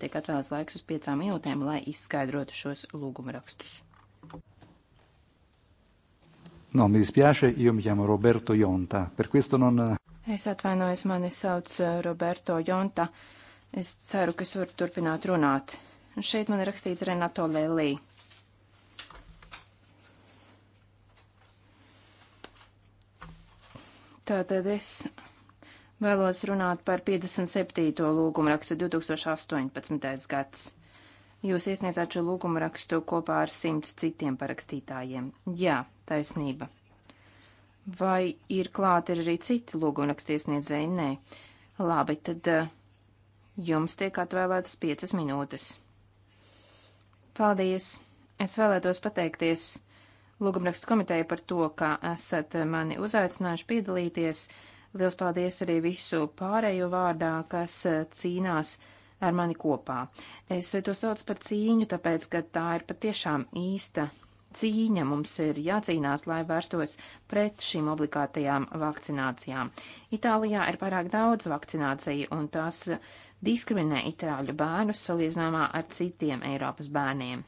Tiek atvēlēts laiks uz piecām minūtēm, lai izskaidrotu šos lūgumrakstus. No, mi dispiace, io mi chiamo Roberto Jonta, per questo non... Es atvainojos, mani sauc eh, Roberto Jonta. Es ceru, ka es varu turpināt runāt. Un šeit man ir rakstīts Renato Lelī. Tātad es Vēlos runāt par 57. lūgumu rakstu 2018. gads. Jūs iesniedzāt šo lūgumu rakstu kopā ar simts citiem parakstītājiem. Jā, taisnība. Vai ir klāti arī citi lūgumu rakstu iesniedzēji? Nē. Labi, tad eh, jums tiek atvēlētas piecas minūtes. Paldies! Es vēlētos pateikties lūgumrakstu komiteju par to, ka esat mani uzaicinājuši piedalīties Liels paldies arī visu pārējo vārdā, kas e, cīnās ar mani kopā. Es e, to saucu par cīņu, tāpēc, ka tā ir patiešām īsta cīņa mums ir jācīnās, lai vērstos pret šīm obligātajām vakcinācijām. Itālijā ir pārāk daudz vakcināciju, un tās diskriminē itāļu bērnus salīdzinājumā ar citiem Eiropas bērniem.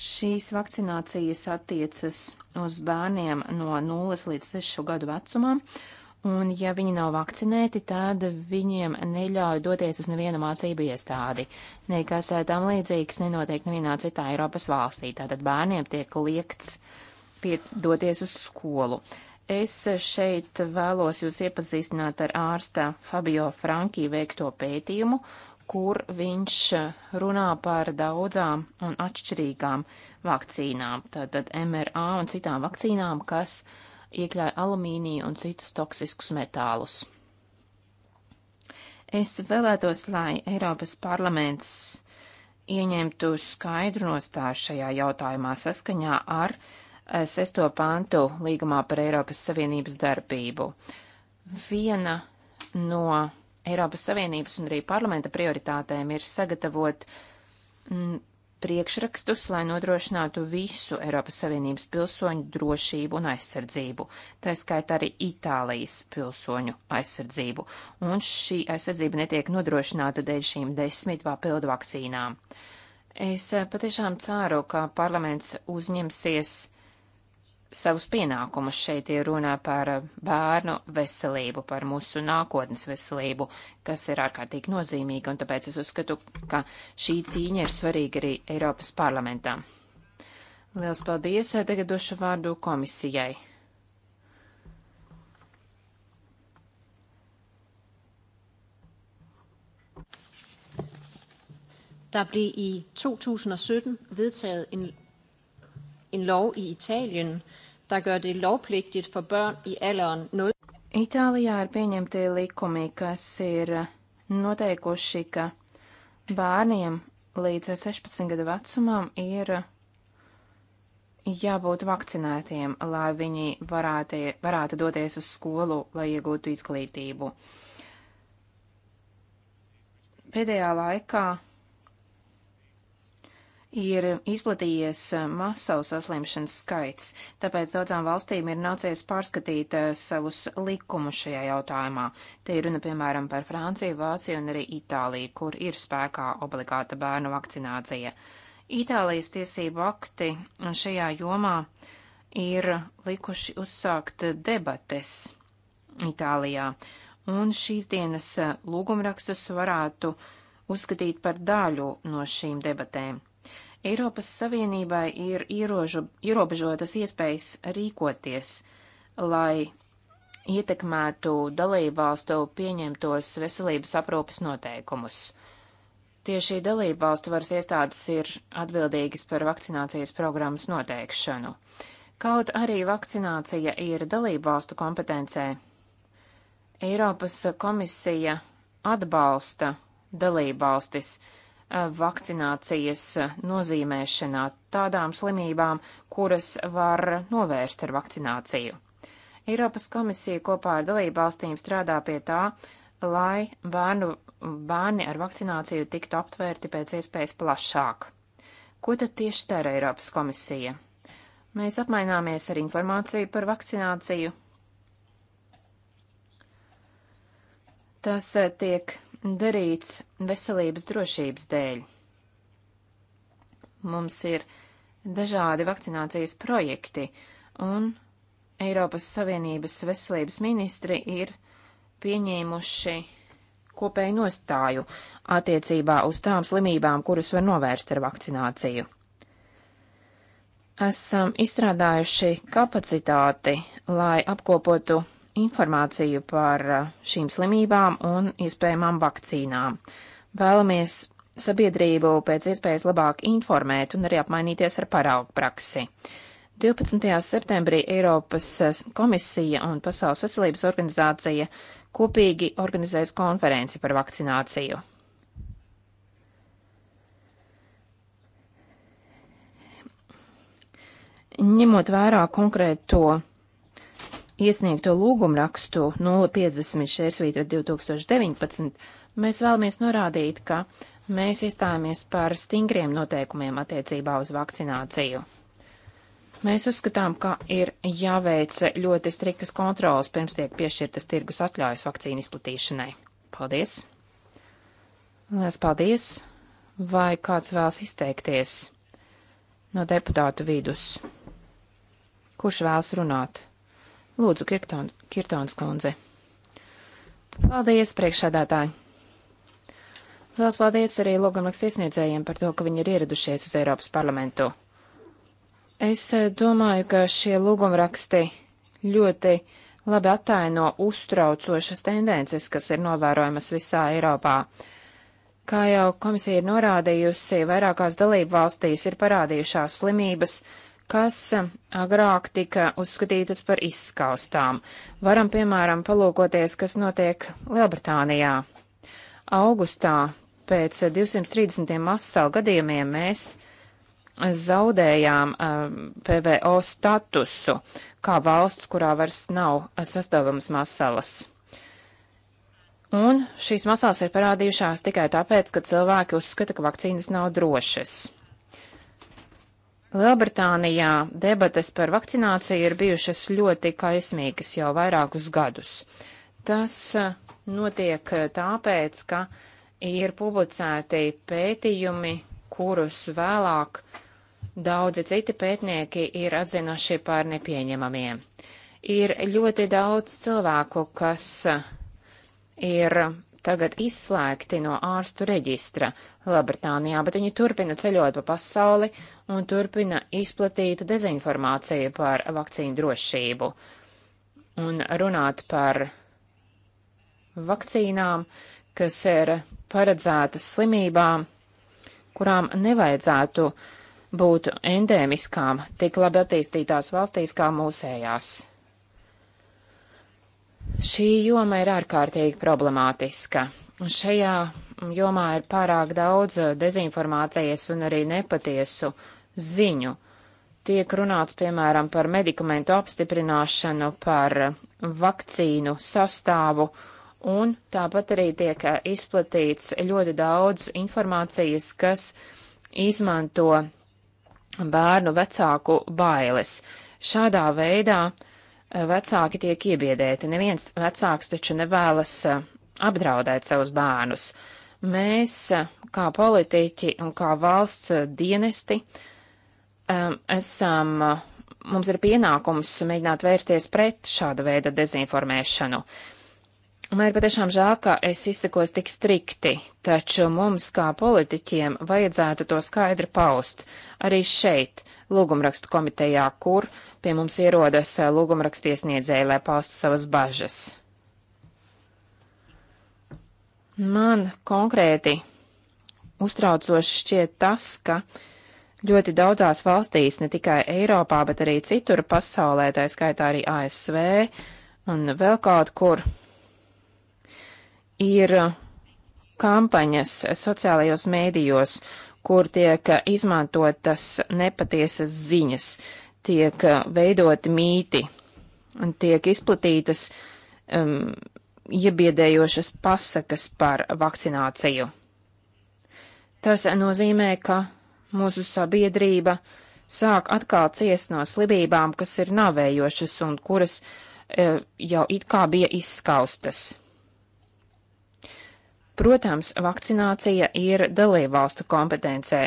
Šīs vakcinācijas attiecas uz bērniem no 0 līdz 6 gadu vecumam, un ja viņi nav vakcinēti, tad viņiem neļauj doties uz nevienu mācību iestādi. Nekas eh, tam līdzīgs nenotiek nevienā citā Eiropas valstī, tātad bērniem tiek liekts pie, doties uz skolu. Es šeit vēlos jūs iepazīstināt ar ārsta Fabio Franki veikto pētījumu, kur viņš eh, runā par daudzām un atšķirīgām vakcīnām, tātad MRA un citām vakcīnām, kas iekļauj alumīniju un citus toksiskus metālus. Es vēlētos, lai Eiropas parlaments ieņemtu skaidru nostāju šajā jautājumā saskaņā ar 6. Eh, pantu līgumā par Eiropas Savienības darbību. Viena no Eiropas Savienības un arī parlamenta prioritātēm ir sagatavot m, mm, priekšrakstus, lai nodrošinātu visu Eiropas Savienības pilsoņu drošību un aizsardzību, tā skaitā arī Itālijas pilsoņu aizsardzību, un šī aizsardzība netiek nodrošināta dēļ šīm desmit papildu vakcīnām. Es eh, patiešām ceru, ka parlaments uzņemsies savus pienākumus. Šeit ir runa par bērnu veselību, par mūsu nākotnes veselību, kas ir ārkārtīgi nozīmīga, un tāpēc es uzskatu, ka šī cīņa ir svarīga arī Eiropas parlamentā. Liels paldies! Tagad došu vārdu komisijai. Der blev i 2017 vedtaget en, en lov i Italien, der gør det lovpligtigt for børn i alderen 0. Itālijā ir pieņemti likumi, kas ir noteikuši, ka bērniem līdz 16 gadu vecumam ir jābūt vakcinētiem, lai viņi varētu, varētu doties uz skolu, lai iegūtu izglītību. Pēdējā laikā ir izplatījies eh, masalu saslimšanas skaits, tāpēc daudzām valstīm ir nācies pārskatīt eh, savus likumus šajā jautājumā. Te ir runa, piemēram, par Franciju, Vāciju un arī Itāliju, kur ir spēkā obligāta bērnu vakcinācija. Itālijas tiesību akti šajā jomā ir likuši uzsākt debates Itālijā, un šīs dienas eh, lūgumrakstus varētu uzskatīt par daļu no šīm debatēm. Eiropas Savienībai ir ierožu, ierobežotas iespējas rīkoties, lai ietekmētu dalībvalstu pieņemtos veselības aprūpes noteikumus. Tieši dalībvalstu varas iestādes ir atbildīgas par vakcinācijas programmas noteikšanu. Kaut arī vakcinācija ir dalībvalstu kompetencē, Eiropas komisija atbalsta dalībvalstis, valstis vakcinācijas nozīmēšanā tādām slimībām, kuras var novērst ar vakcināciju. Eiropas komisija kopā ar dalību valstīm strādā pie tā, lai bērnu, bērni ar vakcināciju tiktu aptvērti pēc iespējas plašāk. Ko tad tieši dara Eiropas komisija? Mēs apmaināmies ar informāciju par vakcināciju. Tas eh, tiek darīts veselības drošības dēļ. Mums ir dažādi vakcinācijas projekti, un Eiropas Savienības veselības ministri ir pieņēmuši kopēju nostāju attiecībā uz tām slimībām, kuras var novērst ar vakcināciju. Esam izstrādājuši kapacitāti, lai apkopotu informāciju par uh, šīm slimībām un iespējamām vakcīnām. Vēlamies sabiedrību pēc iespējas labāk informēt un arī apmainīties ar paraugu praksi. 12. septembrī Eiropas uh, komisija un Pasaules veselības organizācija kopīgi organizēs konferenci par vakcināciju. Ņemot vērā konkrēto iesniegto lūgumrakstu 050 šērsvītra 2019, mēs vēlamies norādīt, ka mēs iestājāmies par stingriem noteikumiem attiecībā uz vakcināciju. Mēs uzskatām, ka ir jāveic ļoti striktas kontrolas pirms tiek piešķirtas tirgus atļaujas vakcīnu izplatīšanai. Paldies! Lielas paldies! Vai kāds vēlas izteikties no deputātu vidus? Kurš vēlas runāt? Lūdzu, Kirtons, Kirtons kundze. Paldies, priekšādātāji! Lielas paldies arī logumnieks iesniedzējiem par to, ka viņi ir ieradušies uz Eiropas parlamentu. Es eh, domāju, ka šie lūgumraksti ļoti labi attaino uztraucošas tendences, kas ir novērojamas visā Eiropā. Kā jau komisija ir norādījusi, vairākās dalību valstīs ir parādījušās slimības, kas agrāk tika uzskatītas par izskaustām. Varam, piemēram, palūkoties, kas notiek Lielbritānijā. Augustā pēc 230 masalu gadījumiem mēs zaudējām um, PVO statusu kā valsts, kurā vairs nav sastāvamas masalas. Un šīs masās ir parādījušās tikai tāpēc, ka cilvēki uzskata, ka vakcīnas nav drošas. Lielbritānijā debates par vakcināciju ir bijušas ļoti kaismīgas jau vairākus gadus. Tas eh, notiek eh, tāpēc, ka ir publicēti pētījumi, kurus vēlāk daudzi citi pētnieki ir atzinuši par nepieņemamiem. Ir ļoti daudz cilvēku, kas eh, ir tagad izslēgti no ārstu reģistra Lielbritānijā, bet viņi turpina ceļot pa pasauli un turpina izplatīt dezinformāciju par vakcīnu drošību un runāt par vakcīnām, kas ir paredzētas slimībām, kurām nevajadzētu būt endēmiskām tik labi attīstītās valstīs kā mūsējās. Šī joma ir ārkārtīgi problemātiska. Šajā jomā ir pārāk daudz eh, dezinformācijas un arī nepatiesu ziņu. Tiek runāts, piemēram, par medikamentu apstiprināšanu, par vakcīnu sastāvu, un tāpat arī tiek eh, izplatīts ļoti daudz informācijas, kas izmanto bērnu vecāku bailes. Šādā veidā uh, vecāki tiek iebiedēti. Neviens vecāks taču nevēlas eh, apdraudēt savus bērnus. Mēs, eh, kā politiķi un kā valsts eh, dienesti, esam, mums ir pienākums mēģināt vērsties pret šāda veida dezinformēšanu. Uh, Man ir patiešām žēl, ka es izsakos tik strikti, taču mums, kā politiķiem, vajadzētu to skaidri paust. Arī šeit, lūgumrakstu komitejā, kur pie mums ierodas eh, lūgumrakstiesniedzēji, lai paustu savas bažas. Man konkrēti uztraucoši šķiet tas, ka ļoti daudzās valstīs, ne tikai Eiropā, bet arī citur pasaulē, tā skaitā arī ASV un vēl kaut kur ir kampaņas sociālajos mēdījos, kur tiek izmantotas nepatiesas ziņas, tiek veidoti mīti, tiek izplatītas um, iebiedējošas pasakas par vakcināciju. Tas nozīmē, ka mūsu sabiedrība sāk atkal ciest no slibībām, kas ir navējošas un kuras e, jau it kā bija izskaustas. Protams, vakcinācija ir dalībvalstu kompetencē.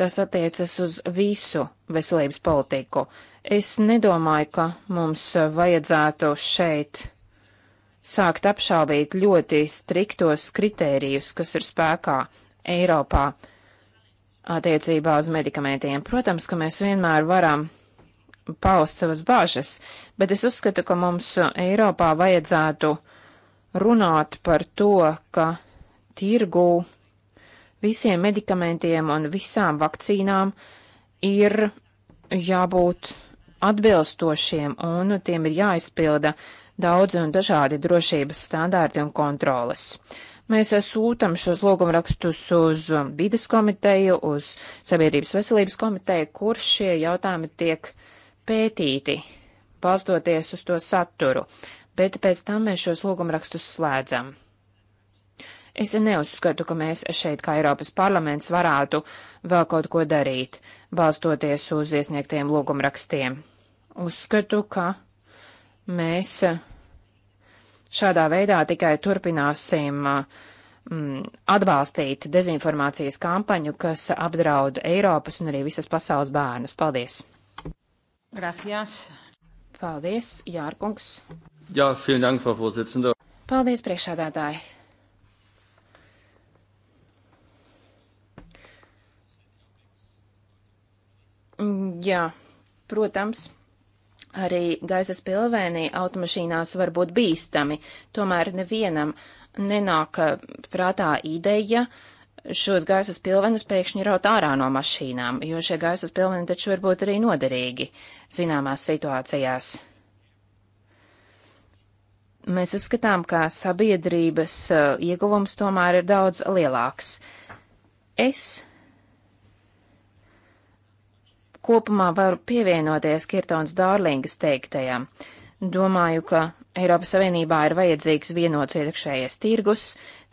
Tas attiecas uz visu veselības politiku. Es nedomāju, ka mums vajadzētu šeit sākt apšaubīt ļoti striktos kritērijus, kas ir spēkā Eiropā attiecībā uz medikamentiem. Protams, ka mēs vienmēr varam paust savas bāžas, bet es uzskatu, ka mums Eiropā vajadzētu runāt par to, ka tirgu visiem medikamentiem un visām vakcīnām ir jābūt atbilstošiem un tiem ir jāizpilda daudzi un dažādi drošības standārti un kontroles. Mēs sūtam šos logumrakstus uz vides komiteju, uz Sabiedrības veselības komiteju, kur šie jautājumi tiek pētīti, balstoties uz to saturu, bet pēc tam mēs šos logumrakstus slēdzam. Es neuzskatu, ka mēs šeit, kā Eiropas parlaments, varētu vēl kaut ko darīt, balstoties uz iesniegtiem lūgumrakstiem. Uzskatu, ka mēs šādā veidā tikai turpināsim mm, atbalstīt dezinformācijas kampaņu, kas apdraud Eiropas un arī visas pasaules bērnus. Paldies! Gracias! Paldies, Jārkungs! Jā, vielen dank, Frau Vorsitzende! Paldies, priekšādātāji! Jā, protams, arī gaisa spilvēnī automašīnās var būt bīstami, tomēr nevienam nenāk prātā ideja šos gaisa spilvenus pēkšņi raut ārā no mašīnām, jo šie gaisa spilveni taču var būt arī noderīgi zināmās situācijās. Mēs uzskatām, ka sabiedrības uh, ieguvums tomēr ir daudz lielāks. Es Kopumā varu pievienoties Kirtons Dārlingas teiktajam. Domāju, ka Eiropas Savienībā ir vajadzīgs vienots iekšējais tirgus,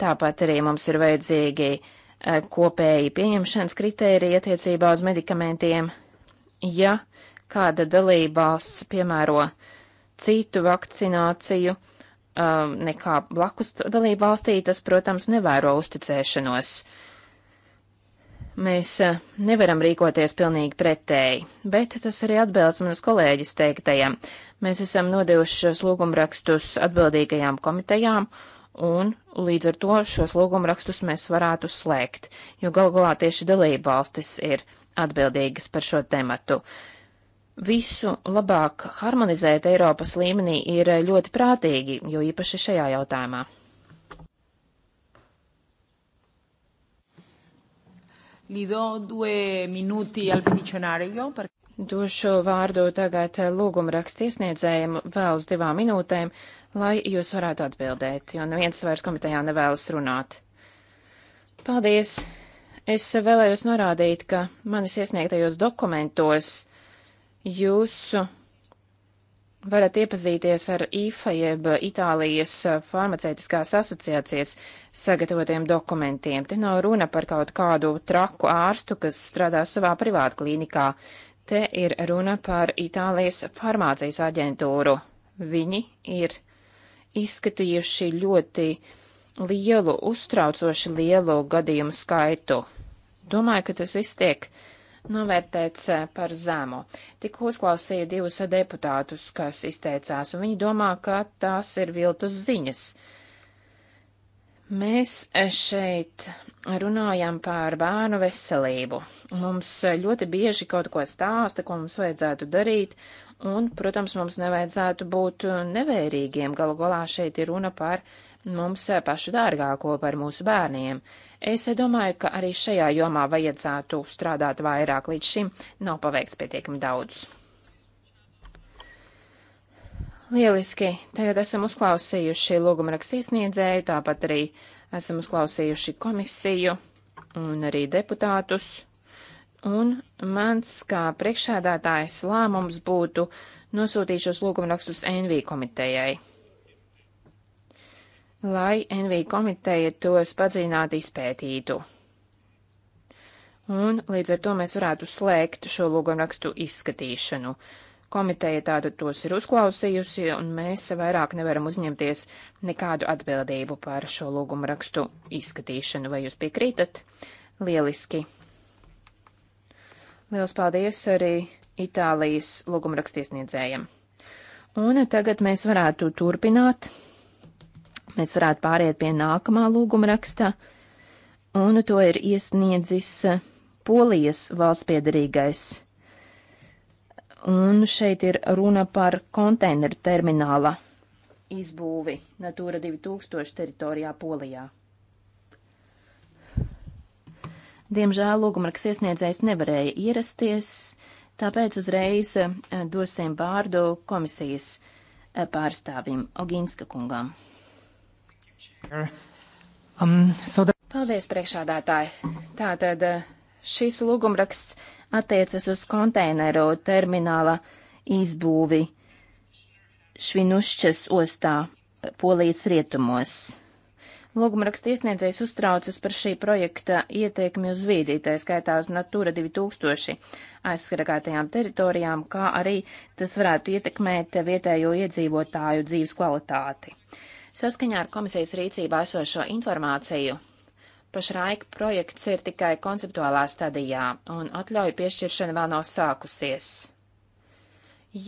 tāpat arī mums ir vajadzīgi eh, kopēji pieņemšanas kritēriji attiecībā uz medikamentiem. Ja kāda dalībvalsts piemēro citu vakcināciju eh, nekā blakus dalībvalstī, tas, protams, nevēro uzticēšanos. Uh, Mēs eh, nevaram rīkoties pilnīgi pretēji, bet tas arī atbilst manas kolēģis teiktajam. Mēs esam nodevuši šos lūgumrakstus atbildīgajām komitejām, un līdz ar to šos lūgumrakstus mēs varētu slēgt, jo galu galā tieši dalība valstis ir atbildīgas par šo tematu. Visu labāk harmonizēt Eiropas līmenī ir eh, ļoti prātīgi, jo īpaši šajā jautājumā. Li do due minūti al peticionārio. Per... Došu vārdu tagad lūguma rakstiesniedzējiem vēl uz divām minūtēm, lai jūs varētu atbildēt, jo neviens vairs komitejā nevēlas runāt. Paldies! Es vēlējos norādīt, ka manis iesniegtajos dokumentos jūsu varat iepazīties ar IFA jeb Itālijas farmaceitiskās asociācijas sagatavotiem dokumentiem. Te nav runa par kaut kādu traku ārstu, kas strādā savā privātu klīnikā. Te ir runa par Itālijas farmācijas aģentūru. Viņi ir izskatījuši ļoti lielu, uztraucoši lielu gadījumu skaitu. Domāju, ka tas viss tiek uh, novērtēts eh, par zemu. Tikko uzklausīja divus deputātus, kas izteicās, un viņi domā, ka tās ir viltus ziņas. Mēs eh, šeit runājam par bērnu veselību. Mums eh, ļoti bieži kaut ko stāsta, ko mums vajadzētu darīt, un, protams, mums nevajadzētu būt nevērīgiem. Galu galā šeit ir runa par mums pašu dārgāko par mūsu bērniem. Es domāju, ka arī šajā jomā vajadzētu strādāt vairāk, līdz šim nav paveikts pietiekami daudz. Lieliski! Tagad esam uzklausījuši lūgumrakstu iesniedzēju, tāpat arī esam uzklausījuši komisiju un arī deputātus. Un mans kā priekšādātājs lēmums būtu nosūtīt šos lūgumrakstus NV komitejai lai NV komiteja tos padziļināti izpētītu. Un līdz ar to mēs varētu slēgt šo lūgumrakstu izskatīšanu. Komiteja tātad tos ir uzklausījusi, un mēs vairāk nevaram uzņemties nekādu atbildību par šo lūgumrakstu izskatīšanu. Vai jūs piekrītat? Lieliski! Liels paldies arī Itālijas lūgumrakstiesniedzējiem! Un tagad mēs varētu turpināt Mēs varētu pāriet pie nākamā lūguma rakstā, un to ir iesniedzis Polijas valsts piedarīgais. Un šeit ir runa par konteineru termināla izbūvi Natūra 2000 teritorijā Polijā. Diemžēl lūgumraksts iesniedzējs nevarēja ierasties, tāpēc uzreiz eh, dosim vārdu komisijas eh, pārstāvim Ogīnska kungām. Um, so that... Paldies, priekšādātāji. Tātad uh, šis lūgumraksts attiecas uz konteineru termināla izbūvi Švinušķas ostā uh, Polijas rietumos. Lūgumraksta iesniedzējs uztraucas par šī projekta ietekmi uz vīdī, tā skaitā uz Natura 2000 aizskaragātajām teritorijām, kā arī tas varētu ietekmēt vietējo iedzīvotāju dzīves kvalitāti. Saskaņā ar komisijas rīcībā esošo informāciju pašlaik projekts ir tikai konceptuālā stadijā, un atļauju piešķiršana vēl nav sākusies.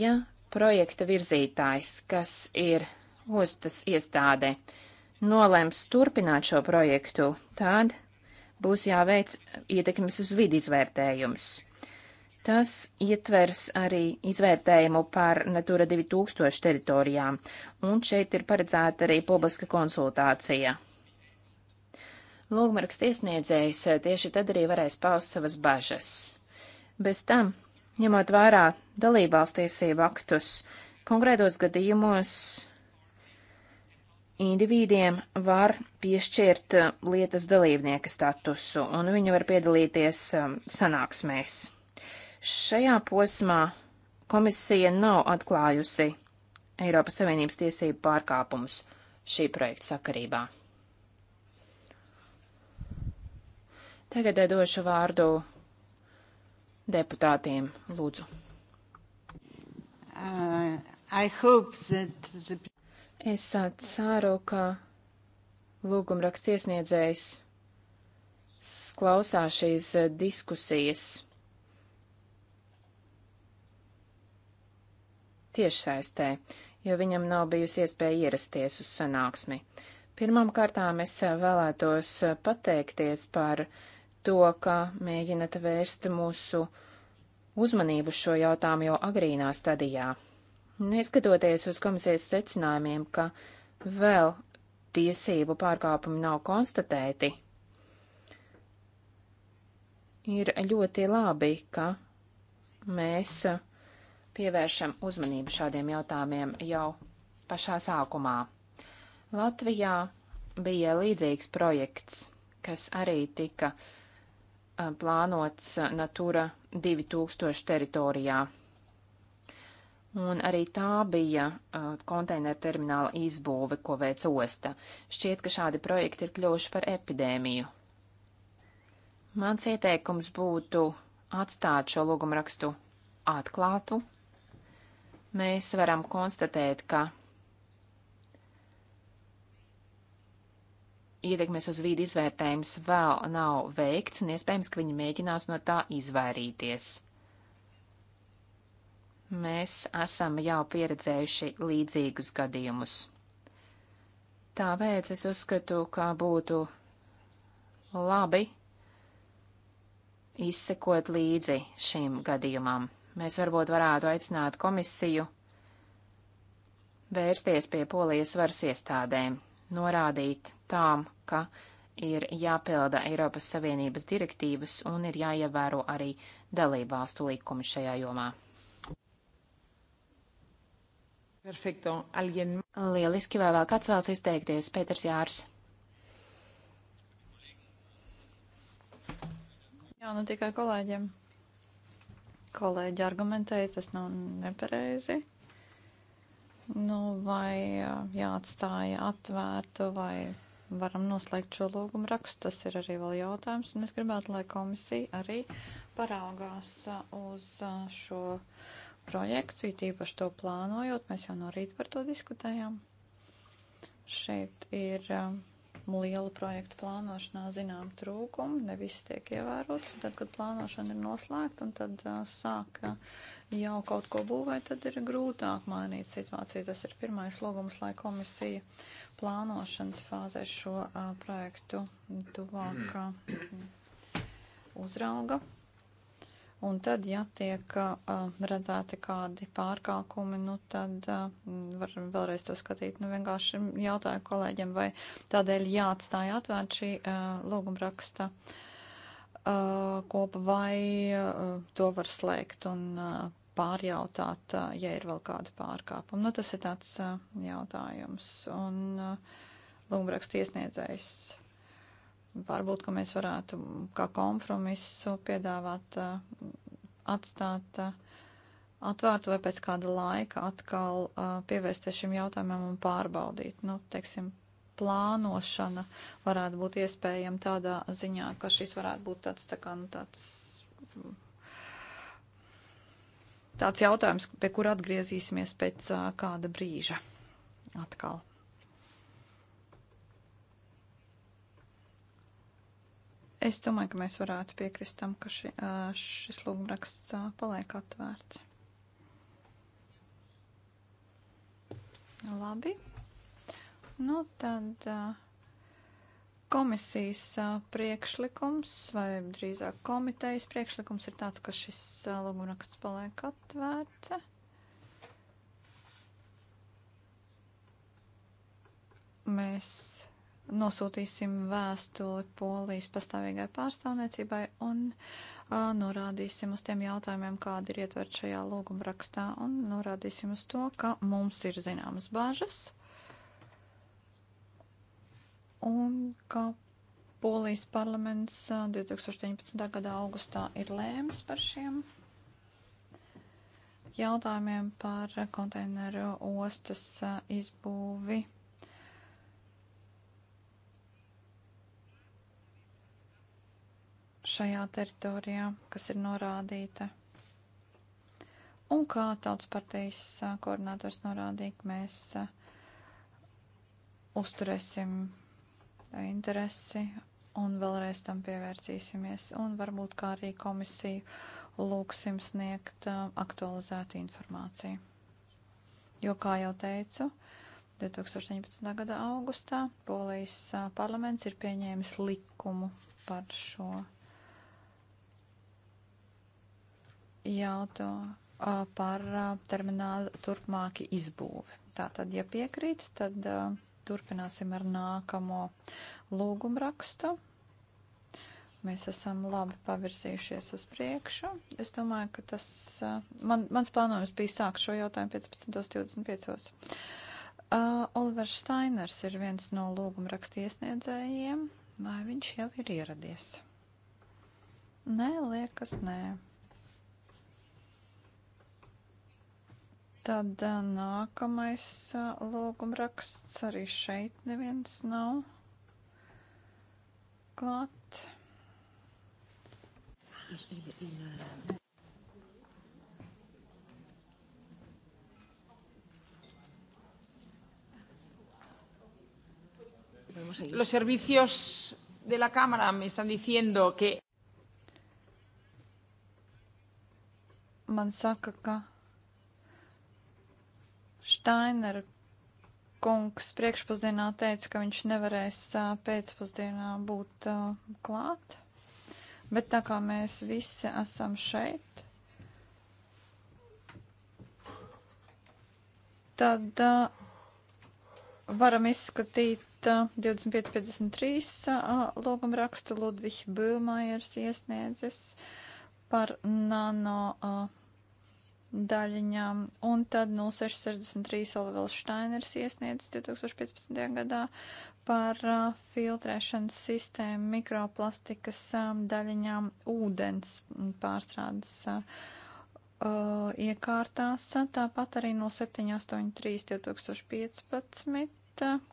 Ja projekta virzītājs, kas ir ostas iestāde, nolems turpināt šo projektu, tad būs jāveic ietekmes uz vidi izvērtējums. Tas ietvers arī izvērtējumu par Natura 2000 teritorijām, un šeit ir paredzēta arī publiska konsultācija. Lūgmarks iesniedzējs tieši tad arī varēs paust savas bažas. Bez tam, ņemot vērā dalībvalsts tiesību aktus, konkrētos gadījumos indivīdiem var piešķirt lietas dalībnieka statusu, un viņi var piedalīties um, sanāksmēs. Šajā posmā komisija nav atklājusi Eiropas Savienības tiesību pārkāpumus šī projekta sakarībā. Tagad došu vārdu deputātiem. Lūdzu. Uh, the... Es uh, ceru, ka lūgumraksts iesniedzējs klausās šīs uh, diskusijas tiešsaistē, jo viņam nav bijusi iespēja ierasties uz sanāksmi. Pirmām kārtām es vēlētos pateikties par to, ka mēģinat vērst mūsu uzmanību šo jautājumu jau agrīnā stadijā. Neskatoties uz komisijas secinājumiem, ka vēl tiesību pārkāpumi nav konstatēti, ir ļoti labi, ka mēs pievēršam uzmanību šādiem jautājumiem jau pašā sākumā. Latvijā bija līdzīgs projekts, kas arī tika eh, plānots Natura 2000 teritorijā. Un arī tā bija eh, konteineru termināla izbūve, ko veica osta. Šķiet, ka šādi projekti ir kļuvuši par epidēmiju. Mans ieteikums būtu atstāt šo lūgumrakstu atklātu mēs varam konstatēt, ka ietekmes uz vīdi izvērtējums vēl nav veikts, un iespējams, ka viņi mēģinās no tā izvairīties. Mēs esam jau pieredzējuši līdzīgus gadījumus. Tāpēc es uzskatu, ka būtu labi izsekot līdzi šim gadījumam. Mēs varbūt varētu aicināt komisiju vērsties pie polijas varas iestādēm, norādīt tām, ka ir jāpilda Eiropas Savienības direktīvas un ir jāievēro arī dalībvalstu likumi šajā jomā. Perfekto. Alguien... Lieliski, vai vēl kāds vēlas izteikties? Pēters Jārs. Jā, nu tikai kolēģiem kolēģi argumentēja, tas nav nepareizi. Nu, vai jāatstāja atvērtu, vai varam noslēgt šo lūgumu rakstu, tas ir arī vēl jautājums. Un es gribētu, lai komisija arī paraugās uz šo projektu, it īpaši to plānojot. Mēs jau no rīta par to diskutējām. Šeit ir uh, lielu projektu plānošanā zinām trūkumu, ne viss tiek ievērots. Tad, kad plānošana ir noslēgta un tad uh, sāk jau kaut ko būvēt, tad ir grūtāk mainīt situāciju. Tas ir pirmais lūgums, lai komisija plānošanas fāzē šo uh, projektu tuvāk uh, mm. uzrauga Un tad, ja tiek uh, redzēti kādi pārkāpumi, nu tad uh, var vēlreiz to skatīt. Nu vienkārši jautāju kolēģiem, vai tādēļ jāatstāja atvērt šī uh, lūgumraksta uh, kopa, vai uh, to var slēgt un uh, pārjautāt, uh, ja ir vēl kādi pārkāpumi. Nu tas ir tāds uh, jautājums. Un uh, lūgumraksta iesniedzējs Varbūt, ka mēs varētu kā kompromisu piedāvāt eh, atstāt eh, atvērtu vai pēc kāda laika atkal eh, pievērsties šim jautājumam un pārbaudīt. Nu, teiksim, plānošana varētu būt iespējama tādā ziņā, ka šis varētu būt tāds, tā kā, nu, tāds, tāds jautājums, pie kura atgriezīsimies pēc uh, kāda brīža atkal. Es domāju, ka mēs varētu piekrist tam, ka ši, šis lūgumraksts paliek atvērts. Labi. Nu, tad komisijas priekšlikums, vai drīzāk komitejas priekšlikums ir tāds, ka šis lūgumraksts paliek atvērts. Mēs nosūtīsim vēstuli Polijas pastāvīgai pārstāvniecībai un uh, norādīsim uz tiem jautājumiem, kādi ir ietverti šajā lūgumrakstā, un norādīsim uz to, ka mums ir zināmas bažas un ka Polijas parlaments 2019. gada augustā ir lēmis par šiem jautājumiem par konteineru ostas izbūvi. šajā teritorijā, kas ir norādīta. Un kā tautas partijas koordinators norādīja, mēs uzturēsim interesi un vēlreiz tam pievērsīsimies. Un varbūt kā arī komisiju lūksim sniegt aktualizētu informāciju. Jo, kā jau teicu, 2019. gada augustā Polijas parlaments ir pieņēmis likumu par šo jauto par terminālu turpmāki izbūvi. Tātad, ja piekrīt, tad turpināsim ar nākamo lūgumrakstu. Mēs esam labi pavirzījušies uz priekšu. Es domāju, ka tas, man, mans plānojums bija sākt šo jautājumu 15.25. Uh, Olivers Steiners ir viens no lūguma rakstiesniedzējiem. Vai viņš jau ir ieradies? Nē, liekas, nē. Tad nākamais lūgumraksts arī šeit neviens nav klāt. Los servicios de la Cámara me están diciendo que. Man saka, ka Štainer kungs priekšpusdienā teica, ka viņš nevarēs pēcpusdienā būt klāt, bet tā kā mēs visi esam šeit, tad varam izskatīt 2553 lūgumu rakstu Ludvigs Bilmājers iesniedzis par nano. Uh, daļiņām. Un tad 0663 Olivels Štainers iesniedz 2015. gadā par uh, filtrēšanas sistēmu mikroplastikas um, daļiņām ūdens pārstrādes uh, uh, iekārtās. Tāpat arī 0783 2015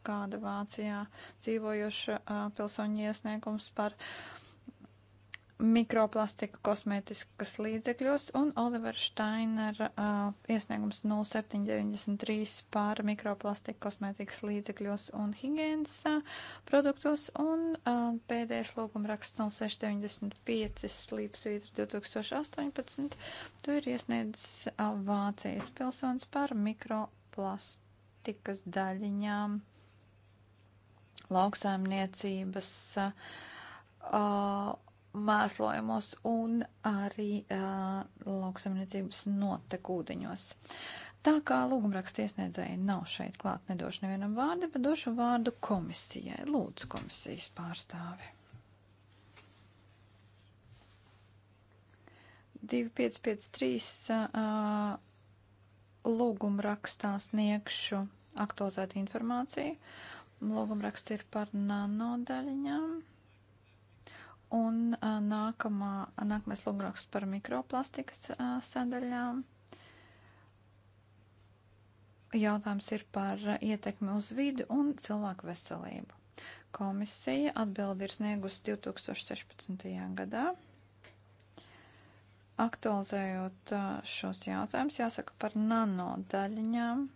kāda Vācijā dzīvojoša uh, pilsoņa iesniegums par uh, mikroplastika kosmētiskas līdzekļos un Olivera Steinera uh, iesniegums 0793 par mikroplastiku kosmētikas līdzekļos un higiēnas uh, produktos un uh, pēdējais lūguma raksts 0695 slīpsvītra 2018. To ir iesniedzis uh, Vācijas pilsonis par mikroplastikas daļiņām lauksaimniecības. Uh, mēslojumos un arī uh, lauksamniecības notekūdeņos. Tā kā lūgumraksta iesniedzēji nav šeit klāt, nedošu nevienam vārdu, bet došu vārdu komisijai. Lūdzu, komisijas pārstāvi. 2553 uh, lūgumrakstā sniegšu aktualizētu informāciju. Lūgumraksts ir par nanodaļiņām. Un nākamā, nākamais lūgrāks par mikroplastikas sadaļām. Jautājums ir par ietekmi uz vidi un cilvēku veselību. Komisija atbildi ir sniegusi 2016. gadā. Aktualizējot šos jautājumus, jāsaka par nanodaļiņām.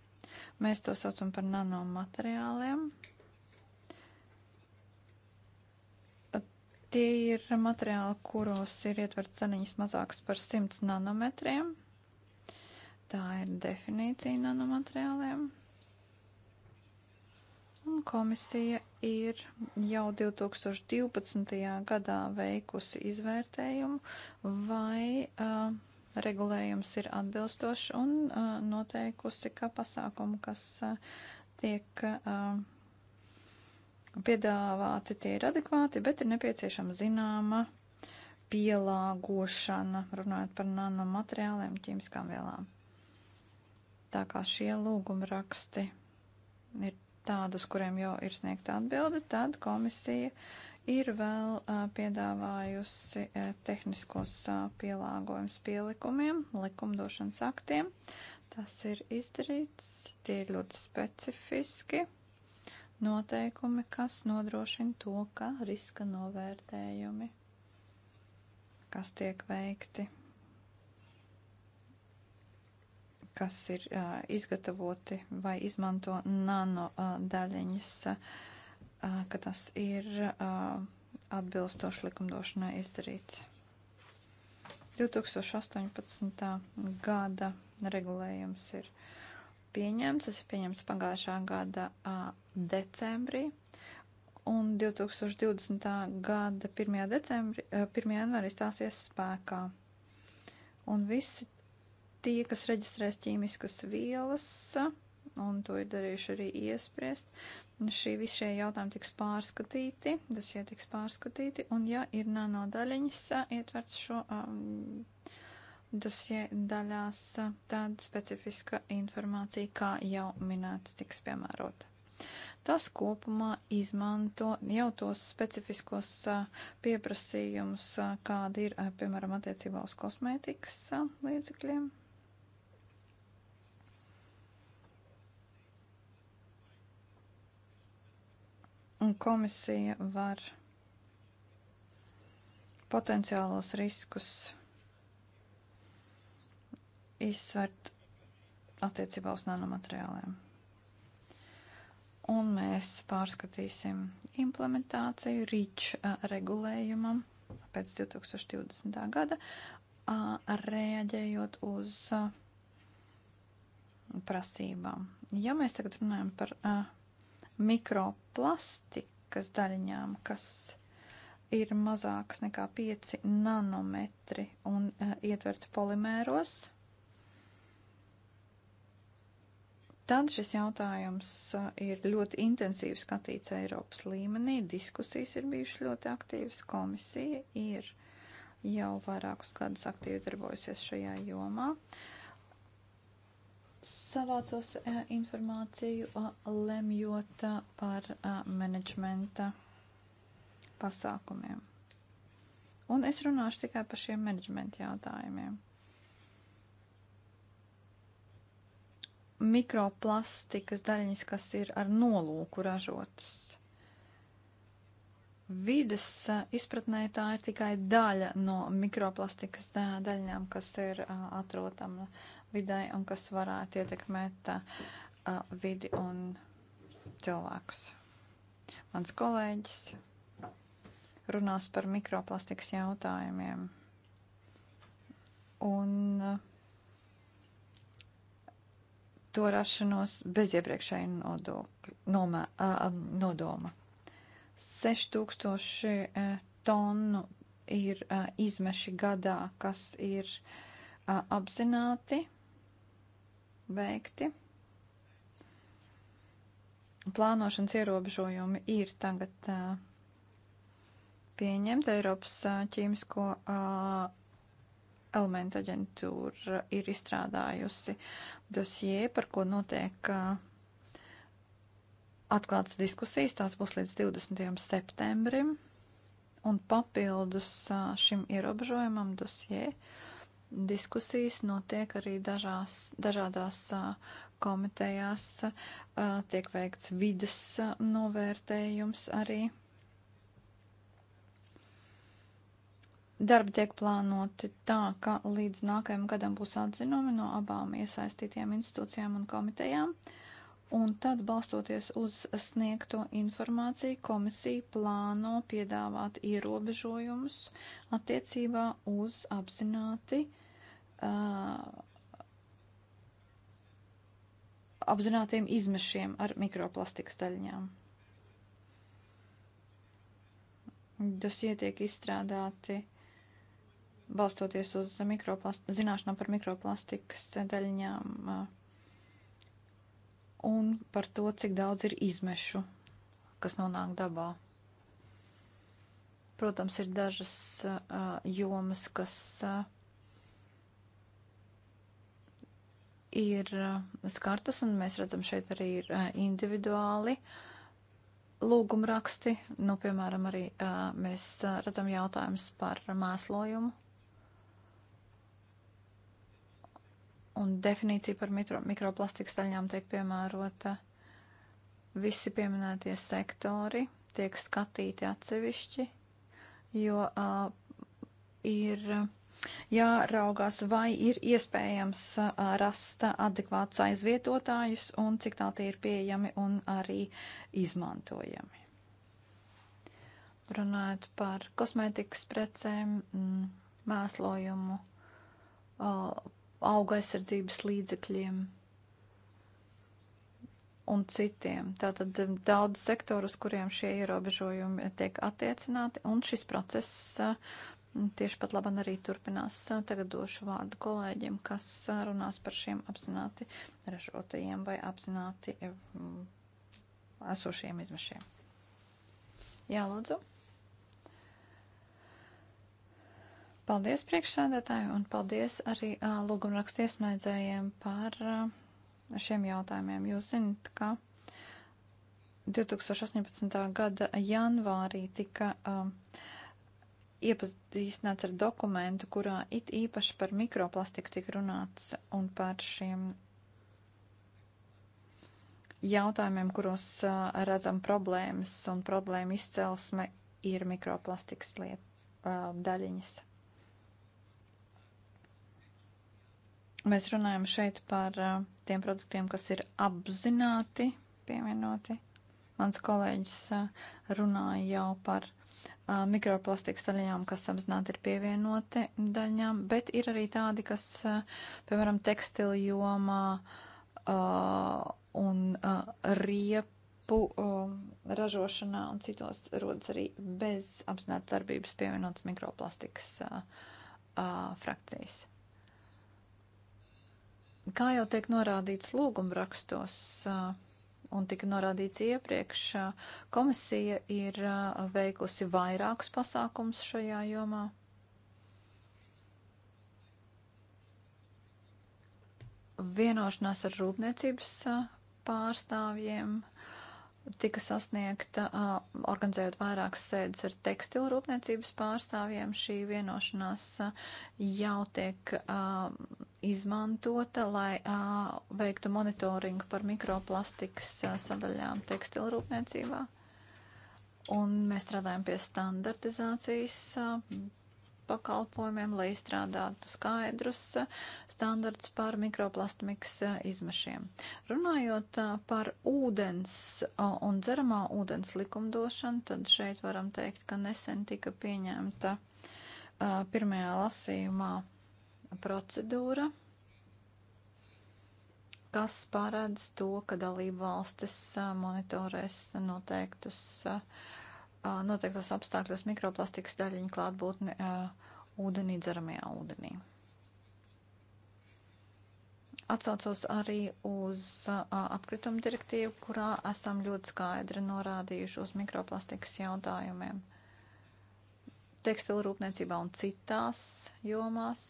Mēs to saucam par nanomateriāliem. materiāliem Tie ir materiāli, kuros ir ietverts ceniņas mazākas par 100 nanometriem. Tā ir definīcija nanomateriāliem. Un komisija ir jau 2012. gadā veikusi izvērtējumu, vai uh, regulējums ir atbilstošs un uh, noteikusi, ka pasākumu, kas uh, tiek. Uh, piedāvāti, tie ir adekvāti, bet ir nepieciešama zināma pielāgošana, runājot par nanomateriāliem, ķīmiskām vielām. Tā kā šie lūguma raksti ir tādi, uz kuriem jau ir sniegta atbilde, tad komisija ir vēl uh, piedāvājusi uh, tehniskos uh, pielāgojums pielikumiem, likumdošanas aktiem. Tas ir izdarīts, tie ir ļoti specifiski noteikumi, kas nodrošina to, ka riska novērtējumi, kas tiek veikti, kas ir uh, izgatavoti vai izmanto nano uh, daļiņas, uh, ka tas ir uh, atbilstoši likumdošanai izdarīts. 2018. gada regulējums ir pieņemts, tas ir pieņemts pagājušā gada decembrī. Un 2020. gada 1. decembrī, 1. janvārī stāsies spēkā. Un visi tie, kas reģistrēs ķīmiskas vielas, un to ir darījuši arī iespriest, šī visi šie jautājumi tiks pārskatīti, tas ietiks pārskatīti, un ja ir nanodaļiņas ietverts šo. Um, dosie daļās tāda specifiska informācija, kā jau minēts, tiks piemērota. Tas kopumā izmanto jau tos specifiskos pieprasījumus, kādi ir, piemēram, attiecībā uz kosmētikas līdzekļiem. Un komisija var potenciālos riskus izsvert attiecībā uz nanomateriāliem. Un mēs pārskatīsim implementāciju rīč regulējumam pēc 2020. gada, rēģējot uz prasībām. Ja mēs tagad runājam par mikroplastikas daļiņām, kas ir mazākas nekā 5 nanometri un ietvert polimēros, Tad šis jautājums ir ļoti intensīvi skatīts Eiropas līmenī, diskusijas ir bijušas ļoti aktīvas, komisija ir jau vairākus gadus aktīvi darbojusies šajā jomā. Savācos informāciju lemjot par menedžmenta pasākumiem. Un es runāšu tikai par šiem menedžmenta jautājumiem. mikroplastikas daļiņas, kas ir ar nolūku ražotas. Vides izpratnē tā ir tikai daļa no mikroplastikas daļiņām, kas ir atrodama vidē un kas varētu ietekmēt vidi un cilvēkus. Mans kolēģis runās par mikroplastikas jautājumiem. Un uh, to rašanos bez iepriekšēja nodokļa, nomā, a, nodoma. 6000 e, tonu ir a, izmeši gadā, kas ir a, apzināti veikti. Plānošanas ierobežojumi ir tagad a, pieņemti Eiropas ķīmisko elementu aģentūra ir izstrādājusi dosie, par ko notiek atklātas diskusijas. Tās būs līdz 20. septembrim. Un papildus šim ierobežojumam dosie diskusijas notiek arī dažās, dažādās komitejās. Tiek veikts vidas novērtējums arī. Darbi tiek plānoti tā, ka līdz nākamajam gadam būs atzinumi no abām iesaistītajām institūcijām un komitejām, un tad, balstoties uz sniegto informāciju, komisija plāno piedāvāt ierobežojumus attiecībā uz apzināti uh, apzinātiem izmešiem ar mikroplastikas daļiņām. Dosie tiek izstrādāti balstoties uz zināšanām par mikroplastikas daļiņām un par to, cik daudz ir izmešu, kas nonāk dabā. Protams, ir dažas uh, jomas, kas uh, ir uh, skartas, un mēs redzam šeit arī ir uh, individuāli lūgumraksti. Nu, piemēram, arī uh, mēs uh, redzam jautājumus par mēslojumu un definīcija par mikro, mikroplastikas daļām tiek piemērota. Visi pieminētie sektori tiek skatīti atsevišķi, jo uh, ir jāraugās, vai ir iespējams uh, rast adekvātus aizvietotājus un cik tā tie ir pieejami un arī izmantojami. Runājot par kosmētikas precēm, mēslojumu, uh, auga aizsardzības līdzekļiem un citiem. Tātad um, daudz sektoru, uz kuriem šie ierobežojumi tiek attiecināti, un šis process uh, tieši pat labam arī turpinās. Uh, tagad došu vārdu kolēģiem, kas uh, runās par šiem apzināti ražotajiem vai apzināti um, esošiem izmešiem. Jā, lūdzu. Paldies priekšsēdētājiem un paldies arī lūgumrakstu iesniedzējiem par a, šiem jautājumiem. Jūs zinat, ka 2018. gada janvārī tika a, iepazīstināts ar dokumentu, kurā it īpaši par mikroplastiku tika runāts un par šiem jautājumiem, kuros a, redzam problēmas un problēma izcelsme ir mikroplastikas lieta daļiņas. Mēs runājam šeit par uh, tiem produktiem, kas ir apzināti pievienoti. Mans kolēģis uh, runāja jau par uh, mikroplastikas daļām, kas apzināti ir pievienoti daļām, bet ir arī tādi, kas, uh, piemēram, tekstila jomā uh, un uh, riepu uh, ražošanā un citos rodas arī bez apzināti darbības pievienotas mikroplastikas uh, uh, frakcijas. Kā jau tiek norādīts lūgumrakstos, un tika norādīts iepriekš, komisija ir veikusi vairākus pasākums šajā jomā. Vienošanās ar rūpniecības pārstāvjiem tika sasniegta, organizējot vairākas sēdes ar tekstilu rūpniecības pārstāvjiem. Šī vienošanās jau tiek izmantota, lai veiktu monitoringu par mikroplastikas sadaļām tekstilu rūpniecībā. Un mēs strādājam pie standartizācijas pakalpojumiem, lai izstrādātu skaidrus eh, standarts par mikroplastmikas eh, izmešiem. Runājot eh, par ūdens un dzeramā ūdens likumdošanu, tad šeit varam teikt, ka nesen tika pieņemta pirmajā lasījumā procedūra kas paredz to, ka dalība valstis monitorēs noteiktus uh, noteiktos apstākļos mikroplastikas daļiņu klātbūtni ūdenī, dzeramajā ūdenī. Atsaucos arī uz atkritumu direktīvu, kurā esam ļoti skaidri norādījuši uz mikroplastikas jautājumiem tekstilu rūpniecībā un citās jomās.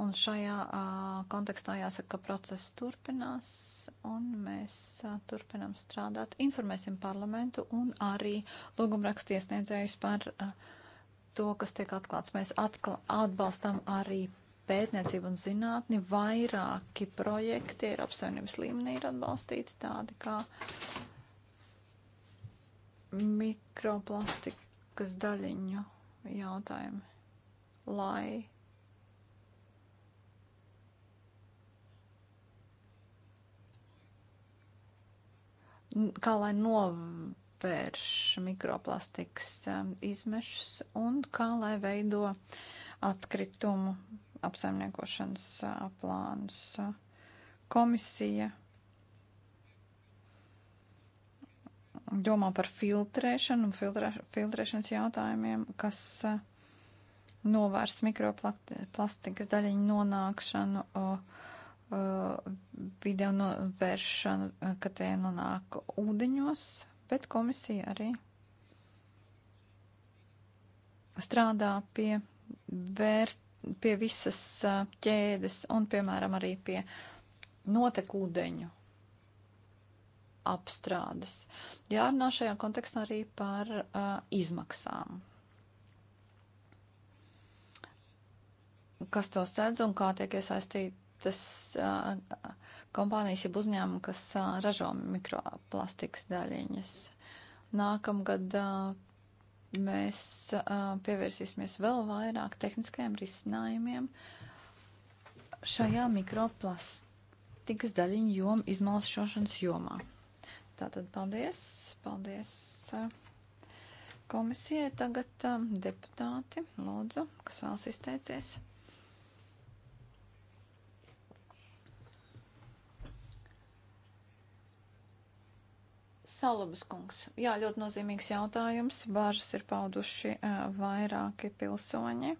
Un šajā uh, kontekstā jāsaka, ka process turpinās, un mēs uh, turpinām strādāt. Informēsim parlamentu un arī lūgumrakstu iesniedzējus par uh, to, kas tiek atklāts. Mēs atkla atbalstam arī pētniecību un zinātni vairāki projekti Eiropas Savienības līmenī ir atbalstīti, tādi kā mikroplastikas daļiņu jautājumi, lai kā lai novērš mikroplastikas um, izmešus un kā lai veido atkritumu apsaimniekošanas uh, plānus. Komisija domā par filtrēšanu un filtrē, filtrēšanas jautājumiem, kas uh, novērst mikroplastikas daļiņu nonākšanu. Uh, Uh, video novēršanu, uh, ka tie nonāk ūdeņos, bet komisija arī strādā pie, vēr, pie visas uh, ķēdes un, piemēram, arī pie notekūdeņu apstrādes. Jārunā šajā kontekstā arī par uh, izmaksām. Kas to sēdz un kā tiek iesaistīti citas uh, kompānijas, jeb uzņēmumi, kas uh, ražo mikroplastikas daļiņas. Nākamgad uh, mēs uh, pievērsīsimies vēl vairāk tehniskajiem risinājumiem šajā mikroplastikas daļiņu jomu izmalšošanas jomā. Tātad paldies, paldies uh, komisijai tagad uh, deputāti, lūdzu, kas vēlas izteicies. Salabas kungs. Jā, ļoti nozīmīgs jautājums. Bāžas ir pauduši vairāki pilsoņi.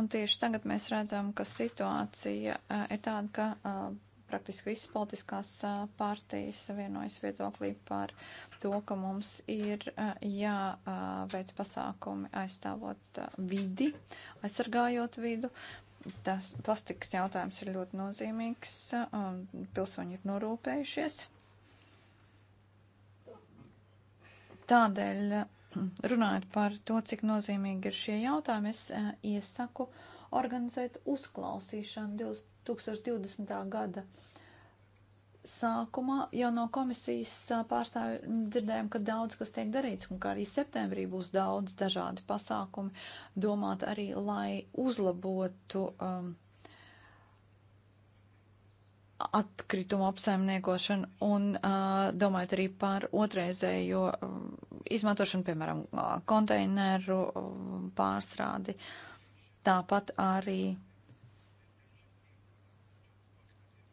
Un tieši tagad mēs redzam, ka situācija ir tāda, ka praktiski visas politiskās partijas vienojas viedoklī par to, ka mums ir jāveic pasākumi aizstāvot vidi, aizsargājot vidu. Tas plastikas jautājums ir ļoti nozīmīgs. Pilsoņi ir norūpējušies Tādēļ, eh, runājot par to, cik nozīmīgi ir šie jautājumi, es eh, iesaku organizēt uzklausīšanu 2020. gada sākumā. Jau no komisijas eh, pārstāvju dzirdējām, ka daudz kas tiek darīts, un kā arī septembrī būs daudz dažādi pasākumi domāt arī, lai uzlabotu. Um, atkritumu apsaimniekošanu un uh, domājot arī par otrreizējo uh, izmantošanu, piemēram, uh, konteineru uh, pārstrādi. Tāpat arī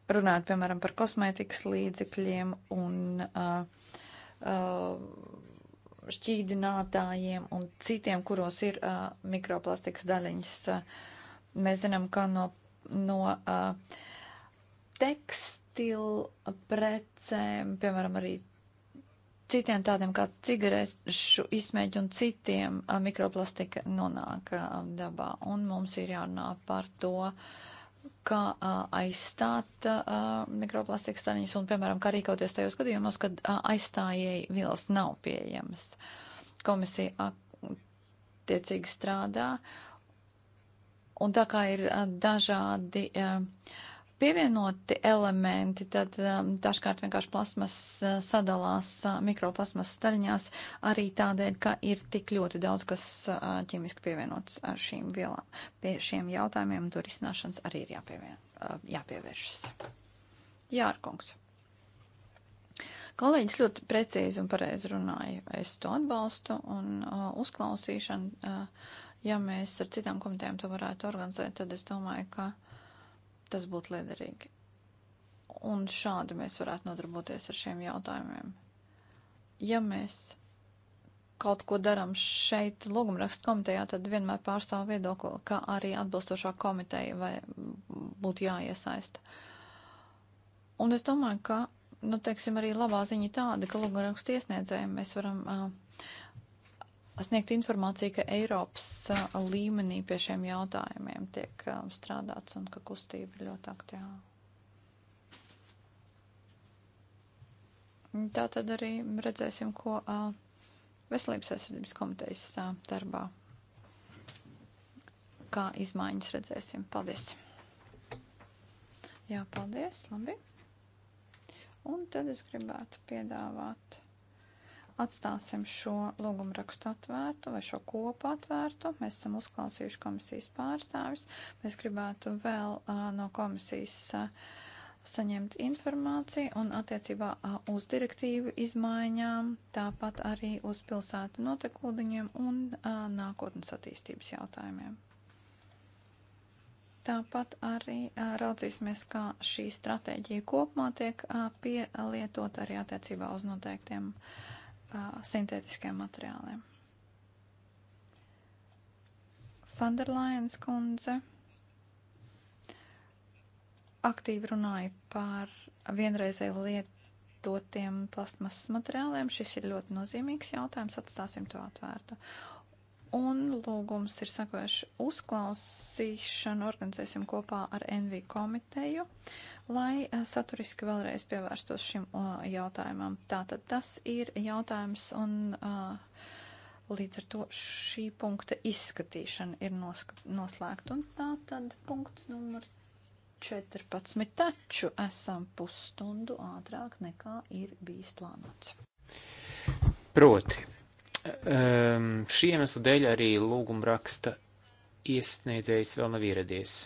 runājot, piemēram, par kosmētikas līdzekļiem un uh, uh, šķīdinātājiem un citiem, kuros ir uh, mikroplastikas daļiņas. Uh, mēs zinām, ka no, no uh, tekstilu precēm, piemēram, arī citiem tādiem kā cigarešu izmēģi un citiem a, mikroplastika nonāk a, dabā. Un mums ir jārunā par to, kā a, aizstāt mikroplastikas staniņas un, piemēram, kā rīkoties tajos gadījumos, kad aizstājēji vielas nav pieejamas. Komisija attiecīgi strādā. Un tā kā ir dažādi uh, Pievienoti elementi, tad um, dažkārt vienkārši plasmas uh, sadalās uh, mikroplasmas staļņās arī tādēļ, ka ir tik ļoti daudz, kas uh, ķemiski pievienots šīm vielām. Pie šiem jautājumiem tur izcināšanas arī ir jāpievien, jāpievēršas. Jārkungs. Kolēģis ļoti precīzi un pareizi runāja. Es to atbalstu un uh, uzklausīšanu, uh, ja mēs ar citām komitējām to varētu organizēt, tad es domāju, ka uh, Tas būtu liederīgi. Un šādi mēs varētu nodarboties ar šiem jautājumiem. Ja mēs kaut ko daram šeit lūgumrakstu komitejā, tad vienmēr pārstāv viedokli, ka arī atbilstošā komiteja vai būtu jāiesaista. Un es domāju, ka, nu, teiksim, arī labā ziņa tāda, ka lūgumrakstu iesniedzējiem mēs varam uh, sniegt informāciju, ka Eiropas līmenī pie šiem jautājumiem tiek strādāts un ka kustība ir ļoti aktīva. Tā tad arī redzēsim, ko veselības aizsardzības komitejas darbā, kā izmaiņas redzēsim. Paldies! Jā, paldies, labi. Un tad es gribētu piedāvāt. Atstāsim šo lūgumu rakstu atvērtu vai šo kopu atvērtu. Mēs esam uzklausījuši komisijas pārstāvis. Mēs gribētu vēl uh, no komisijas uh, saņemt informāciju un attiecībā uh, uz direktīvu izmaiņām, tāpat arī uz pilsētu notekūdiņiem un uh, nākotnes attīstības jautājumiem. Tāpat arī a, raudzīsimies, kā šī stratēģija kopumā tiek pielietota arī attiecībā uz noteiktiem uh, sintētiskiem materiāliem. Fanderlainas kundze aktīvi runāja par vienreizēju lietotiem plastmasas materiāliem. Šis ir ļoti nozīmīgs jautājums, atstāsim to atvērtu. Un lūgums ir sakojuši uzklausīšanu organizēsim kopā ar NV komiteju, lai e, saturiski vēlreiz pievērstos šim jautājumam. Tātad tas ir jautājums un līdz ar to šī punkta izskatīšana ir noslēgta. Un tātad punkts numur 14. Taču esam pusstundu ātrāk nekā ir bijis plānots. Proti Um, šī iemesla dēļ arī lūguma raksta iesniedzējs vēl nav ieradies.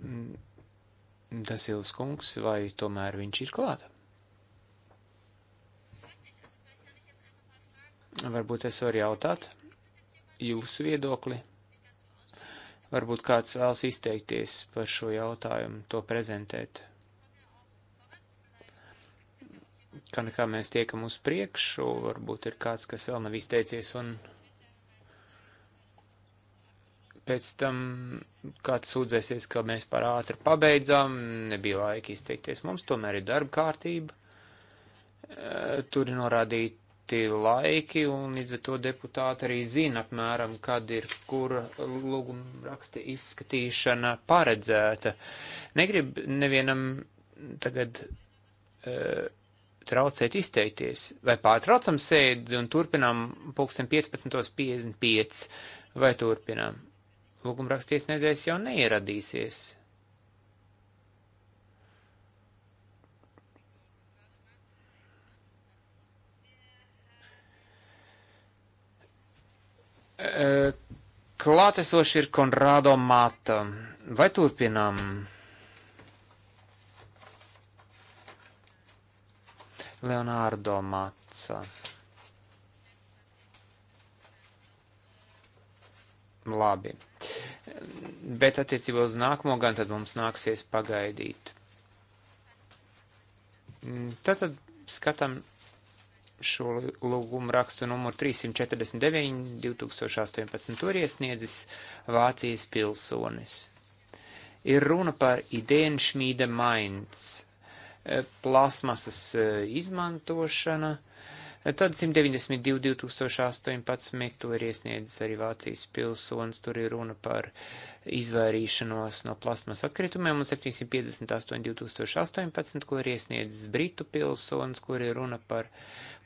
Mm, tas Ilvs kungs, vai tomēr viņš ir klāta? Varbūt es varu jautāt jūsu viedokli. Varbūt kāds vēlas izteikties par šo jautājumu, to prezentēt kā nekā mēs tiekam uz priekšu, varbūt ir kāds, kas vēl nav izteicies, un pēc tam kāds sūdzēsies, ka mēs par ātri pabeidzām, nebija laika izteikties. Mums tomēr ir darba kārtība, eh, tur ir norādīti laiki, un līdz ar to deputāti arī zina apmēram, kad ir kura lūguma raksta izskatīšana paredzēta. Negrib nevienam tagad. Uh, traucēt izteikties. Vai pārtraucam sēdi un turpinām pulksten 15.55 vai turpinām? Lūgumrakstiesniedzējs jau neieradīsies. Klātesoši ir Konrādo Māta. Vai turpinām? Leonardo Maca. Labi. Bet attiecībā uz nākamo gan tad mums nāksies pagaidīt. Tad, tad skatām šo lūgumu rakstu numuru 349 2018. Tur iesniedzis Vācijas pilsonis. Ir runa par Idēnšmīda Mainz E, plasmasas e, izmantošana. E, tad 192, 2018 to ir iesniedzis arī Vācijas pilsonis, tur ir runa par izvairīšanos no plasmas atkritumiem, un 758, 2018, ko ir iesniedzis Britu pilsonis, kur ir runa par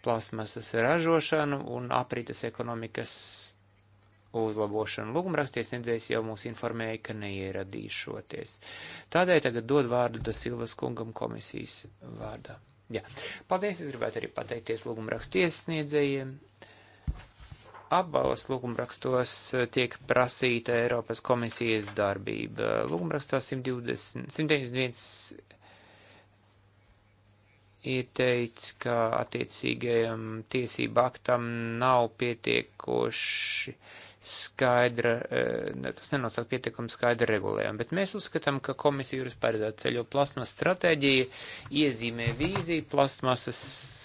plasmasas ražošanu un aprites ekonomikas uzlabošanu. Lūgumraksties nedzējs jau mūs informēja, ka neieradīšoties. Tādēļ tagad dod vārdu Da Silvas kungam komisijas vārdā. Jā. Paldies, es gribētu arī pateikties lūgumrakstiesniedzējiem. Abos lūgumrakstos tiek prasīta Eiropas komisijas darbība. Lūgumrakstā 120, 191 ir teicis, ka attiecīgajam tiesību aktam nav pietiekoši skaidra, eh, tas nenosaka pietiekami skaidra regulējuma, bet mēs uzskatām, ka komisija ir uzparedzēta ceļo plasmas stratēģija, iezīmē vīziju plasmasas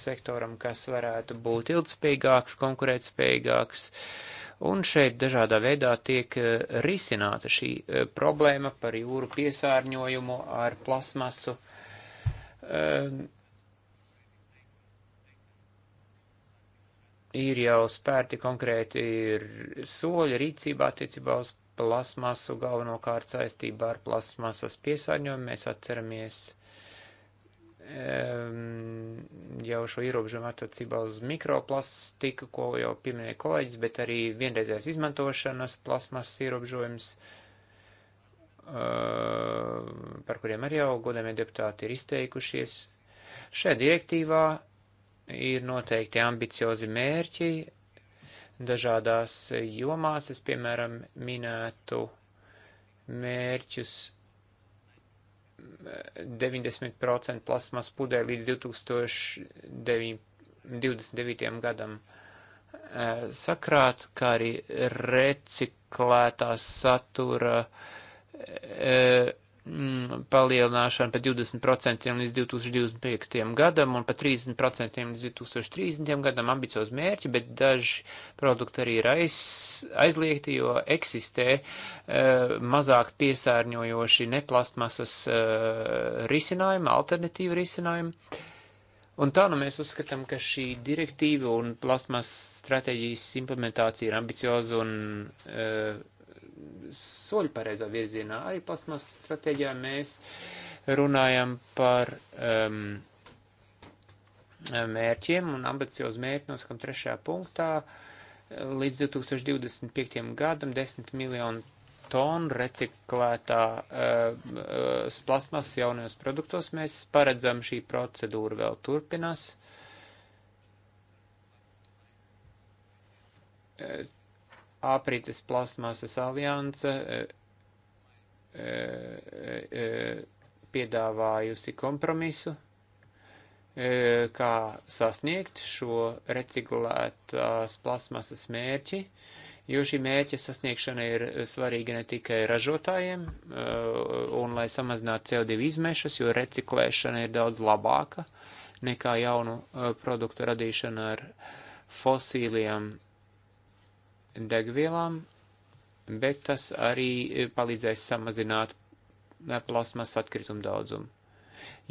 sektoram, kas varētu būt ilgspējīgāks, konkurētspējīgāks, un šeit dažādā veidā tiek eh, risināta šī eh, problēma par jūru piesārņojumu ar plasmasu. Um, ir jau spērti konkrēti soļi rīcībā attiecībā uz plasmasu, galvenokārt saistībā ar plasmasas piesārņojumu. Mēs atceramies um, jau šo ierobežojumu attiecībā uz mikroplastiku, ko jau pieminēja kolēģis, bet arī vienreizēs izmantošanas plasmasas ierobežojums. Uh, par kuriem arī jau godamie deputāti ir izteikušies. Šajā direktīvā ir noteikti ambiciozi mērķi dažādās jomās. Es, piemēram, minētu mērķus 90% eh, plasmas pudē līdz 2029. gadam eh, sakrāt, kā arī reciklētā satura eh, mm, palielināšanu par 20% līdz 2025. gadam un par 30% līdz 2030. gadam ambiciozi mērķi, bet daži produkti arī ir aiz, aizliegti, jo eksistē e, mazāk piesārņojoši neplastmasas e, risinājumi, alternatīvi risinājumi. Un tā nu mēs uzskatām, ka šī direktīva un plasmas stratēģijas implementācija ir ambicioza un uh, e, soļi pareizā virzienā. Arī plasmas stratēģijā mēs runājam par um, um mērķiem un ambiciozu mērķi nosakam trešajā punktā līdz 2025. gadam 10 miljonu tonu reciklētā uh, uh, plasmas jaunajos produktos mēs paredzam šī procedūra vēl turpinās. Uh, Aprītes plasmasas alianse e, e, e, piedāvājusi kompromisu, kā sasniegt šo reciklētās plasmasas mērķi, jo šī mērķa sasniegšana ir svarīga ne tikai ražotājiem un lai samazinātu CO2 izmešas, jo reciklēšana ir daudz labāka nekā jaunu produktu radīšana ar fosīliem degvielām, bet tas arī palīdzēs samazināt eh, plasmas atkritumu daudzumu.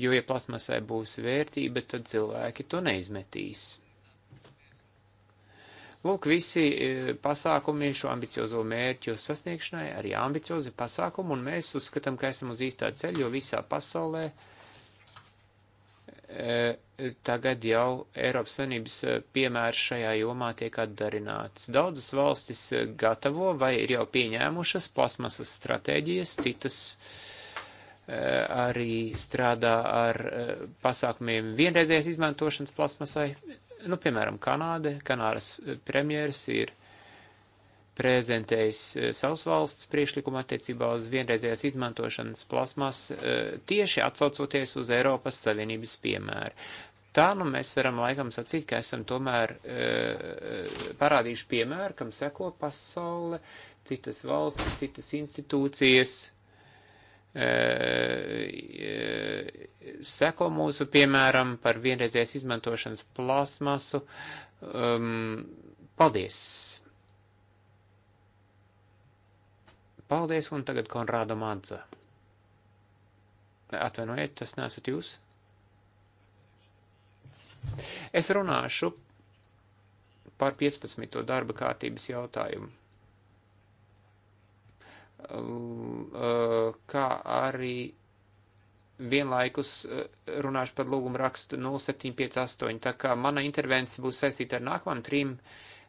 Jo, ja plasmasai būs vērtība, tad cilvēki to neizmetīs. Lūk, visi eh, pasākumi šo ambiciozo mērķu sasniegšanai, arī ambiciozi pasākumi, un mēs uzskatām, ka esam uz īstā ceļa, jo visā pasaulē uh, Eh, tagad jau Eiropas Savienības eh, piemērs šajā jomā tiek atdarināts. Daudzas valstis eh, gatavo vai ir jau pieņēmušas plasmasas stratēģijas, citas arī strādā ar pasākumiem vienreizējas izmantošanas plasmasai. Nu, piemēram, Kanāde, Kanāras premjeras ir uh, prezentējis eh, savus valsts priešlikumu attiecībā uz vienreizējās izmantošanas plasmas, eh, tieši atsaucoties uz Eiropas Savienības piemēru. Tā nu mēs varam laikam sacīt, ka esam tomēr eh, parādījuši piemēru, kam seko pasaule, citas valsts, citas institūcijas, seko mūsu piemēram par vienreizējās izmantošanas plasmasu. Um, paldies! Paldies, un tagad Konrāda Madza. Atvainojiet, tas nesat jūs? Es runāšu par 15. darba kārtības jautājumu. Eh, kā arī vienlaikus eh, runāšu par lūgumu rakstu 0758, tā kā mana intervence būs saistīta ar nākamajiem trim,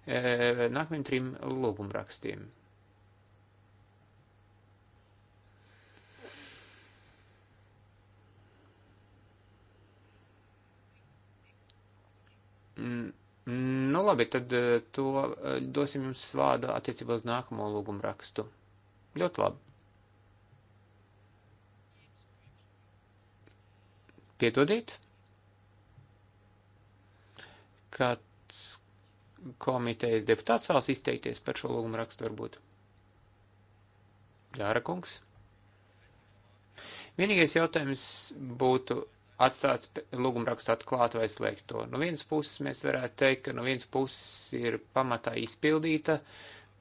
eh, nākamajiem trim lūgumu rakstiem. Mm, mm, nu labi, tad eh, to eh, dosim jums vārdu attiecībā uz nākamo lūgumu rakstu. Ļoti labi. Piedodiet? Kāds komitejas deputāts vēlas izteikties par šo lūgumu rakstu varbūt? Jāra kungs. Vienīgais jautājums būtu, atstāt lūgumrakstu atklātu vai slēgto. No vienas puses mēs varētu teikt, ka no vienas puses ir pamatā izpildīta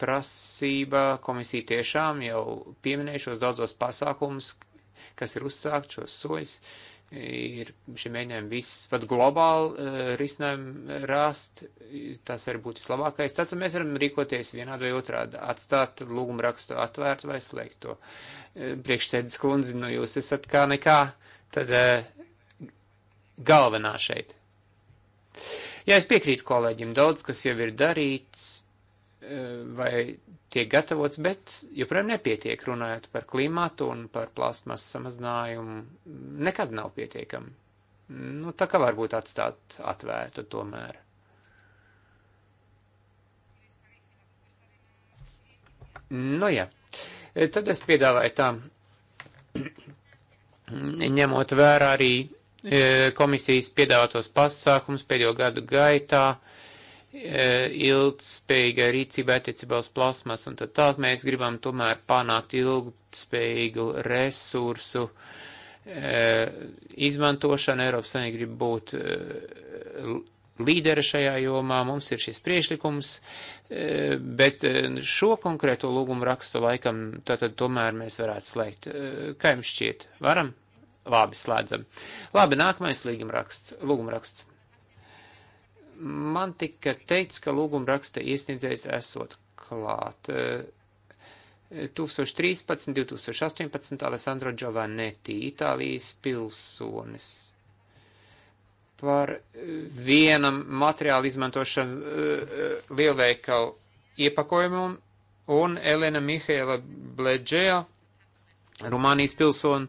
prasība, komisija tiešām jau pieminēja šos daudzos pasākumus, kas ir uzsākt šos soļus, ir šie mēģinājumi viss pat globāli eh, risinājumi rāst, tas arī būtu vislabākais. Tad mēs varam rīkoties vienādi vai otrādi, atstāt lūgumu rakstu atvērtu vai slēgto. Eh, priekšsēdus kundzi, nu jūs esat kā nekā, tad eh, galvenā šeit. Jā, es piekrītu kolēģim, daudz kas jau ir darīts eh, vai tiek gatavots, bet joprojām nepietiek runājot par klimatu un par plastmas samazinājumu. Nekad nav pietiekami. Nu, tā kā varbūt atstāt atvērtu tomēr. Nu jā, tad es piedāvāju tā, ņemot vērā arī E, komisijas piedāvātos pasākums pēdējo gadu gaitā, e, ilgspējīgai rīcībai attiecībā uz plasmas, un tad tālāk mēs gribam tomēr panākt ilgspējīgu resursu e, izmantošanu. Eiropas Savienība grib būt līdera šajā jomā, mums ir šis priešlikums, bet šo konkrēto lūgumu rakstu laikam tātad tomēr mēs varētu slēgt. Kā jums šķiet? Varam? Labi, slēdzam. Labi, nākamais līgumraksts. Lūgumraksts. Man tika teikts, ka lūgumraksta iesniedzējs esot klāt. 2013, eh, 2018 Alessandro Giovannetti, Itālijas pilsonis par eh, vienam materiālu izmantošanu eh, lielveikalu iepakojumam un Elena Mihaela Bledžēla, Rumānijas pilsona,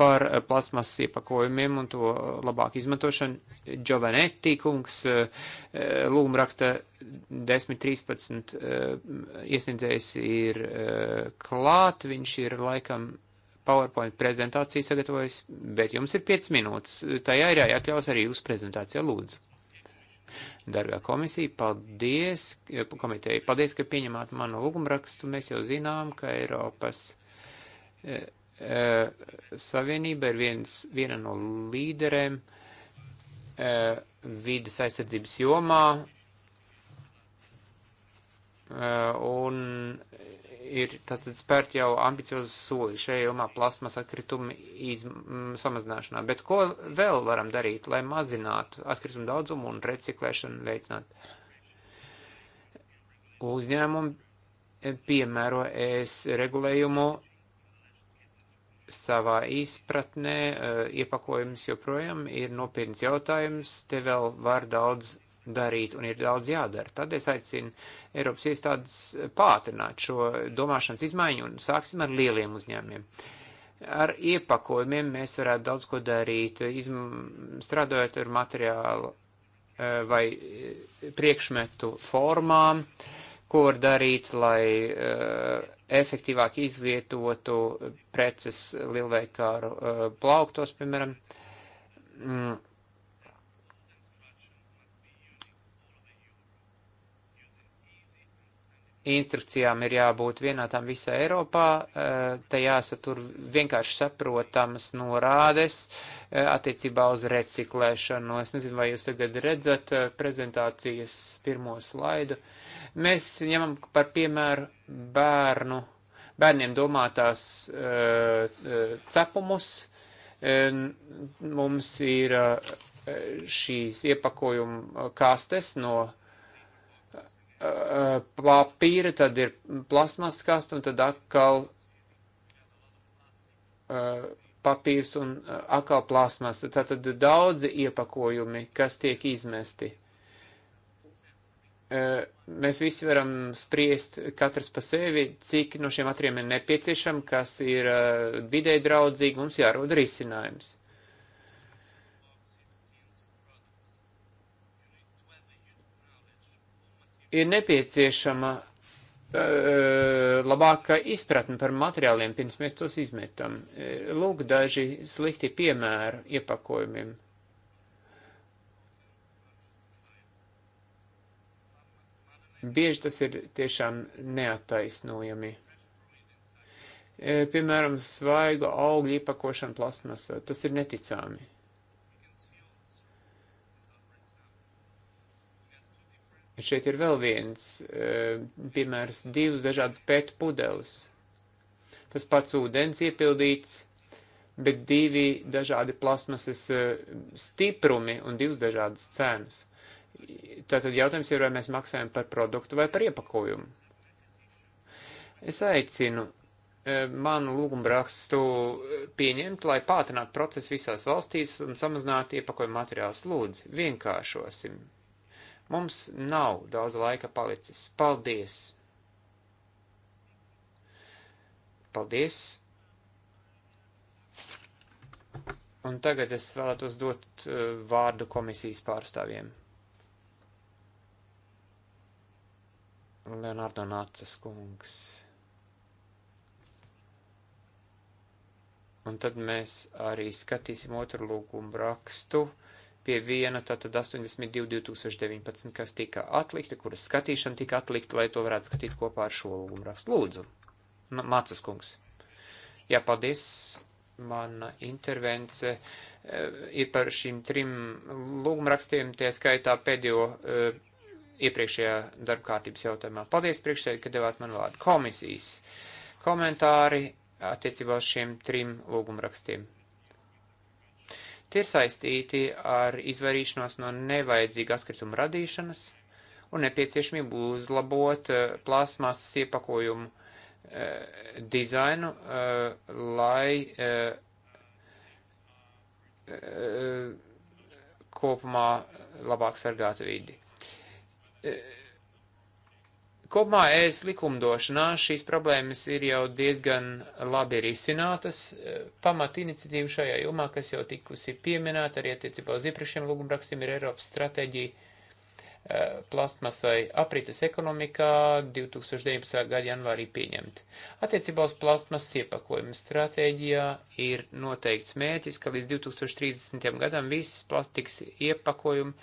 par eh, plasmas iepakojumiem un to labāku izmantošanu. Giovanetti kungs eh, eh, lūguma raksta 10.13 iesniedzējs ir klāt, viņš ir laikam PowerPoint prezentāciju sagatavojis, bet jums ir 5 minūtes. Tajā ir jāiekļaus arī jūsu prezentācija, lūdzu. Dargā komisija, paldies, komiteja, paldies, ka pieņemāt manu lūgumrakstu. Mēs jau zinām, ka Eiropas Eh, savienība ir viens, viena no līderēm eh, vidas aizsardzības jomā eh, un ir tātad spērt jau ambiciozi soļi šajā jomā plasmas atkrituma samazināšanā. Bet ko vēl varam darīt, lai mazinātu atkritumu daudzumu un reciklēšanu veicinātu? Uzņēmumi piemēro es regulējumu savā izpratnē eh, iepakojums joprojām ir nopietns jautājums, te vēl var daudz darīt un ir daudz jādara. Tad es aicinu Eiropas iestādes pātrināt šo domāšanas izmaiņu un sāksim ar lieliem uzņēmiem. Ar iepakojumiem mēs varētu daudz ko darīt, izm, strādājot ar materiālu eh, vai eh, priekšmetu formām. Uh, ko var darīt, lai uh, efektīvāk izlietotu preces lielveikāru uh, eh, plauktos, piemēram. Mm instrukcijām ir jābūt vienotām visā Eiropā, eh, te jāsatur vienkārši saprotamas norādes eh, attiecībā uz reciklēšanu. Es nezinu, vai jūs tagad redzat eh, prezentācijas pirmo slaidu. Mēs ņemam par piemēru bērnu, bērniem domātās cepumus. Mums ir šīs iepakojuma kastes no Uh, papīra, tad ir plasmas kasta un tad atkal uh, papīrs un uh, atkal plasmas. Tātad daudzi iepakojumi, kas tiek izmesti. Mēs visi varam spriest katrs pa sevi, cik no šiem atriem ir nepieciešama, kas ir vidē draudzīgi, mums jārod risinājums. ir nepieciešama uh, labāka izpratne par materiāliem, pirms mēs tos izmetam. E, lūk, daži slikti piemēri iepakojumiem. Bieži tas ir tiešām neattaisnojami. E, piemēram, svaigu augļu iepakošana plasmasā. Tas ir neticami. Bet šeit ir vēl viens, eh, piemērs, divas dažādas pēta pudeles. Tas pats ūdens iepildīts, bet divi dažādi plasmasas eh, stiprumi un divas dažādas cenas. Tātad jautājums ir, vai mēs maksājam par produktu vai par iepakojumu. Es aicinu eh, manu lūgumrakstu pieņemt, lai pātrinātu procesu visās valstīs un samazinātu iepakojumu materiālus. Lūdzu, vienkāršosim Mums nav daudz laika palicis. Paldies! Paldies! Un tagad es vēlētos dot uh, vārdu komisijas pārstāvjiem. Leonardo Nācas kungs. Un tad mēs arī skatīsim otru lūgumu rakstu pie viena, tātad 82 2019, kas tika atlikta, kuras skatīšana tika atlikta, lai to varētu skatīt kopā ar šo lūgumu rakstu. Lūdzu, Mācas kungs. Jā, paldies. Mana intervence eh, ir par šīm trim lūgumrakstiem, tie skaitā pēdējo eh, iepriekšējā darbkārtības jautājumā. Paldies priekšsēdi, ka devāt man vārdu komisijas komentāri attiecībā uz šiem trim lūgumrakstiem. Tie ir saistīti ar izvairīšanos no nevajadzīga atkrituma radīšanas un nepieciešamību uzlabot eh, plasmasas iepakojumu eh, dizainu, eh, lai eh, eh kopumā labāk sargātu vidi. Eh, Kopumā es likumdošanā šīs problēmas ir jau diezgan labi risinātas. Eh, pamat iniciatīva šajā jomā, kas jau tikusi pieminēta arī attiecībā uz iepriekšējiem lūgumrakstiem, ir Eiropas stratēģija plastmasai aprites ekonomikā 2019. gada janvārī pieņemti. Attiecībā uz plastmasas iepakojumu stratēģijā ir noteikts mērķis, ka līdz 2030. gadam visas plastikas iepakojumi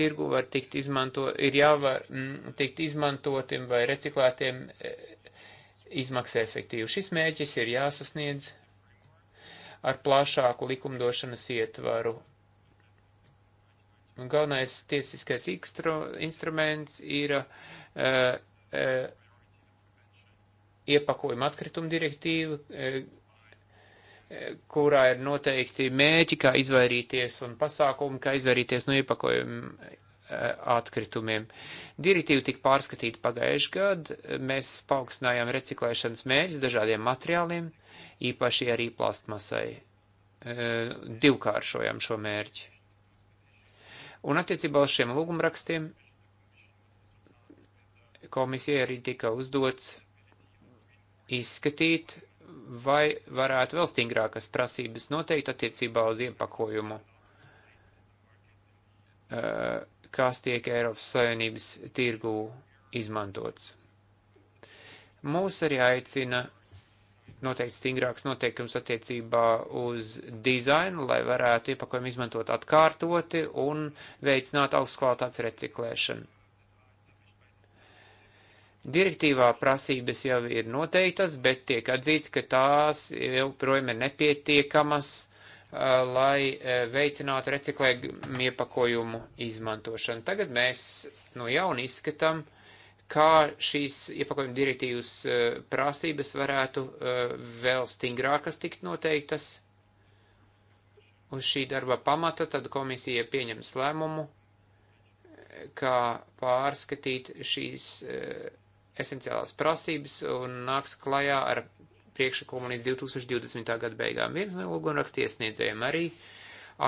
tirgu var tikt izmanto, ir jāvar m, mm, tikt izmantotiem vai reciklētiem e, izmaksa efektīvi. Šis mērķis ir jāsasniedz ar plašāku likumdošanas ietvaru Un galvenais tiesiskais ikstru, instruments ir uh, uh, iepakojuma atkrituma direktīva, eh, kurā ir noteikti mēķi, kā izvairīties un pasākumi, kā izvairīties no iepakojuma atkritumiem. Direktīva tika pārskatīta pagājuši gadu, mēs paaugstinājām reciklēšanas mēģis dažādiem materiāliem, īpaši arī plastmasai. Divkāršojam šo mērķi. Un attiecībā uz šiem lūgumrakstiem komisija arī tika uzdots izskatīt, vai varētu vēl stingrākas prasības noteikt attiecībā uz iepakojumu, kas tiek Eiropas Savienības tirgū izmantots. Mūs arī aicina noteikti stingrāks noteikums attiecībā uz dizainu, lai varētu iepakojumu izmantot atkārtoti un veicināt augsts kvalitātes reciklēšanu. Direktīvā prasības jau ir noteiktas, bet tiek atzīts, ka tās joprojām ir nepietiekamas, uh, lai uh, veicinātu reciklējumu iepakojumu izmantošanu. Tagad mēs no jauna izskatām kā šīs iepakojuma direktīvas eh, prasības varētu eh, vēl stingrākas tikt noteiktas. Uz šī darba pamata tad komisija pieņems lēmumu, eh, kā pārskatīt šīs esenciālās prasības un nāks klajā ar priekšlikumu līdz 2020. gada beigām. Viens no lūgumrakstiesniedzējiem arī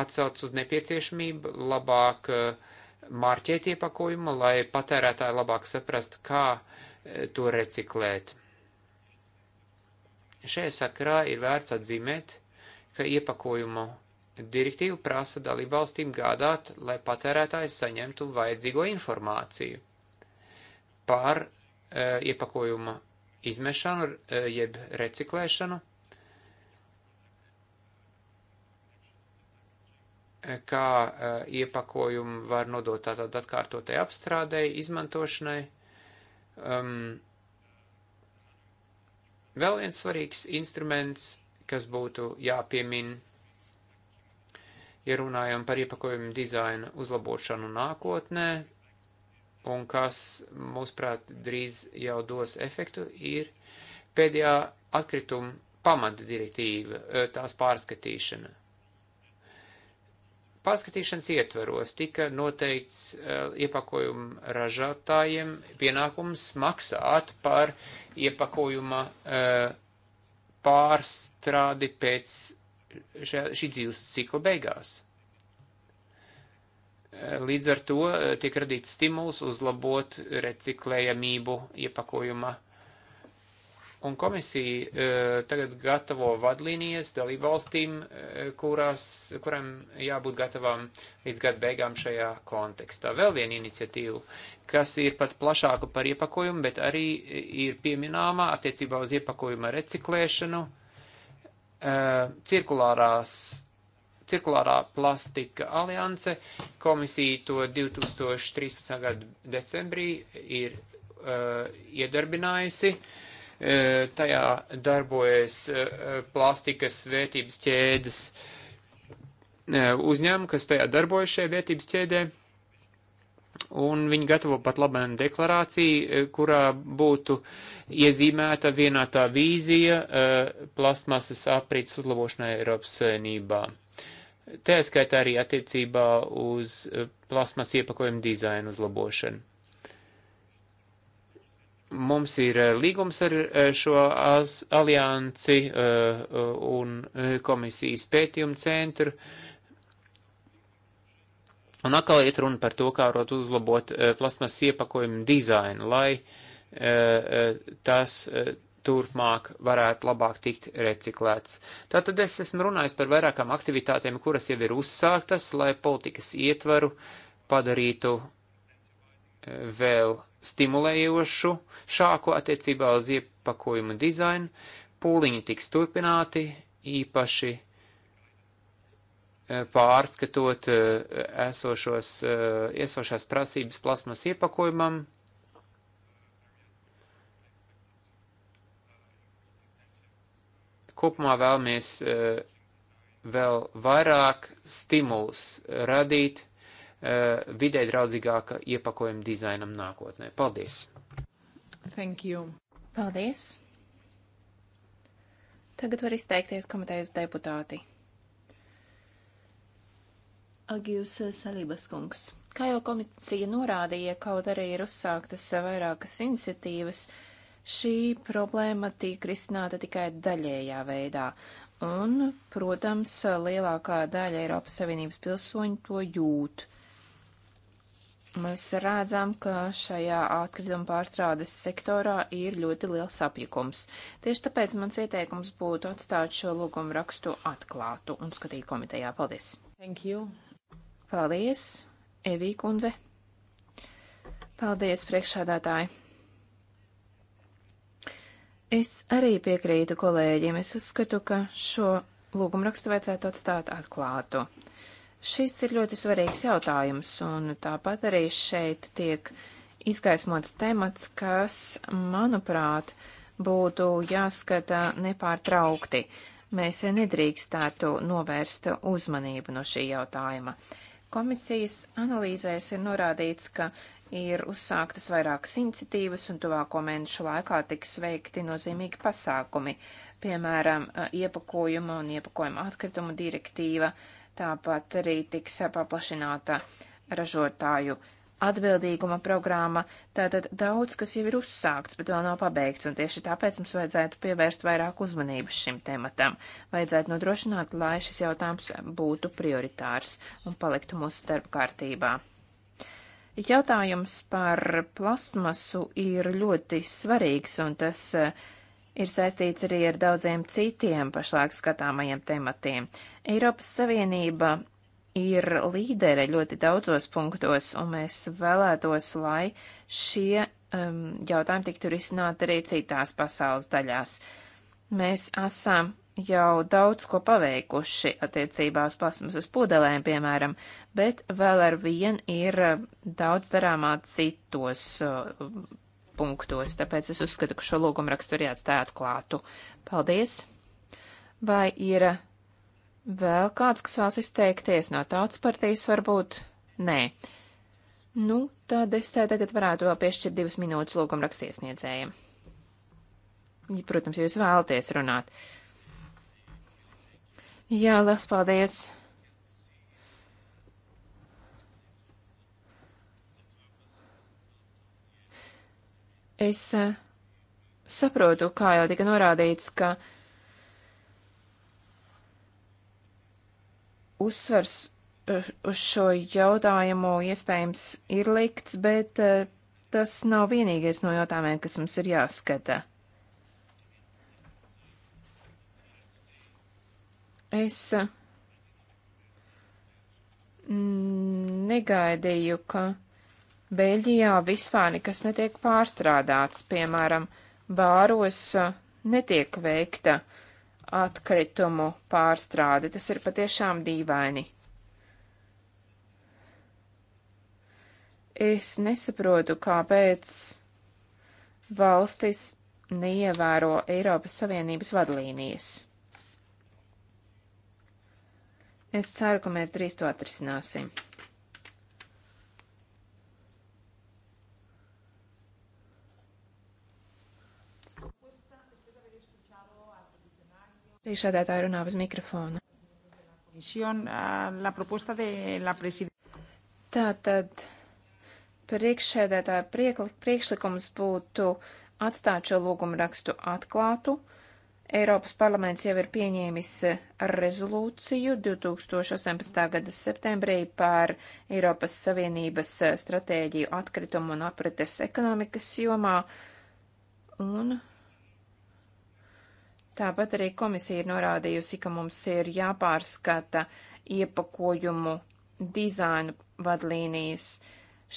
atsauc uz nepieciešamību labāk uh, marķēt iepakojumu, lai patērētāji labāk saprast, kā e, to reciklēt. Šajā sakarā ir vērts atzīmēt, ka iepakojumu direktīva prasa dalībvalstīm gādāt, lai patērētājs saņemtu vajadzīgo informāciju par e, iepakojuma izmešanu, e, jeb reciklēšanu kā e, iepakojumu var nodot tātad atkārtotai apstrādēji, izmantošanai. Um, vēl viens svarīgs instruments, kas būtu jāpiemin, ja runājam par iepakojumu dizaina uzlabošanu nākotnē, un kas, mūsuprāt, drīz jau dos efektu, ir pēdējā atkrituma pamata direktīva, e, tās pārskatīšana Pārskatīšanas ietvaros tika noteikts uh, iepakojumu ražotājiem pienākums maksāt par iepakojuma uh, pārstrādi pēc šā, šī dzīves cikla beigās. Eh, līdz ar to tiek radīts stimuls uzlabot reciklējamību iepakojuma Un komisija e, tagad gatavo vadlīnijas dalību valstīm, e, kurās, kuram jābūt gatavām līdz gada beigām šajā kontekstā. Vēl viena iniciatīva, kas ir pat plašāka par iepakojumu, bet arī ir pieminama attiecībā uz iepakojuma reciklēšanu, e, cirkulārās, cirkulārā plastika alianse. Komisija to 2013. gada decembrī ir e, iedarbinājusi. E, E, tajā darbojas e, plastikas vērtības ķēdes e, uzņēmumi, kas tajā darbojas šajā vērtības ķēdē. Un viņi gatavo pat labēnu deklarāciju, kurā būtu iezīmēta vienā tā vīzija plasmasas aprīts uzlabošanai Eiropas savienībā. Tā skaitā arī attiecībā uz plasmas iepakojumu dizainu uzlabošanu. Mums ir eh, līgums ar eh, šo alianci eh, un komisijas pētījumu centru. Un atkal iet runa par to, kā varot uzlabot plasmas iepakojumu dizainu, lai tas turpmāk varētu labāk tikt reciklēts. Tātad es esmu runājis par vairākām aktivitātēm, kuras jau ir uzsāktas, lai politikas ietvaru padarītu vēl stimulējošu šāku attiecībā uz iepakojumu dizainu. Pūliņi tiks turpināti, īpaši eh, pārskatot eh, esošos, eh, esošās prasības plasmas iepakojumam. Kopumā vēlamies vēl vairāk stimulus radīt Eh, vidē draudzīgāka iepakojuma dizainam nākotnē. Paldies! Thank you! Paldies! Tagad var izteikties komitejas deputāti. Agijus Salības kungs. Kā jau komisija norādīja, kaut arī ir uzsāktas vairākas iniciatīvas, šī problēma tika risināta tikai daļējā veidā, un, protams, lielākā daļa Eiropas Savienības pilsoņu to jūt. Uh, Mēs redzam, ka šajā atkrituma pārstrādes sektorā ir ļoti liels apjukums. Tieši tāpēc mans ieteikums būtu atstāt šo lūgumu rakstu atklātu un skatīt komitejā. Paldies! Thank you! Paldies, Evī kundze! Paldies, priekšādātāji! Es arī piekrītu kolēģiem. Es uzskatu, ka šo lūgumu rakstu vajadzētu atstāt atklātu. Šis ir ļoti svarīgs jautājums, un tāpat arī šeit tiek izgaismots temats, kas, manuprāt, būtu jāskata nepārtraukti. Mēs nedrīkstētu novērst uzmanību no šī jautājuma. Komisijas analīzēs ir norādīts, ka ir uzsāktas vairākas iniciatīvas, un tuvāko mēnešu laikā tiks veikti nozīmīgi pasākumi, piemēram, iepakojuma un iepakojuma atkrituma direktīva, uh, Tāpat arī tiks paplašināta ražotāju atbildīguma programma. Tātad daudz, kas jau ir uzsākts, bet vēl nav pabeigts, un tieši tāpēc mums vajadzētu pievērst vairāk uzmanības šim tematam. Vajadzētu nodrošināt, lai šis jautājums būtu prioritārs un paliktu mūsu darba kārtībā. Jautājums par plasmasu ir ļoti svarīgs, un tas uh, ir saistīts arī ar daudziem citiem pašlaik skatāmajiem tematiem. Eiropas Savienība ir līdere ļoti daudzos punktos, un mēs vēlētos, lai šie um, jautājumi tiktu risināti arī citās pasaules daļās. Mēs esam jau daudz ko paveikuši attiecībā uz plasmasas pudelēm, piemēram, bet vēl ar vien ir um, daudz darāmā citos uh, punktos, tāpēc es uzskatu, ka šo lūgumu rakstu arī atstāt klātu. Paldies! Vai ir vēl kāds, kas vēlas izteikties no tautas partijas varbūt? Nē. Nu, tad es tā tagad varētu vēl piešķirt divas minūtes lūgumu rakstiesniedzējiem. Ja, protams, jūs vēlaties runāt. Jā, liels paldies! Es eh, saprotu, kā jau tika norādīts, ka uzsvars eh, uz šo jautājumu iespējams ir likts, bet eh, tas nav vienīgais no jautājumiem, kas mums ir jāskata. Es negaidīju, ka Beļģijā vispār nekas netiek pārstrādāts, piemēram, bāros netiek veikta atkritumu pārstrāde. Tas ir patiešām dīvaini. Es nesaprotu, kāpēc valstis neievēro Eiropas Savienības vadlīnijas. Es ceru, ka mēs drīz to atrisināsim. Priekšādātāja runā bez mikrofona. Ah, Tātad priekšsēdētāja priekšlikums būtu atstāt šo lūgumu rakstu atklātu. Eiropas parlaments jau ir pieņēmis rezolūciju 2018. gada septembrī par Eiropas Savienības stratēģiju atkritumu un aprites ekonomikas jomā, un Tāpat arī komisija ir norādījusi, ka mums ir jāpārskata iepakojumu dizainu vadlīnijas.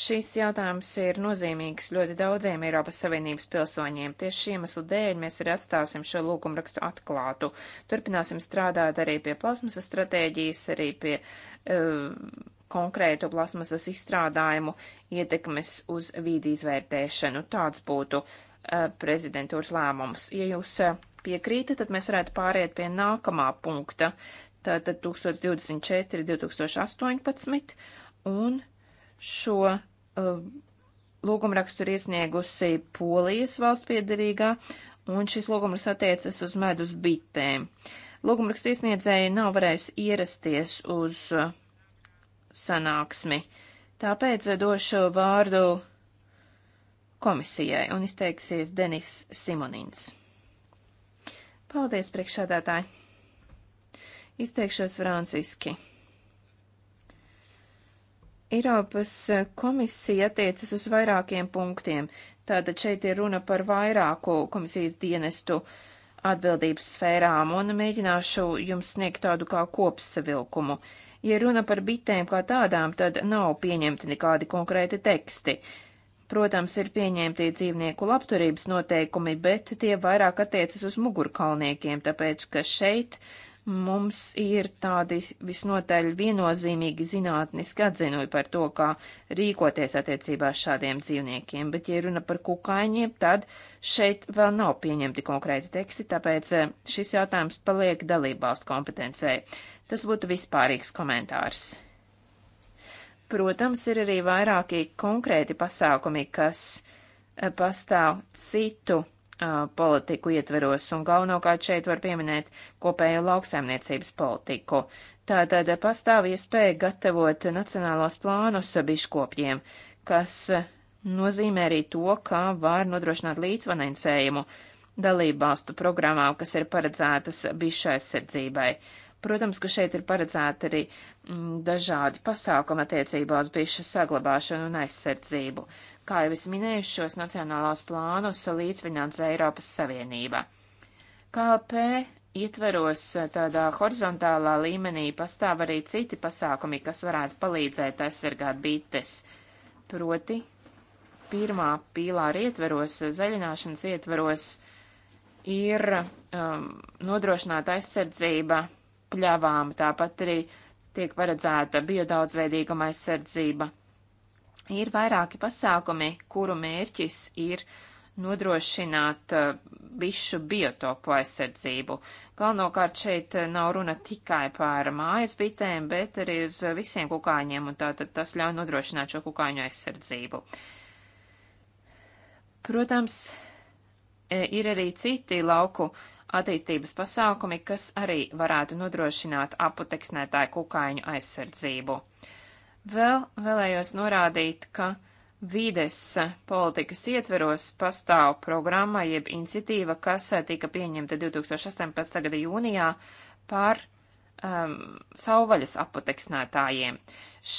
Šis jautājums ir nozīmīgs ļoti daudziem Eiropas Savienības pilsoņiem. Tieši šī iemesla dēļ mēs arī atstāsim šo lūgumrakstu atklātu. Turpināsim strādāt arī pie plasmasas stratēģijas, arī pie uh, eh, konkrētu plasmasas izstrādājumu ietekmes uz vīdi izvērtēšanu. Tāds būtu uh, prezidentūras lēmums. Ja jūs uh, piekrīta, tad mēs varētu pāriet pie nākamā punkta. Tātad 1024, 2018 un šo uh, lūgumrakstu ir iesniegusi Polijas valsts piedarīgā, un šis lūgumraksts attiecas uz medus bitēm. Lūgumraksts iesniedzēji nav varējis ierasties uz uh, sanāksmi, tāpēc uh, došu vārdu komisijai un izteiksies Denis Simonins. Paldies, priekšādātāji. Izteikšos franciski. Eiropas komisija attiecas uz vairākiem punktiem. Tātad šeit ir runa par vairāku komisijas dienestu atbildības sfērām un mēģināšu jums sniegt tādu kā kopsavilkumu. Ja runa par bitēm kā tādām, tad nav pieņemti nekādi konkrēti teksti. Protams, ir pieņemti dzīvnieku labturības noteikumi, bet tie vairāk attiecas uz mugurkalniekiem, tāpēc ka šeit mums ir tādi visnotaļ viennozīmīgi zinātniski atzinumi par to, kā rīkoties attiecībā šādiem dzīvniekiem, bet, ja runa par kukaiņiem, tad šeit vēl nav pieņemti konkrēti teksti, tāpēc eh, šis jautājums paliek dalībvalstu kompetencē. Tas būtu vispārīgs komentārs. Protams, ir arī vairāki konkrēti pasākumi, kas eh, pastāv citu eh, politiku ietveros, un galvenokārt šeit var pieminēt kopējo lauksaimniecības politiku. Tātad eh, pastāv iespēja gatavot nacionālos plānus biškopjiem, kas nozīmē arī to, kā var nodrošināt līdzvanansējumu dalībvalstu programmām, kas ir paredzētas bišu aizsardzībai. Protams, ka šeit ir paredzēti arī m, mm, dažādi pasākumi attiecībā uz bišu saglabāšanu un aizsardzību. Kā jau es minēju, šos nacionālos plānus līdzfinansē Eiropas Savienība. KLP ietveros eh, tādā horizontālā līmenī pastāv arī citi pasākumi, kas varētu palīdzēt aizsargāt bites. Proti, pirmā pīlāra ietveros, eh, zaļināšanas ietveros ir um, nodrošināta aizsardzība pļavām, tāpat arī tiek paredzēta biodaudzveidīguma aizsardzība. Ir vairāki pasākumi, kuru mērķis ir nodrošināt bišu uh, biotopu aizsardzību. Galvenokārt šeit uh, nav runa tikai par mājas bitēm, bet arī uz visiem kukaiņiem, un tātad tas ļauj nodrošināt šo kukaiņu aizsardzību. Protams, e, ir arī citi lauku uh, attīstības pasākumi, kas arī varētu nodrošināt aputeksnētāju kukaiņu aizsardzību. Vēl vēlējos norādīt, ka vides politikas ietveros pastāv programma jeb iniciatīva, kas tika pieņemta 2018. gada jūnijā par um, sauvaļas aputeksnētājiem.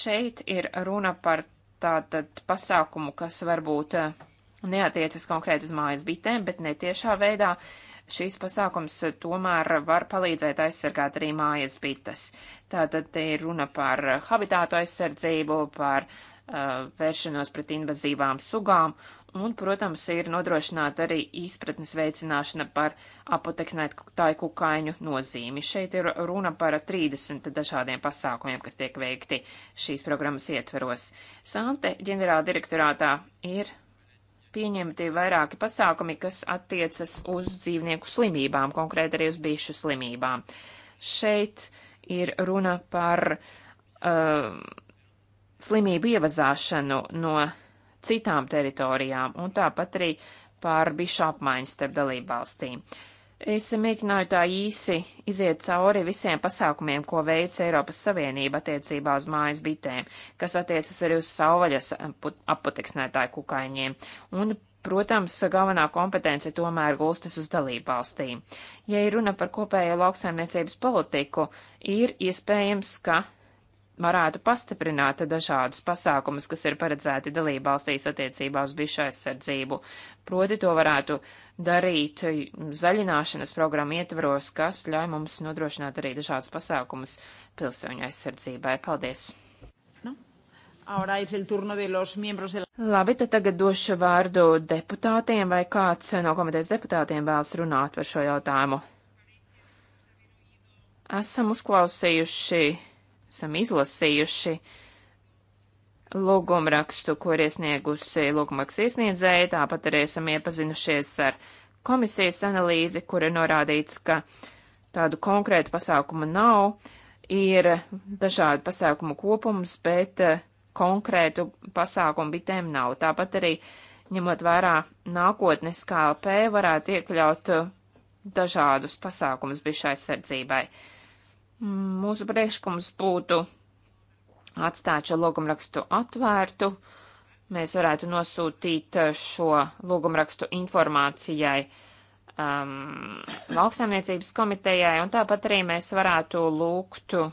Šeit ir runa par tātad pasākumu, kas varbūt uh, neatiecas konkrēt uz mājas bitēm, bet netiešā veidā šīs pasākums tomēr var palīdzēt aizsargāt arī mājas bites. Tātad te ir runa par habitātu aizsardzību, par uh, vēršanos pret invazīvām sugām, un, protams, ir nodrošināta arī izpratnes veicināšana par apoteksnētāju kukaiņu nozīmi. Šeit ir runa par 30 dažādiem pasākumiem, kas tiek veikti šīs programmas ietveros. Sante ģenerāldirektorātā ir pieņemti vairāki pasākumi, kas attiecas uz dzīvnieku slimībām, konkrēti arī uz bišu slimībām. Šeit ir runa par uh, slimību ievazāšanu no citām teritorijām un tāpat arī par bišu apmaiņu starp dalību valstīm. Uh, Es mēģināju tā īsi iziet cauri visiem pasākumiem, ko veic Eiropas Savienība attiecībā uz mājas bitēm, kas attiecas arī uz sauvaļas apoteksnētāju kukaiņiem. Un, protams, galvenā kompetence tomēr gulstas uz dalību valstīm. Ja ir runa par kopējo lauksaimniecības politiku, ir iespējams, ka varētu pastiprināt dažādus pasākumus, kas ir paredzēti dalībvalstīs attiecībā uz bišu aizsardzību. Proti to varētu darīt zaļināšanas programmu ietvaros, kas ļauj mums nodrošināt arī dažādus pasākumus pilsoņu aizsardzībai. Paldies! Nu, no? De... Labi, tad tagad došu vārdu deputātiem, vai kāds no komitejas deputātiem vēlas runāt par šo jautājumu. Esam uzklausījuši esam izlasījuši lūgumrakstu, ko ir iesniegusi lūgumraks iesniedzēja, tāpat arī esam iepazinušies ar komisijas analīzi, kur ir norādīts, ka tādu konkrētu pasākumu nav, ir dažādu pasākumu kopums, bet eh, konkrētu pasākumu bitēm nav. Tāpat arī ņemot vērā nākotnes KLP varētu iekļaut eh, dažādus pasākumus bišu aizsardzībai. Uh, Mūsu priekšlikums būtu atstāt šo lūgumrakstu atvērtu. Mēs varētu nosūtīt šo lūgumrakstu informācijai um, lauksaimniecības komitejai, un tāpat arī mēs varētu lūgt uh,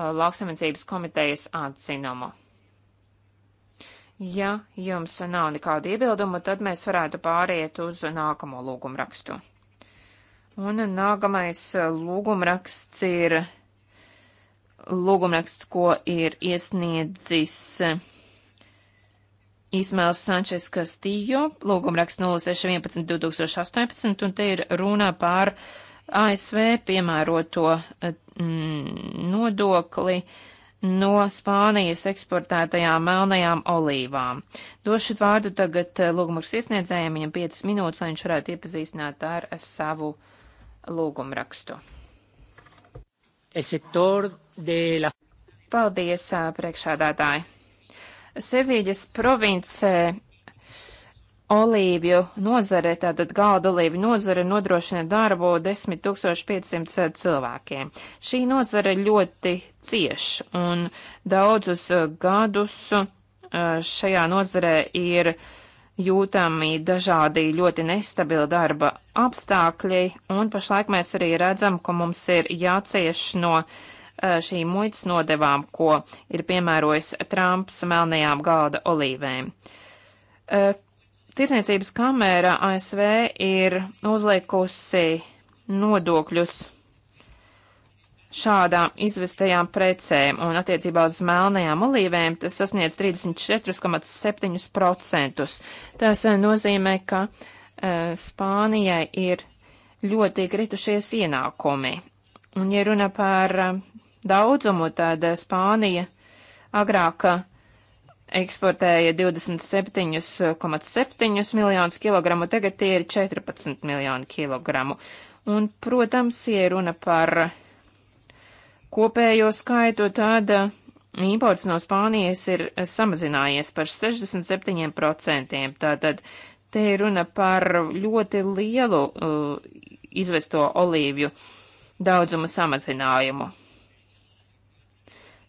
lauksaimniecības komitejas atzinumu. Ja jums nav nekādu iebildumu, tad mēs varētu pāriet uz nākamo lūgumrakstu. Un nākamais uh, lūgumraksts ir lūgumraksts, ko ir iesniedzis uh, Ismails Sančes Kastījo, lūgumraksts 0611-2018, un te ir runa par ASV piemēroto uh, mm, nodokli no Spānijas eksportētajām melnajām olīvām. Došu vārdu tagad lūgumraksts iesniedzējiem, viņam 5 minūtes, lai viņš varētu iepazīstināt ar savu uh, lūgumrakstu. La... Paldies, priekšādātāji. Sevīģas provincē olīvju nozare, tātad galda olīvju nozare nodrošina darbu 10 500 cilvēkiem. Šī nozare ļoti cieš un daudzus gadus šajā nozarē ir uh, jūtami dažādi ļoti nestabili darba apstākļi, un pašlaik mēs arī redzam, ka mums ir jācieš no eh, šīm muitas nodevām, ko ir piemērojis Trumps melnajām galda olīvēm. Eh, Tirzniecības kamēra ASV ir uzliekusi nodokļus šādām izvestajām precēm, un attiecībā uz melnajām olīvēm tas sasniedz 34,7%. Tas eh, nozīmē, ka uh, Spānijai ir ļoti kritušies ienākumi. Un, ja runa par uh, daudzumu, tad Spānija agrāk eksportēja 27,7 miljonus kilogramu, tagad tie ir 14 miljoni kilogramu. Un, protams, ja runa par uh, kopējo skaitu, tad eh, imports no Spānijas ir eh, samazinājies par 67%. Tātad te ir runa par ļoti lielu uh, izvesto olīvju daudzumu samazinājumu.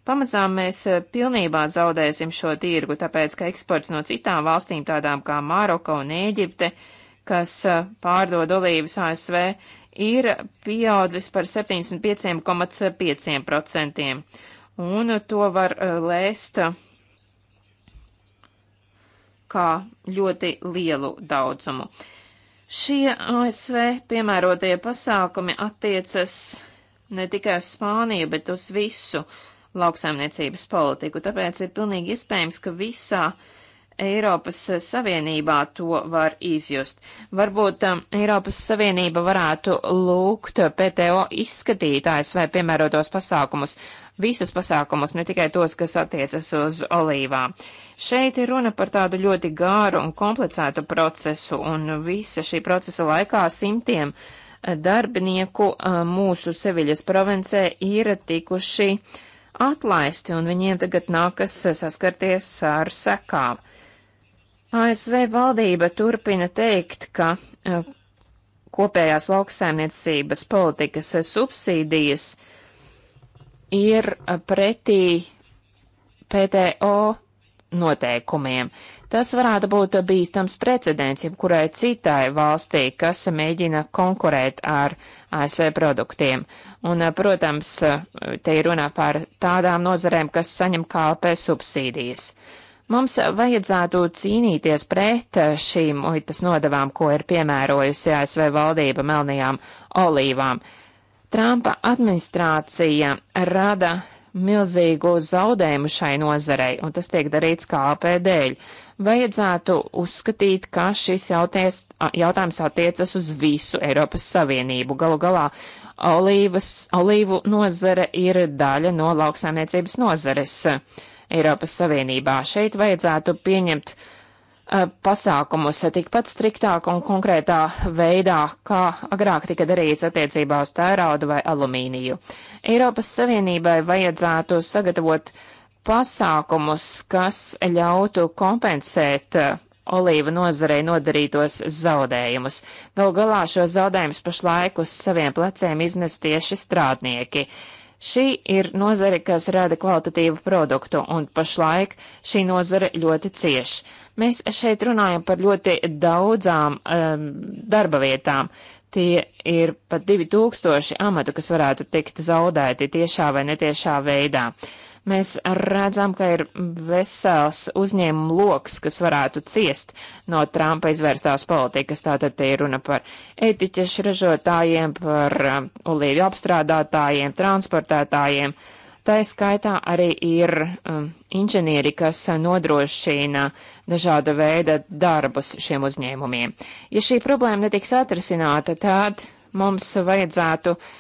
Pamazām mēs pilnībā zaudēsim šo tirgu, tāpēc, ka eksports no citām valstīm, tādām kā Maroka un Ēģipte, kas pārdod olīvas ASV, ir pieaudzis par 75,5%, un to var eh, lēst eh, kā ļoti lielu daudzumu. Šie ASV piemērotie pasākumi attiecas ne tikai uz Spāniju, bet uz visu lauksaimniecības politiku, tāpēc ir pilnīgi iespējams, ka visā uh, Eiropas Savienībā to var izjust. Varbūt um, Eiropas Savienība varētu lūgt PTO izskatītājs vai piemērotos pasākumus, visus pasākumus, ne tikai tos, kas attiecas uz olīvām. Šeit ir runa par tādu ļoti gāru un komplicētu procesu, un visa šī procesa laikā simtiem eh, darbinieku eh, mūsu Seviļas provincē ir tikuši atlaisti, un viņiem tagad nākas saskarties ar sekām. ASV valdība turpina teikt, ka e, kopējās lauksaimniecības politikas subsīdijas ir e, pretī PTO noteikumiem. Tas varētu būt bīstams precedents jebkurai citai valstī, kas mēģina konkurēt ar ASV produktiem. Un, e, protams, te ir runā par tādām nozarēm, kas saņem KLP subsīdijas. Uh, Mums vajadzētu cīnīties pret šīm muitas nodavām, ko ir piemērojusi ASV valdība melnajām olīvām. Trumpa administrācija rada milzīgu zaudējumu šai nozarei, un tas tiek darīts KLP dēļ. Vajadzētu uzskatīt, ka šis jauties, jautājums attiecas uz visu Eiropas Savienību. Galu galā olīvas, olīvu nozare ir daļa no lauksaimniecības nozares. Uh, Eiropas Savienībā. Šeit vajadzētu pieņemt uh, pasākumus tikpat striktāk un konkrētā veidā, kā agrāk tika darīts attiecībā uz tērauda vai alumīniju. Eiropas Savienībai vajadzētu sagatavot pasākumus, kas ļautu kompensēt uh, eh, olīvu nozarei nodarītos zaudējumus. Gal galā šo zaudējumus pašlaik uz saviem pleciem iznes tieši strādnieki. Šī ir nozare, kas rada kvalitatīvu produktu, un pašlaik šī nozare ļoti cieš. Mēs šeit runājam par ļoti daudzām um, darba vietām. Tie ir pat 2000 amatu, kas varētu tikt zaudēti tiešā vai netiešā veidā. Uh, Mēs redzam, ka ir vesels uzņēmumu loks, kas varētu ciest no Trumpa izvērstās politikas. Tātad te ir runa par etiķešu ražotājiem, par um, olīvju apstrādātājiem, transportētājiem. Tā skaitā arī ir um, inženieri, kas nodrošina dažāda veida darbus šiem uzņēmumiem. Ja šī problēma netiks atrisināta, tad mums vajadzētu uh,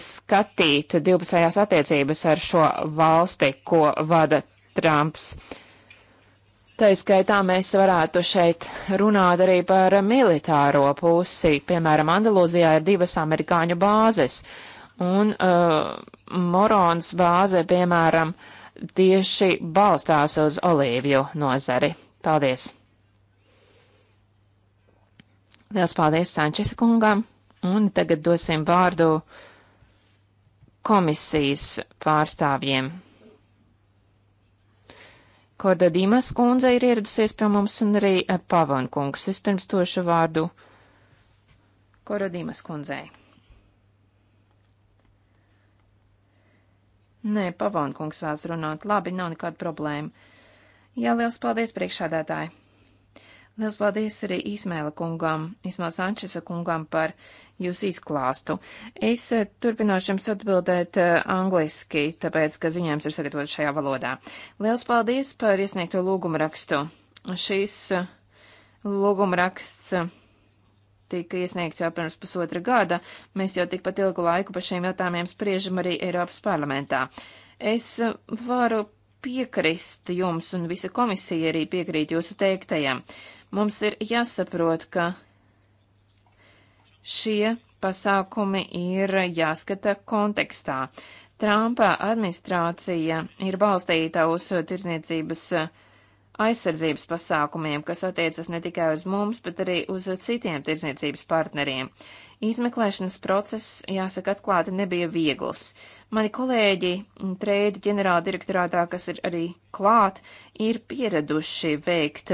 skatīt divpusējās attiecības ar šo valsti, ko vada Trumps. Tā izskaitā mēs varētu šeit runāt arī par militāro pusi. Piemēram, Andalūzijā ir divas amerikāņu bāzes, un uh, Morons bāze, piemēram, tieši balstās uz olīvju nozari. Paldies! Liels paldies Sančesa kungam, un tagad dosim vārdu uh, komisijas pārstāvjiem. Korda Dīmas kundze ir ieradusies pie mums un arī eh, Pavankungs. Vispirms tošu vārdu Korda Dīmas kundzei. Nē, Pavankungs vēlas runāt. Labi, nav nekāda problēma. Jā, liels paldies priekšādātāji. Liels paldies arī Īsmēla kungām, Īsmēla Sančesa kungām par jūsu izklāstu. Es eh, turpināšu jums atbildēt eh, angliski, tāpēc, ka ziņojums ir sagatavots šajā valodā. Liels paldies par iesniegto lūgumu rakstu. Šīs eh, lūgumu raksts tika iesniegts jau pirms pusotra gada. Mēs jau tikpat ilgu laiku par šiem jautājumiem spriežam arī Eiropas parlamentā. Es varu piekrist jums, un visa komisija arī piekrīt jūsu teiktajam. Mums ir jāsaprot, ka šie pasākumi ir jāskata kontekstā. Trumpa administrācija ir balstīta uz tirdzniecības uh, aizsardzības pasākumiem, kas attiecas ne tikai uz mums, bet arī uz citiem tirzniecības partneriem. Izmeklēšanas process, jāsaka atklāti, nebija viegls. Mani kolēģi treidi ģenerāla direktorātā, kas ir arī klāt, ir pieraduši veikt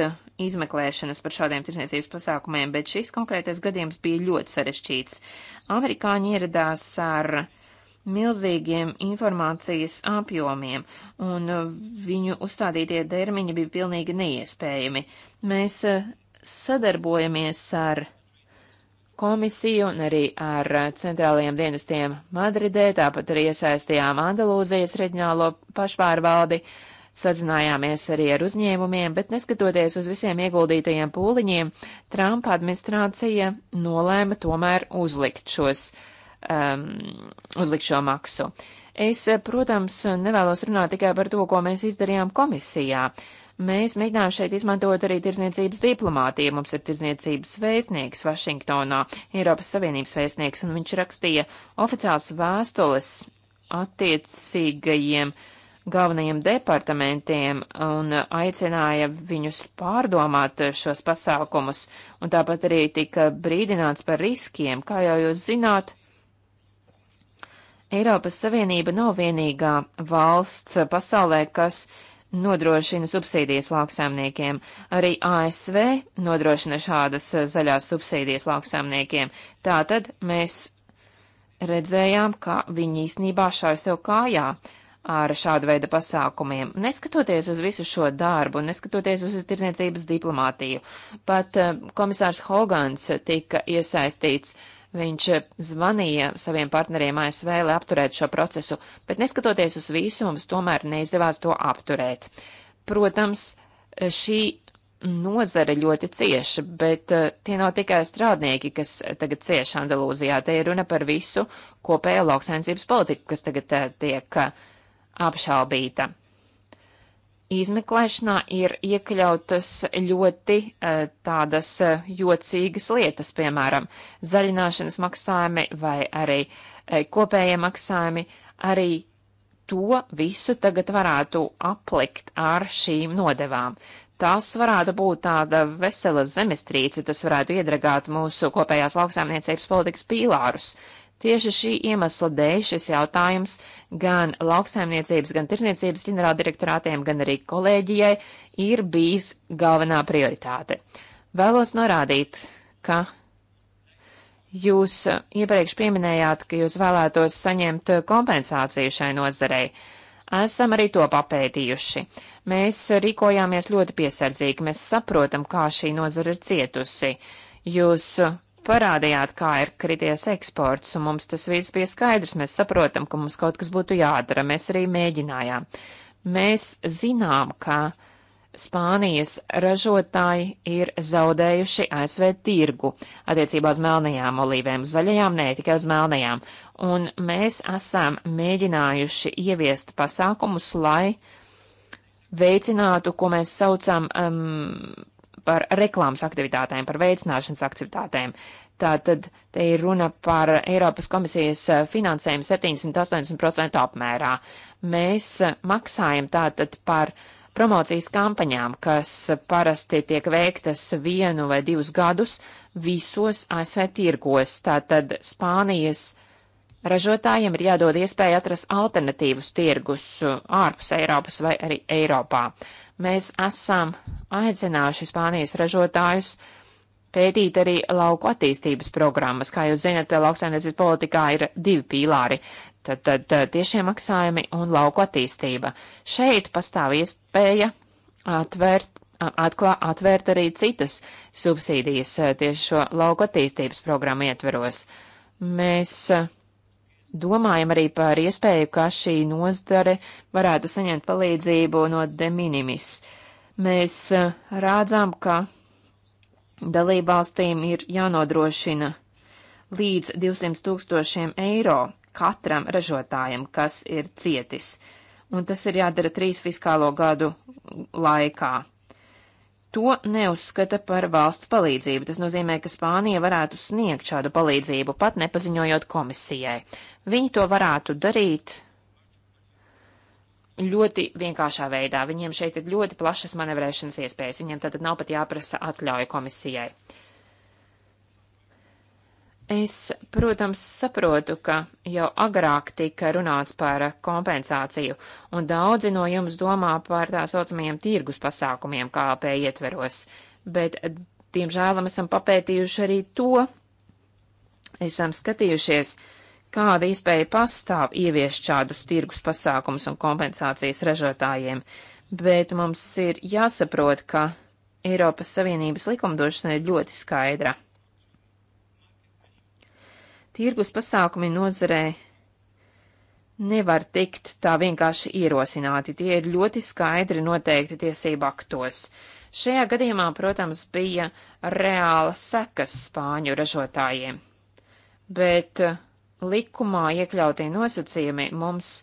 izmeklēšanas par šādiem tirzniecības pasākumiem, bet šis konkrētais gadījums bija ļoti sarešķīts. Amerikāņi ieradās ar milzīgiem informācijas apjomiem, un uh, viņu uzstādītie termiņi bija pilnīgi neiespējami. Mēs uh, sadarbojamies ar komisiju un arī ar uh, centrālajiem dienestiem Madridē, tāpat arī iesaistījām Andalūzijas reģionālo pašpārvaldi, sazinājāmies arī ar uzņēmumiem, bet neskatoties uz visiem ieguldītajiem pūliņiem, Trumpa administrācija nolēma tomēr uzlikt šos uh, um, uzlikt šo maksu. Es, eh, protams, nevēlos runāt tikai par to, ko mēs izdarījām komisijā. Mēs mēģinām šeit izmantot arī tirzniecības diplomātiju. Mums ir tirzniecības vēstnieks Vašingtonā, Eiropas Savienības vēstnieks, un viņš rakstīja oficiāls vēstules attiecīgajiem galvenajiem departamentiem un aicināja viņus pārdomāt šos pasākumus, un tāpat arī tika brīdināts par riskiem, kā jau jūs zināt, Eiropas Savienība nav vienīgā valsts pasaulē, kas nodrošina subsīdijas lauksaimniekiem. Arī ASV nodrošina šādas zaļās subsīdijas lauksaimniekiem. Tātad mēs redzējām, ka viņi īsnībā šauj sev kājā ar šādu veidu pasākumiem, neskatoties uz visu šo darbu, neskatoties uz tirdzniecības diplomātiju. Pat eh, komisārs Hogans tika iesaistīts uh, Viņš eh, zvanīja saviem partneriem ASV, lai apturētu šo procesu, bet neskatoties uz visu, mums tomēr neizdevās to apturēt. Protams, eh, šī nozare ļoti cieši, bet eh, tie nav tikai strādnieki, kas tagad cieši Andalūzijā. Te ir runa par visu kopējo lauksainsības politiku, kas tagad tiek apšaubīta izmeklēšanā ir iekļautas ļoti e, tādas e, jocīgas lietas, piemēram, zaļināšanas maksājumi vai arī e, kopējie maksājumi, arī to visu tagad varētu aplikt ar šīm nodevām. Tas varētu būt tāda vesela zemestrīce, tas varētu iedragāt mūsu kopējās lauksaimniecības politikas pīlārus. Tieši šī iemesla dēļ šis jautājums gan lauksaimniecības, gan tirsniecības ģenerāldirektorātiem, gan arī kolēģijai ir bijis galvenā prioritāte. Vēlos norādīt, ka jūs iepriekš pieminējāt, ka jūs vēlētos saņemt kompensāciju šai nozarei. Esam arī to papētījuši. Mēs rīkojāmies ļoti piesardzīgi, mēs saprotam, kā šī nozara ir cietusi. Jūs parādījāt, kā ir krities eksports, un mums tas viss bija skaidrs. Mēs saprotam, ka mums kaut kas būtu jādara. Mēs arī mēģinājām. Mēs zinām, ka Spānijas ražotāji ir zaudējuši ASV tirgu attiecībā uz melnajām olīvēm, zaļajām, ne tikai uz melnajām. Un mēs esam mēģinājuši ieviest pasākumus, lai veicinātu, ko mēs saucam um, par reklāmas aktivitātēm, par veicināšanas aktivitātēm. Tātad te ir runa par Eiropas komisijas eh, finansējumu 70-80% apmērā. Mēs eh, maksājam tātad par promocijas kampaņām, kas parasti tiek veiktas vienu vai divus gadus visos ASV tirgos. Tātad Spānijas ražotājiem ir jādod iespēja atrast alternatīvus tirgus eh, ārpus Eiropas vai arī Eiropā. Uh, Mēs esam aicinājuši Spānijas ražotājus pētīt arī lauku attīstības programmas. Kā jūs zinat, lauksaimniecības politikā ir divi pīlāri tad, tad tiešie maksājumi un lauku attīstība. Šeit pastāv iespēja atvērt, atklā, atvērt arī citas subsīdijas tieši šo lauku attīstības programmu ietveros. Mēs uh, Domājam arī par iespēju, ka šī nozare varētu saņemt palīdzību no de minimis. Mēs eh, rādzām, ka dalībvalstīm ir jānodrošina līdz 200 tūkstošiem eiro katram ražotājam, kas ir cietis, un tas ir jādara trīs fiskālo gadu laikā to neuzskata par valsts palīdzību. Tas nozīmē, ka Spānija varētu sniegt šādu palīdzību, pat nepaziņojot komisijai. Viņi to varētu darīt ļoti vienkāršā veidā. Viņiem šeit ir ļoti plašas manevrēšanas iespējas. Viņiem tātad nav pat jāprasa atļauja komisijai. Uh, Es, protams, saprotu, ka jau agrāk tika runāts par kompensāciju, un daudzi no jums domā par tā saucamajiem tirgus pasākumiem KLP ietveros, bet, diemžēl, esam papētījuši arī to, esam skatījušies, kāda iespēja pastāv ieviest šādus tirgus pasākumus un kompensācijas ražotājiem, bet mums ir jāsaprot, ka Eiropas Savienības likumdošana ir ļoti skaidra. Tirgus pasākumi nozarē nevar tikt tā vienkārši ierosināti. Tie ir ļoti skaidri noteikti tiesību aktos. Šajā gadījumā, protams, bija reāla sekas spāņu ražotājiem, bet eh, likumā iekļautie nosacījumi mums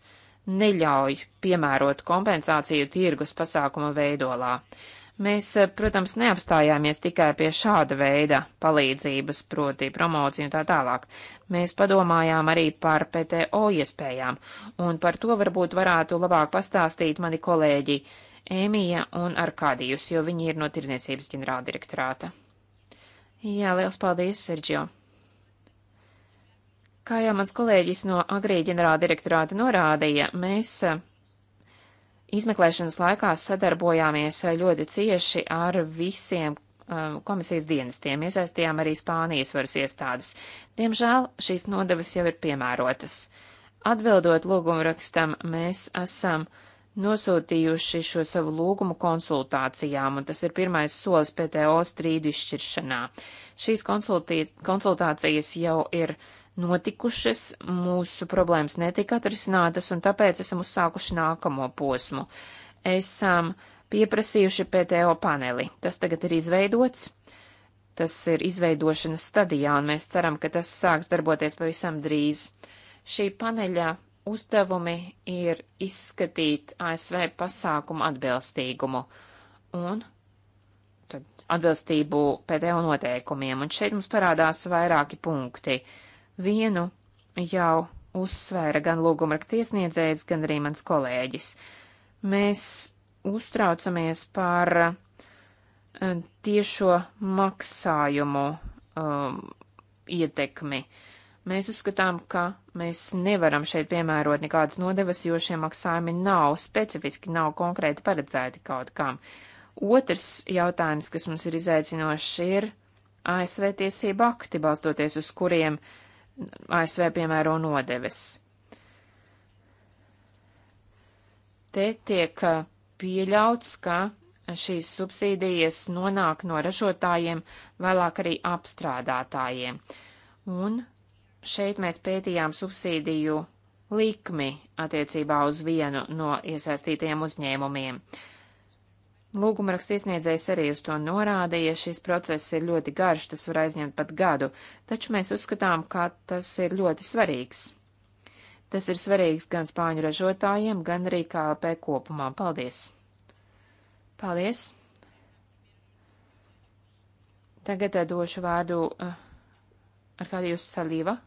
neļauj piemērot kompensāciju tirgus pasākuma veidolā. Mēs, eh, protams, neapstājāmies tikai pie šāda veida palīdzības, proti promociju un tā tālāk. Mēs padomājām arī par PTO iespējām, un par to varbūt varētu labāk pastāstīt mani kolēģi Ēmija un Arkādijus, jo viņi ir no Tirzniecības ģenerāldirektorāta. Jā, liels paldies, Sergio! Kā jau mans kolēģis no Agrī ģenerāldirektorāta norādīja, mēs eh, Izmeklēšanas laikā sadarbojāmies eh, ļoti cieši ar visiem eh, komisijas dienestiem, iesaistījām arī Spānijas varas iestādes. Diemžēl šīs nodevas jau ir piemērotas. Atbildot lūgumrakstam, mēs esam nosūtījuši šo savu lūgumu konsultācijām, un tas ir pirmais solis PTO strīdu izšķiršanā. Šīs konsultācijas jau ir notikušas, mūsu problēmas netika atrisinātas, un tāpēc esam uzsākuši nākamo posmu. Esam pieprasījuši PTO paneli. Tas tagad ir izveidots. Tas ir izveidošanas stadijā, un mēs ceram, ka tas sāks darboties pavisam drīz. Šī paneļa uzdevumi ir izskatīt ASV pasākumu atbilstīgumu un atbilstību PTO noteikumiem, un šeit mums parādās vairāki punkti. Uh, Vienu jau uzsvēra gan lūgumrakta iesniedzējs, gan arī mans kolēģis. Mēs uztraucamies par eh, tiešo maksājumu um, ietekmi. Mēs uzskatām, ka mēs nevaram šeit piemērot nekādas nodevas, jo šie maksājumi nav specifiski, nav konkrēti paredzēti kaut kam. Otrs jautājums, kas mums ir izaicinošs, ir ASV tiesība akti, balstoties uz kuriem uh, ASV piemēro nodeves. Te tiek uh, pieļauts, ka šīs subsīdijas nonāk no ražotājiem, vēlāk arī apstrādātājiem. Un šeit mēs pētījām subsīdiju likmi attiecībā uz vienu no iesaistītajiem uzņēmumiem. Uh, Lūguma rakstīsniedzējs arī uz to norādīja, šis process ir ļoti garš, tas var aizņemt pat gadu, taču mēs uzskatām, ka tas ir ļoti svarīgs. Tas ir svarīgs gan spāņu ražotājiem, gan arī KLP kopumā. Paldies! Paldies! Tagad eh, došu vārdu uh, ar kādu jūs salīva.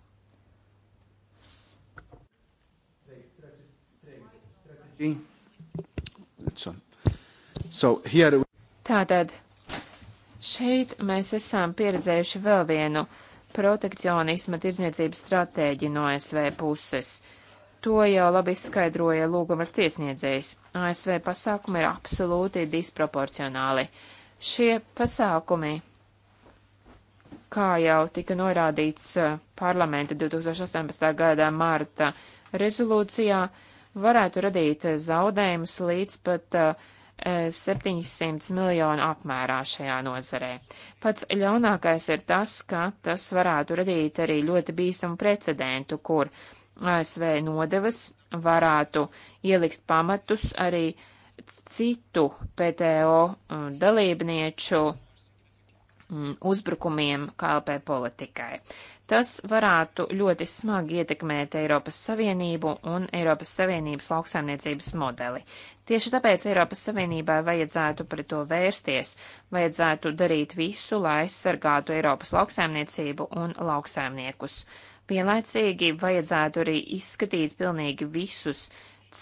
Strategy. That's all. So here... Tātad šeit mēs esam pieredzējuši vēl vienu protekcionisma tirdzniecības stratēģi no ASV puses. To jau labi izskaidroja lūguma ar tiesniedzējs. ASV pasākumi ir absolūti disproporcionāli. Šie pasākumi, kā jau tika norādīts eh, parlamenta 2018. gada marta rezolūcijā, varētu radīt eh, zaudējumus līdz pat uh, 700 miljonu apmērā šajā nozarē. Pats ļaunākais ir tas, ka tas varētu radīt arī ļoti bīstamu precedentu, kur ASV nodevas varētu ielikt pamatus arī citu PTO um, dalībnieču Mm, uzbrukumiem KLP politikai. Tas varētu ļoti smagi ietekmēt Eiropas Savienību un Eiropas Savienības lauksaimniecības modeli. Tieši tāpēc Eiropas Savienībai vajadzētu pret to vērsties, vajadzētu darīt visu, lai aizsargātu Eiropas lauksaimniecību un lauksaimniekus. Vienlaicīgi vajadzētu arī izskatīt pilnīgi visus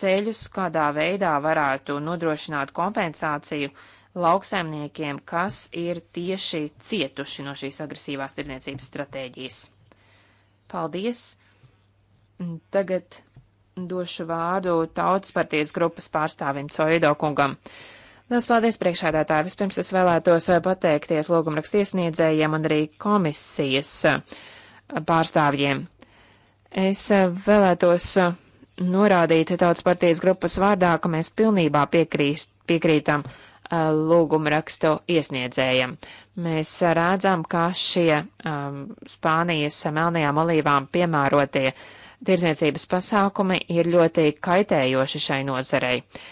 ceļus, kādā veidā varētu nodrošināt kompensāciju lauksaimniekiem, kas ir tieši cietuši no šīs agresīvās tirdzniecības stratēģijas. Paldies! Tagad došu vārdu tautas partijas grupas pārstāvim Coido kungam. Lielas paldies priekšādātāji! Vispirms es vēlētos eh, pateikties logumrakstiesniedzējiem un arī komisijas eh, pārstāvjiem. Es eh, vēlētos norādīt tautas partijas grupas vārdā, ka mēs pilnībā piekrīst, piekrītam Uh, lūgumrakstu iesniedzējam. Mēs rādzām, ka šie um, Spānijas melnajām olīvām piemērotie tirdzniecības pasākumi ir ļoti kaitējoši šai nozarei. Uh,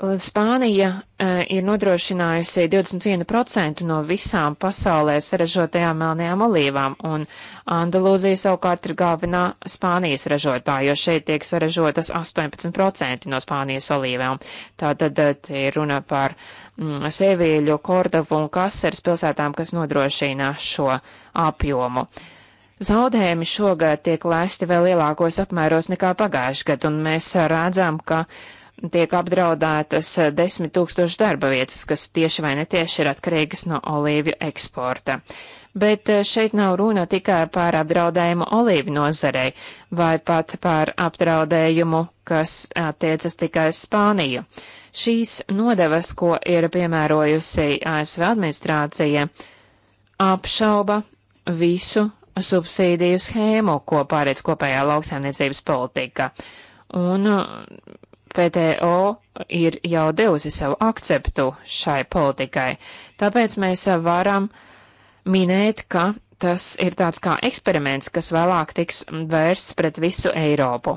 Spānija e, ir nodrošinājusi 21% no visām pasaulē saražotajām melnajām olīvām, un Andalūzija savukārt ir galvenā Spānijas ražotāja, jo šeit tiek saražotas 18% no Spānijas olīvām. Tātad e, ir runa par mm, Sevīļu, Kordovu un Kaseras pilsētām, kas nodrošina šo apjomu. Zaudējumi šogad tiek lēsti vēl lielākos apmēros nekā pagājušajā gadā, un mēs redzam, ka uh, tiek apdraudētas eh, desmit tūkstoši darba vietas, kas tieši vai netieši ir atkarīgas no olīvju eksporta. Bet eh, šeit nav runa tikai par apdraudējumu olīvu nozarei vai pat par apdraudējumu, kas attiecas tikai uz Spāniju. Šīs nodevas, ko ir piemērojusi ASV administrācija, apšauba visu subsīdiju schēmu, ko pārēc kopējā lauksaimniecības politika. Un PTO ir jau devusi savu akceptu šai politikai, tāpēc mēs varam minēt, ka tas ir tāds kā eksperiments, kas vēlāk tiks vērsts pret visu Eiropu.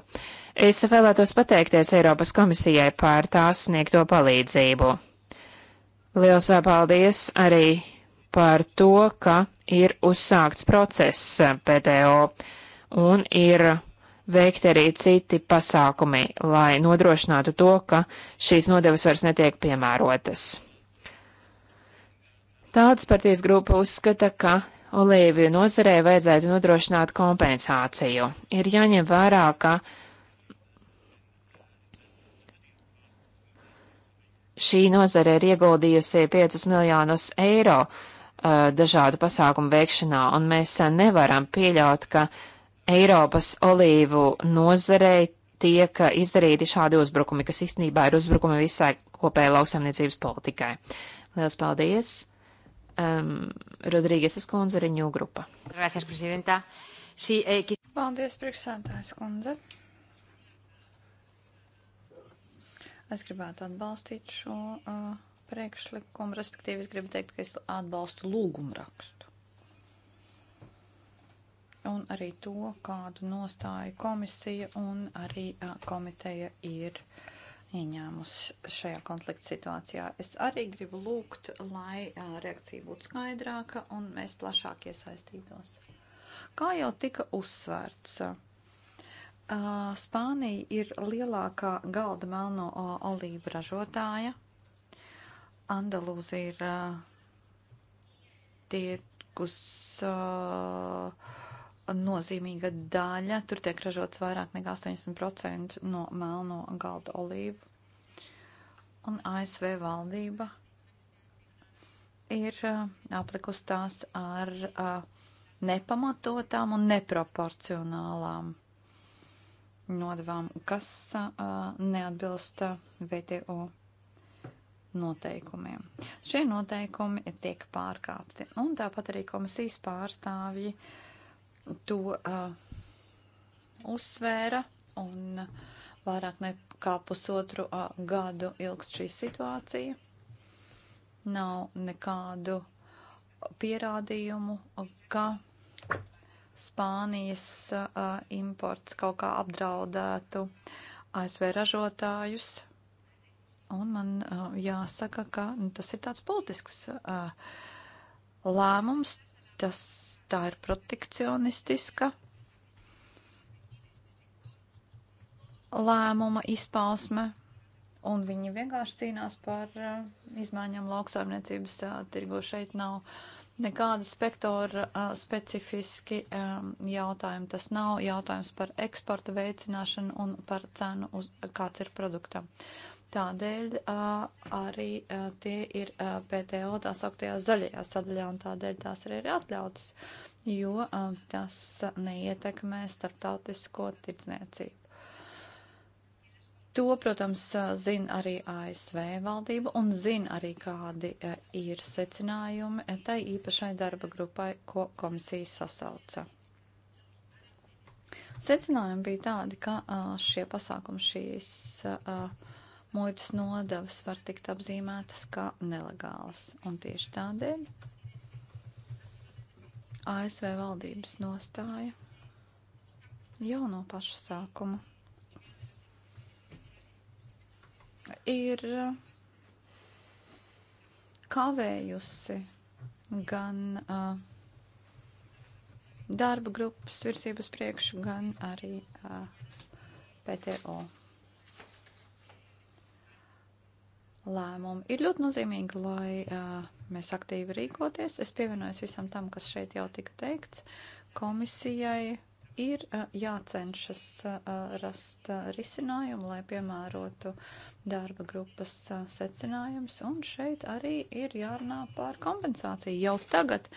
Es vēlētos pateikties Eiropas komisijai par tās sniegto palīdzību. Liels paldies arī par to, ka ir uzsākts process PTO un ir veikti arī citi pasākumi, lai nodrošinātu to, ka šīs nodevas vairs netiek piemērotas. Tautas partijas grupa uzskata, ka olīviju nozarē vajadzētu nodrošināt kompensāciju. Ir jāņem vērā, ka šī nozare ir ieguldījusi 5 miljonus eiro uh, dažādu pasākumu veikšanā, un mēs uh, nevaram pieļaut, ka uh, Eiropas olīvu nozarei tiek izdarīti šādi uzbrukumi, kas īstenībā ir uzbrukumi visai kopēja lauksaimniecības politikai. Lielas paldies! Um, Rodrīgas Skundze, Riņū grupa. Gracias, prezidentā. Sí, eh, ki... Paldies, priekšsēdājas kundze. Es gribētu atbalstīt šo uh, priekšlikumu, respektīvi es gribu teikt, ka es atbalstu lūgumrakstu un arī to, kādu nostāju komisija un arī komiteja ir ieņēmusi šajā konflikta situācijā. Es arī gribu lūgt, lai reakcija būtu skaidrāka un mēs plašāk iesaistītos. Kā jau tika uzsvērts, Spānija ir lielākā galda melno olīvu ražotāja. Andalūzija ir tirgus. Uh, nozīmīga daļa. Tur tiek ražots vairāk nekā 80% no melno galda olīvu. Un ASV valdība ir uh, aplikus tās ar uh, nepamatotām un neproporcionālām nodavām, kas uh, neatbilst uh, VTO noteikumiem. Šie noteikumi tiek pārkāpti. Un tāpat arī komisijas pārstāvji uh, to uh, uzsvēra un vairāk nekā pusotru uh, gadu ilgst šī situācija. Nav nekādu pierādījumu, ka Spānijas uh, imports kaut kā apdraudētu ASV ražotājus. Un man uh, jāsaka, ka nu, tas ir tāds politisks uh, lēmums, tas tā ir protekcionistiska lēmuma izpausme, un viņi vienkārši cīnās par uh, izmaiņām lauksaimniecības uh, tirgo. Šeit nav nekāda spektora uh, specifiski um, jautājumi. Tas nav jautājums par eksporta veicināšanu un par cenu, uz, kāds ir produktam. Uh, Tādēļ uh, arī uh, tie ir uh, PTO tā sauktajā zaļajā sadaļā, un tādēļ tās arī ir atļautas, jo uh, tas neietekmē starptautisko tirdzniecību. To, protams, zina arī ASV valdība un zina arī, kādi uh, ir secinājumi tai īpašai darba grupai, ko komisija sasauca. Secinājumi bija tādi, ka uh, šie pasākumi šīs. Uh, muitas nodavas var tikt apzīmētas kā nelegālas. Un tieši tādēļ ASV valdības nostāja jau no paša sākuma ir uh, kavējusi gan uh, darba grupas virsības priekšu, gan arī uh, PTO. lēmumu. Ir ļoti nozīmīgi, lai uh, mēs aktīvi rīkoties. Es pievienojos visam tam, kas šeit jau tika teikts. Komisijai ir uh, jācenšas uh, rast uh, risinājumu, lai piemērotu darba grupas uh, secinājumus, un šeit arī ir jārunā par kompensāciju. Jau tagad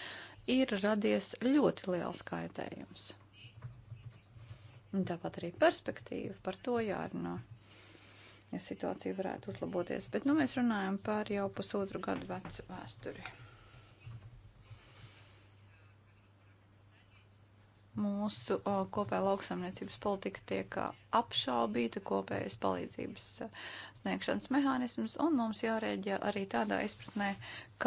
ir radies ļoti liels kaitējums. Un tāpat arī perspektīva par to jārunā. No ja situācija varētu uzlaboties. Bet nu, mēs runājam par jau pusotru gadu vecu vēsturi. Mūsu o, kopējā lauksaimniecības politika tiek apšaubīta, kopējas palīdzības sniegšanas mehānisms, un mums jārēģē arī tādā izpratnē,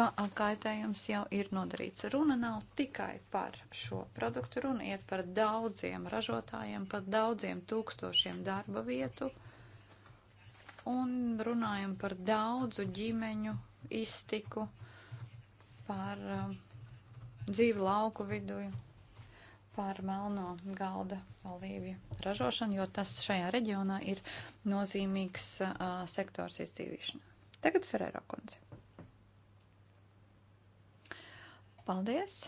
ka kaitējums jau ir nodarīts. Runa nav tikai par šo produktu, runa iet par daudziem ražotājiem, par daudziem tūkstošiem darba vietu. Uh, un runājam par daudzu ģimeņu iztiku, par uh, um, dzīvi lauku vidū, par melno galda olīvju ražošanu, jo tas šajā reģionā ir nozīmīgs uh, sektors izdzīvīšanā. Tagad Ferēra kundze. Paldies!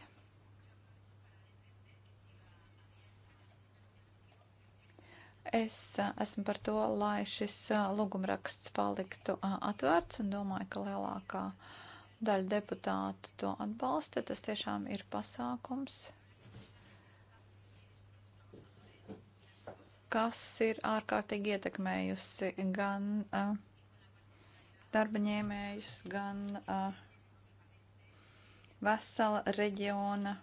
Es a, esmu par to, lai šis lūgumraksts paliktu a, atvērts un domāju, ka lielākā daļa deputātu to atbalsta. Tas tiešām ir pasākums, kas ir ārkārtīgi ietekmējusi gan a, darba ņēmējus, gan vesela reģiona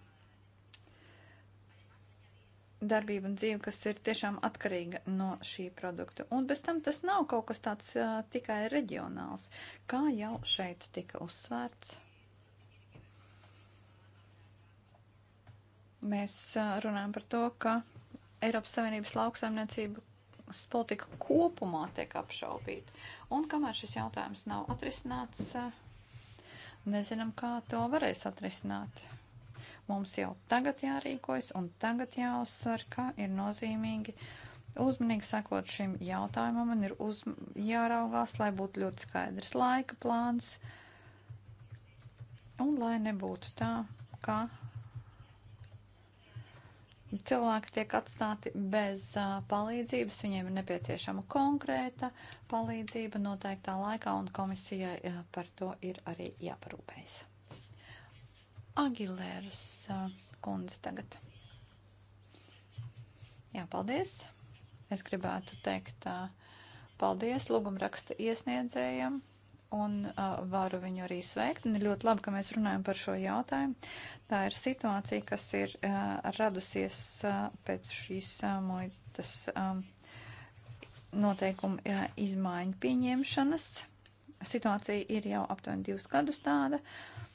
darbību un dzīvi, kas ir tiešām atkarīga no šī produkta. Un bez tam tas nav kaut kas tāds uh, tikai reģionāls, kā jau šeit tika uzsvērts. Mēs uh, runājam par to, ka Eiropas Savienības lauksaimniecība politika kopumā tiek apšaubīta. Un kamēr šis jautājums nav atrisināts, uh, nezinām, kā to varēs atrisināt. Mums jau tagad jārīkojas un tagad jāuzsver, ka ir nozīmīgi uzmanīgi sakot šim jautājumam un ir uz, jāraugās, lai būtu ļoti skaidrs laika plāns un lai nebūtu tā, ka cilvēki tiek atstāti bez uh, palīdzības, viņiem ir nepieciešama konkrēta palīdzība noteiktā laikā, un komisijai uh, par to ir arī jāparūpējas. Agilēras uh, kundze tagad. Jā, paldies. Es gribētu teikt uh, paldies lūgumraksta iesniedzējiem un uh, varu viņu arī sveikt. Un ir ļoti labi, ka mēs runājam par šo jautājumu. Tā ir situācija, kas ir uh, radusies uh, pēc šīs uh, muitas um, noteikuma uh, izmaiņu pieņemšanas. Situācija ir jau aptuveni divus gadus tāda. Uh,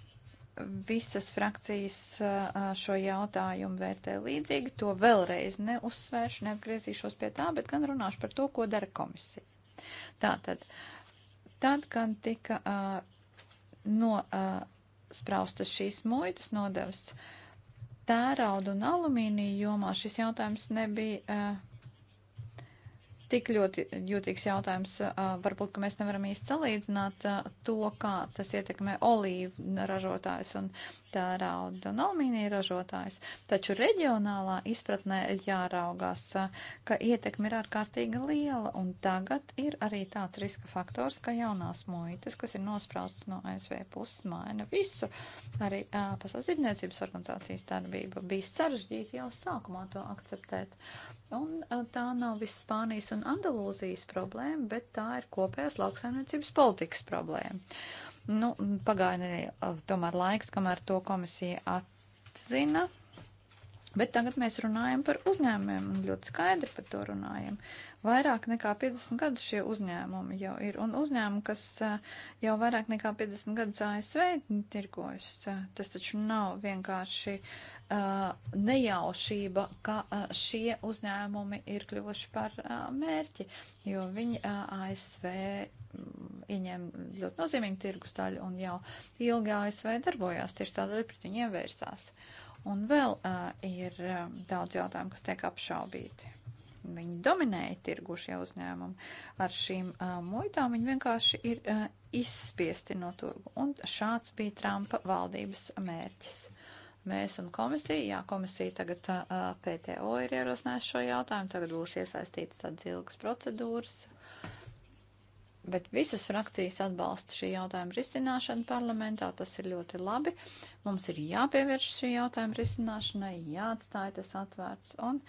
visas frakcijas šo jautājumu vērtē līdzīgi. To vēlreiz neuzsvēršu, neatgriezīšos pie tā, bet gan runāšu par to, ko dara komisija. Tātad, tad, kad tika nospraustas šīs muitas nodevas, tērauda un alumīnija jomā šis jautājums nebija tik ļoti jūtīgs jautājums. Varbūt, ka mēs nevaram īsti salīdzināt to, kā tas ietekmē olīvu ražotājs un tērauda un alumīnija ražotājs. Taču reģionālā izpratnē jāraugās, ka ietekme ir ārkārtīgi liela. Un tagad ir arī tāds riska faktors, ka jaunās muitas, kas ir nospraustas no ASV puses, maina visu. Arī Pasaules tirdzniecības organizācijas darbība bija sarežģīta jau sākumā to akceptēt. Un tā nav viss Spānijas un un Andalūzijas problēma, bet tā ir kopējās lauksaimniecības politikas problēma. Nu, pagāja arī tomēr laiks, kamēr to komisija atzina Bet tagad mēs runājam par uzņēmumiem un ļoti skaidri par to runājam. Vairāk nekā 50 gadus šie uzņēmumi jau ir, un uzņēmumi, kas jau vairāk nekā 50 gadus ASV tirgojas, tas taču nav vienkārši uh, nejaušība, ka uh, šie uzņēmumi ir kļuvuši par uh, mērķi, jo viņi ASV mm, ieņem ļoti nozīmīgu tirgus daļu un jau ilgi ASV darbojās, tieši tādēļ pret viņiem vērsās. Uh, Un vēl uh, ir uh, daudz jautājumu, kas tiek apšaubīti. Viņi dominēja tirgu šie uzņēmumi. Ar šīm uh, muitām viņi vienkārši ir uh, izspiesti no turgu. Un šāds bija Trumpa valdības mērķis. Mēs un komisija, jā, komisija tagad uh, PTO ir ierosinājusi šo jautājumu, tagad būs iesaistītas atdzilgas procedūras, Bet visas frakcijas atbalsta šī jautājuma risināšanu parlamentā. Tas ir ļoti labi. Mums ir jāpievērš šī jautājuma risināšanai, jāatstāj tas atvērts. Un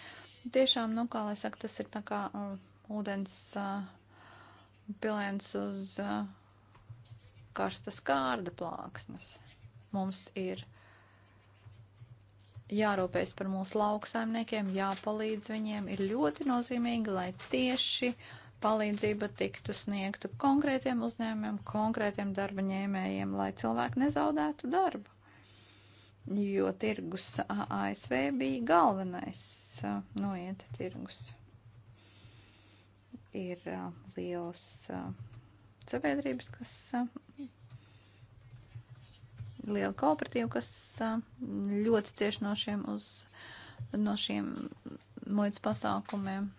tiešām, nu, kā lai saka, tas ir tā kā uh, ūdens uh, piliens uz uh, karstas kārda plāksnes. Mums ir jārūpējas par mūsu lauksaimniekiem, jāpalīdz viņiem. Ir ļoti nozīmīgi, lai tieši uh, palīdzība tiktu sniegtu konkrētiem uzņēmumiem, konkrētiem darba ņēmējiem, lai cilvēki nezaudētu darbu. Jo tirgus ASV bija galvenais noieta tirgus. Ir lielas sabiedrības, kas liela kooperatīva, kas ļoti cieši no šiem, uz, no šiem muitas pasākumiem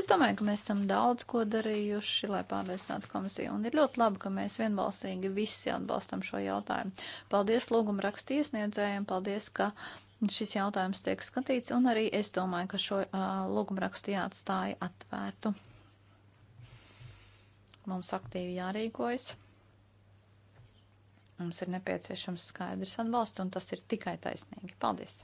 Es domāju, ka mēs esam daudz ko darījuši, lai pārliecinātu komisiju, un ir ļoti labi, ka mēs vienbalsīgi visi atbalstam šo jautājumu. Paldies lūguma rakstu iesniedzējiem, paldies, ka šis jautājums tiek skatīts, un arī es domāju, ka šo uh, lūguma rakstu jāatstāja atvērtu. Mums aktīvi jārīkojas. Mums ir nepieciešams skaidrs atbalsts, un tas ir tikai taisnīgi. Paldies!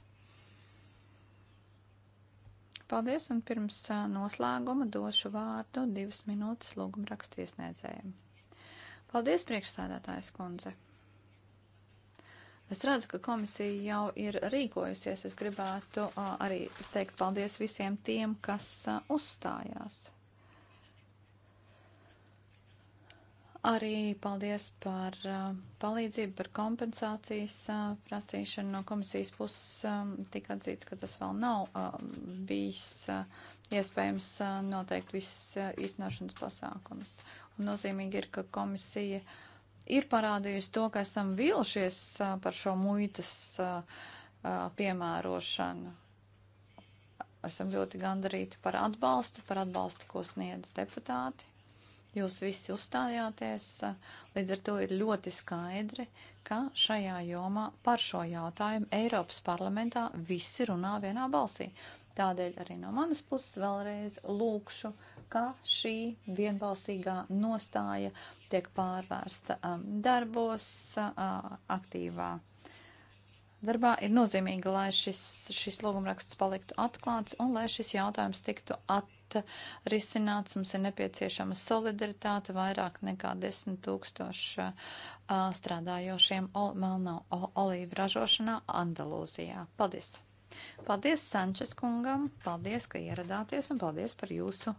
Paldies, un pirms noslēguma došu vārdu divas minūtes lūguma rakstiesniedzējiem. Paldies, priekšsādātājs kundze! Es redzu, ka komisija jau ir rīkojusies. Es gribētu arī teikt paldies visiem tiem, kas uzstājās. Arī paldies par uh, palīdzību, par kompensācijas uh, prasīšanu no komisijas puses. Um, Tik atzīts, ka tas vēl nav um, uh, bijis iespējams uh, noteikt visus uh, īstenošanas pasākumus. Un nozīmīgi ir, ka komisija ir parādījusi to, ka esam vilšies uh, par šo muitas piemērošanu. Esam ļoti gandarīti par atbalstu, par atbalstu, ko sniedz deputāti Jūs visi uzstājāties, līdz ar to ir ļoti skaidri, ka šajā jomā par šo jautājumu Eiropas parlamentā visi runā vienā balsī. Tādēļ arī no manas puses vēlreiz lūkšu, ka šī vienbalsīgā nostāja tiek pārvērsta um, darbos uh, aktīvā darbā ir nozīmīgi, lai šis, šis logumraksts paliktu atklāts un lai šis jautājums tiktu at, risināts. Mums ir nepieciešama solidaritāte vairāk nekā 10 tūkstoši strādājošiem ol melno olīvu ražošanā Andalūzijā. Paldies! Paldies Sančes kungam, paldies, ka ieradāties un paldies par jūsu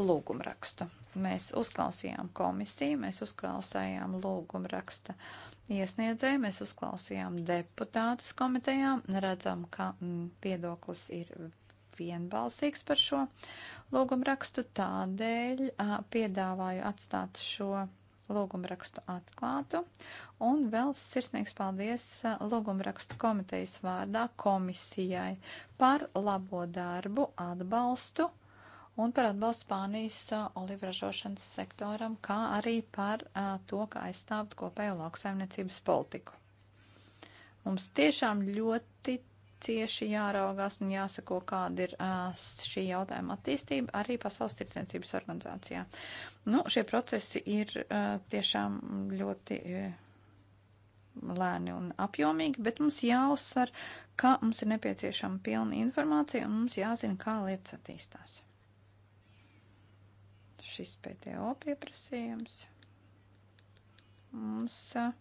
lūgumrakstu. Mēs uzklausījām komisiju, mēs uzklausījām lūgumraksta iesniedzēju, mēs uzklausījām deputātus komitejām, redzam, ka mm, viedoklis ir vienbalsīgs par šo lūgumrakstu, tādēļ uh, piedāvāju atstāt šo lūgumrakstu atklātu. Un vēl sirsnīgs paldies lūgumrakstu komitejas vārdā komisijai par labo darbu, atbalstu un par atbalstu Spānijas olivražošanas sektoram, kā arī par a, to, kā aizstāvot kopējo lauksaimniecības politiku. Mums tiešām ļoti cieši jāraugās un jāsako, kāda ir šī jautājuma attīstība arī Pasaules tirdzniecības organizācijā. Nu, šie procesi ir tiešām ļoti lēni un apjomīgi, bet mums jāuzsver, ka mums ir nepieciešama pilna informācija un mums jāzina, kā lietas attīstās. Šis PTO pieprasījums mums. Uh,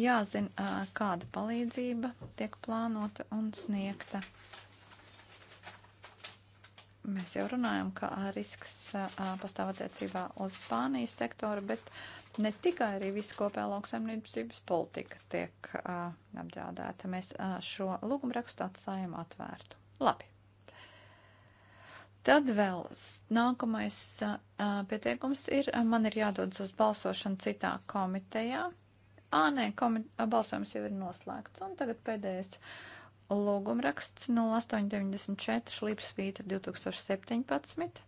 jāzina, kāda palīdzība tiek plānota un sniegta. Mēs jau runājam, ka risks pastāv attiecībā uz Spānijas sektoru, bet ne tikai arī visu kopējā lauksaimniecības politika tiek apdraudēta. Mēs šo lūgumrakstu atstājam atvērtu. Labi. Tad vēl nākamais pieteikums ir, man ir jādodas uz balsošanu citā komitejā. Ā, nē, komit... balsojums jau ir noslēgts. Un tagad pēdējais lūgumraksts 0894 Līpsvītra 2017.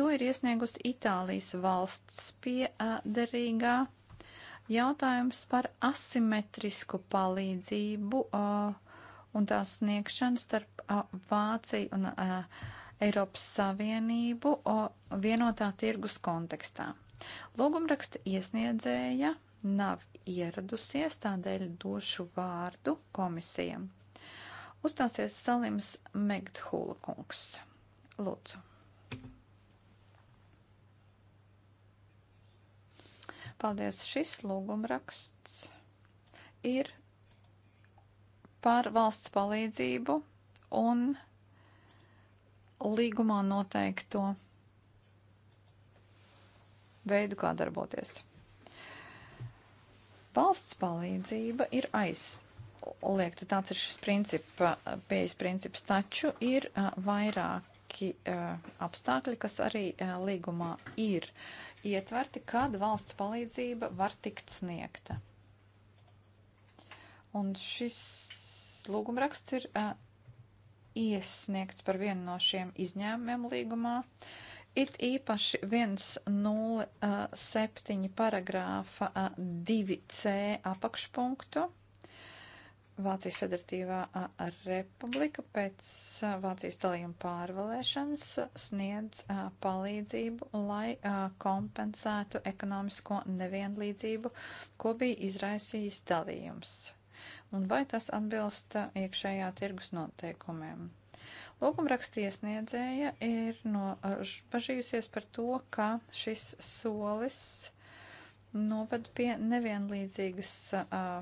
To ir iesniegusi Itālijas valsts piederīgā jautājums par asimetrisku palīdzību uh, un tās sniegšanu starp uh, Vāciju un uh, Eiropas Savienību uh, vienotā tirgus kontekstā. Lūgumraksta iesniedzēja nav ieradusies, tādēļ došu vārdu komisijam. Uzstāsies Salims Megdhula kungs. Lūdzu. Paldies, šis lūgumraksts ir par valsts palīdzību un līgumā noteikto veidu, kā darboties. Valsts palīdzība ir aizliegta, tāds ir šis princip, pieejas princips, taču ir vairāki apstākļi, kas arī līgumā ir ietverti, kad valsts palīdzība var tikt sniegta. Un šis lūgumraksts ir iesniegts par vienu no šiem izņēmumiem līgumā. Uh, It īpaši 107 eh, paragrāfa 2c eh, apakšpunktu. Vācijas Federatīvā eh, republika pēc Vācijas dalījuma pārvalēšanas sniedz palīdzību, lai kompensētu ekonomisko nevienlīdzību, ko bija izraisījis dalījums. Un vai tas atbilst iekšējā tirgus noteikumiem? Lūgumraksta iesniedzēja ir nobažījusies par to, ka šis solis noved pie nevienlīdzīgas uh,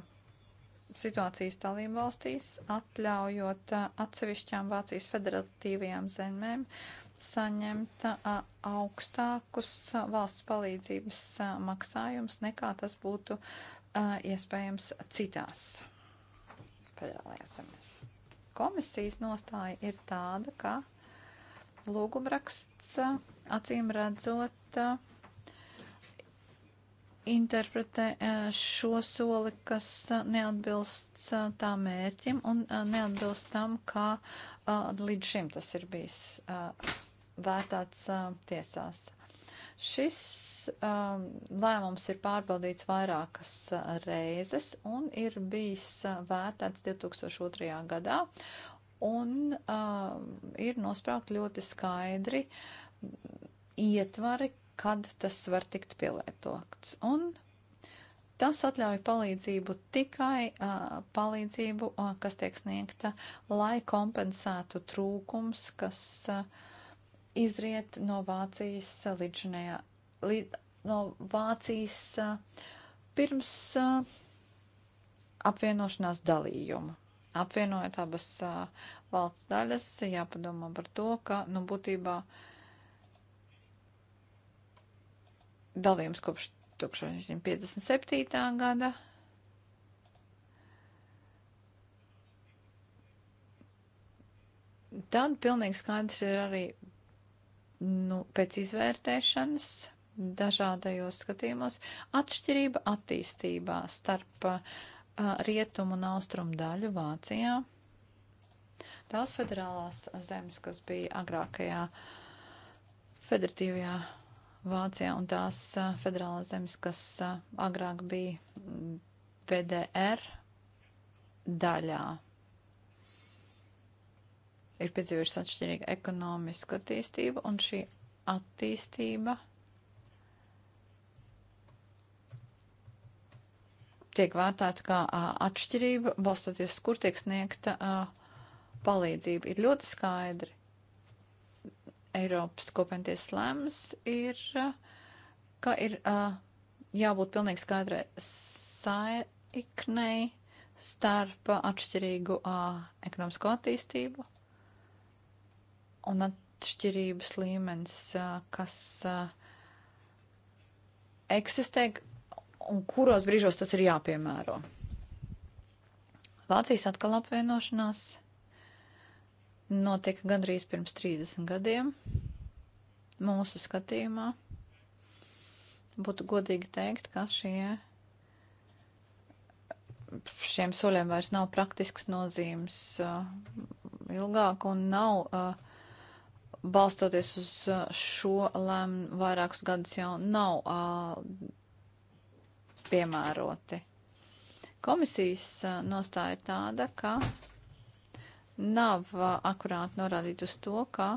situācijas dalību valstīs, atļaujot uh, atsevišķām Vācijas federatīvajām zemēm saņemt uh, augstākus uh, valsts palīdzības uh, maksājumus nekā tas būtu uh, iespējams citās federālajās zemēs. Komisijas nostāja ir tāda, ka lūgumraksts acīm redzot interpretē šo soli, kas neatbilst tā mērķim un neatbilst tam, kā līdz šim tas ir bijis vērtāts tiesās. Šis um, lēmums ir pārbaudīts vairākas uh, reizes un ir bijis uh, vērtēts 2002. gadā un um, ir nospraukt ļoti skaidri mm, ietvari, kad tas var tikt pielietots. Un tas atļauj palīdzību tikai uh, palīdzību, uh, kas tiek sniegta, lai kompensētu trūkums, kas. Uh, izriet no Vācijas līdzinējā, līd, no Vācijas pirms apvienošanās dalījuma. Apvienojot abas valsts daļas, jāpadomā par to, ka, nu, būtībā dalījums kopš 1957. gada tad pilnīgi skaidrs ir arī nu, pēc izvērtēšanas dažādajos skatījumos atšķirība attīstībā starp uh, rietumu un austrumu daļu Vācijā. Tās federālās zemes, kas bija agrākajā federatīvajā Vācijā un tās uh, federālās zemes, kas uh, agrāk bija PDR daļā ir piedzīvojušas atšķirīgu ekonomisku attīstību, un šī attīstība tiek vērtēta kā a, atšķirība, balstoties, kur tiek sniegta a, palīdzība. Ir ļoti skaidri. Eiropas kopienties lēmums ir, a, ka ir a, jābūt pilnīgi skaidrai saiknei starp atšķirīgu a, ekonomisko attīstību un atšķirības līmenis, kas eksistē un kuros brīžos tas ir jāpiemēro. Vācijas atkal apvienošanās notika gandrīz pirms 30 gadiem. Mūsu skatījumā būtu godīgi teikt, ka šie, šiem soļiem vairs nav praktisks nozīmes uh, ilgāk un nav uh, balstoties uz uh, šo lēmumu vairākus gadus jau nav uh, piemēroti. Komisijas uh, nostāja ir tāda, ka nav uh, akurāti norādīt uz to, ka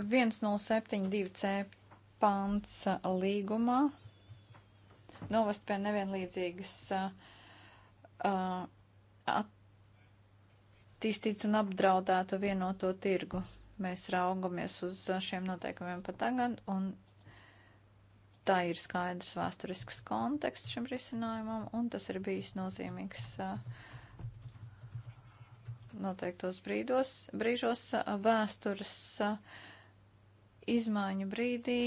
1072C pants uh, līgumā novest pie nevienlīdzīgas uh, uh at, attīstīts un apdraudētu vienoto tirgu. Mēs raugamies uz šiem noteikumiem pat tagad, un tā ir skaidrs vēsturisks konteksts šim risinājumam, un tas ir bijis nozīmīgs uh, noteiktos brīdos, brīžos uh, vēstures uh, izmaiņu brīdī.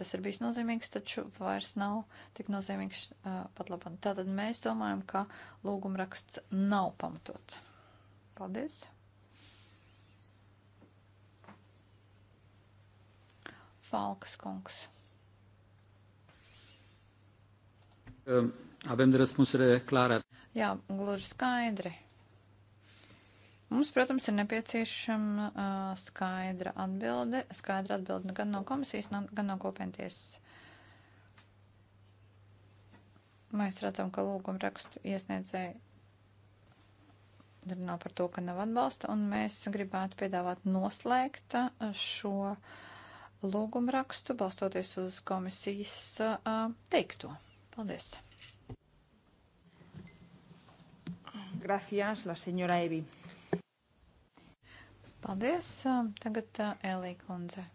Tas ir bijis nozīmīgs, taču vairs nav tik nozīmīgs pat labam. Tātad mēs domājam, ka lūgumraksts nav pamatots. Paldies! Falks kungs. Um, avem de răspunsuri clare. Jā, gluži skaidri. Mums, protams, ir nepieciešama uh, skaidra atbilde, skaidra atbilde gan no komisijas, no, gan no kopientiesas. Mēs redzam, ka lūguma rakstu iesniedzēji runā par to, ka nav atbalsta, un mēs gribētu piedāvāt noslēgt uh, šo lūgumu rakstu, balstoties uz komisijas uh, teikto. Paldies! Gracias, la señora Evi. Paldies. Uh, tagad uh, Elī kundze.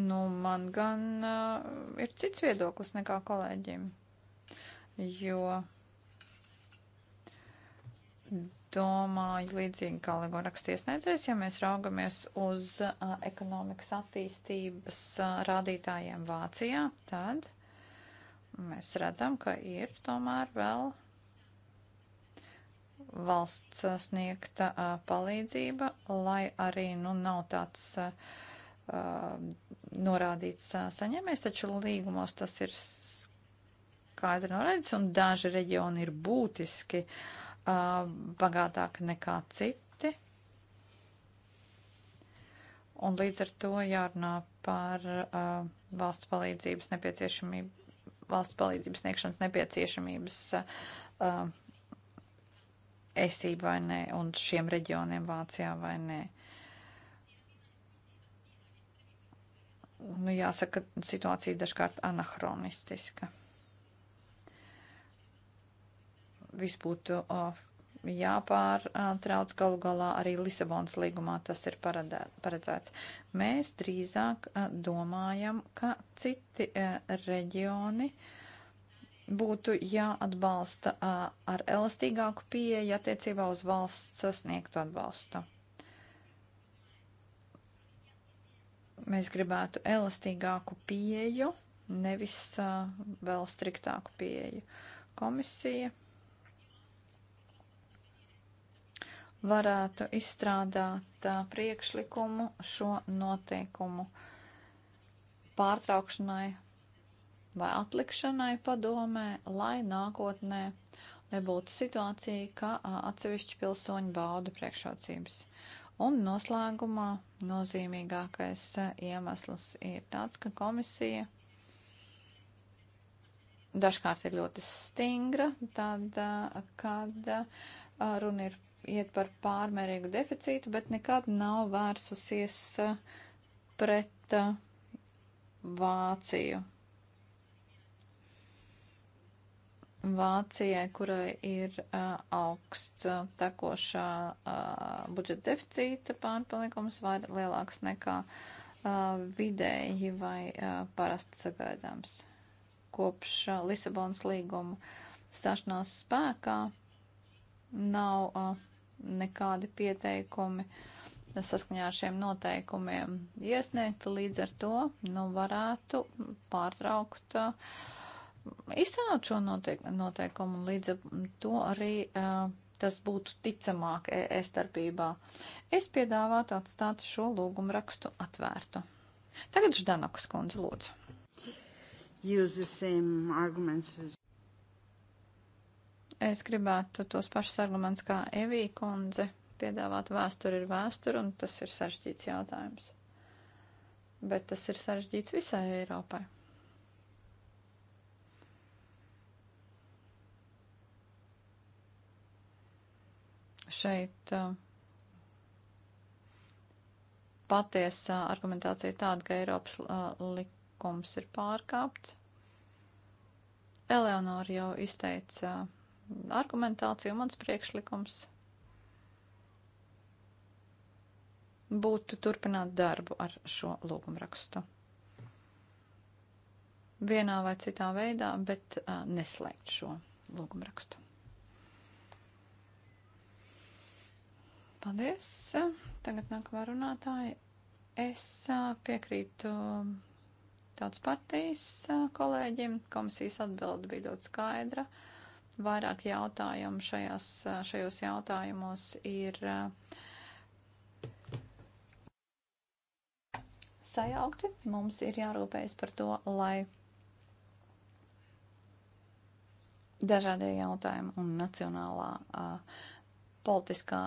Nu, man gan uh, ir cits viedoklis nekā kolēģiem jo domāju līdzīgi kā Ligo rakstiesniedzējs, ja mēs raugamies uz uh, ekonomikas attīstības uh, rādītājiem Vācijā, tad mēs redzam, ka ir tomēr vēl valsts sniegta uh, palīdzība, lai arī nu, nav tāds uh, norādīts uh, saņēmējs, taču līgumos tas ir skaidri norādīts, un daži reģioni ir būtiski uh, bagātāki nekā citi. Un līdz ar to jārunā par uh, valsts palīdzības nepieciešamību, valsts palīdzības sniegšanas nepieciešamības uh, esību vai nē, un šiem reģioniem Vācijā vai nē. nu, jāsaka, situācija dažkārt anahronistika viss būtu jāpārtrauc galu galā arī Lisabonas līgumā tas ir paredē, paredzēts. Mēs drīzāk domājam, ka citi e, reģioni būtu jāatbalsta ar elastīgāku pieeju attiecībā uz valsts sasniegtu atbalstu. Mēs gribētu elastīgāku pieeju, nevis vēl striktāku pieeju. Komisija varētu izstrādāt priekšlikumu šo noteikumu pārtraukšanai vai atlikšanai padomē, lai nākotnē nebūtu situācija, ka atsevišķi pilsoņi bauda priekšrocības. Un noslēgumā nozīmīgākais iemesls ir tāds, ka komisija dažkārt ir ļoti stingra, tad, kad runa ir iet par pārmērīgu deficītu, bet nekad nav vērsusies eh, pret eh, Vāciju. Vācijai, kurai ir uh, augsts uh, tekošā uh, budžeta deficīta pārpalikums, vai lielāks nekā uh, vidēji vai uh, parasti sagaidāms. Kopš uh, Lisabonas līguma stāšanās spēkā nav uh, nekādi pieteikumi saskaņā ar šiem noteikumiem iesniegti, līdz ar to nu, varētu pārtraukt īstenot uh, šo noteik noteikumu un līdz ar to arī uh, tas būtu ticamāk ES starpībā. Es piedāvātu atstāt šo lūgumu rakstu atvērtu. Tagad Ždanokas kundze lūdzu. Use the same arguments as Es gribētu tos pašus argumentus kā Evī kundze piedāvāt vēsturi ir vēsturi, un tas ir sarežģīts jautājums. Bet tas ir sarežģīts visai Eiropai. Šeit uh, patiesa uh, argumentācija ir tāda, ka Eiropas uh, likums ir pārkāpts. Eleonora jau izteica uh, argumentāciju. Mans priekšlikums būtu turpināt darbu ar šo lūgumrakstu. Vienā vai citā veidā, bet uh, neslēgt šo lūgumrakstu. Paldies. Tagad nākamā runātāja. Es uh, piekrītu tautas partijas uh, kolēģim. Komisijas atbilde bija ļoti skaidra. Uh, Vairāk jautājumu šajos, šajos jautājumos ir eh, sajaukti. Mums ir jārūpējas par to, lai dažādie jautājumi un nacionālā a, eh, politiskā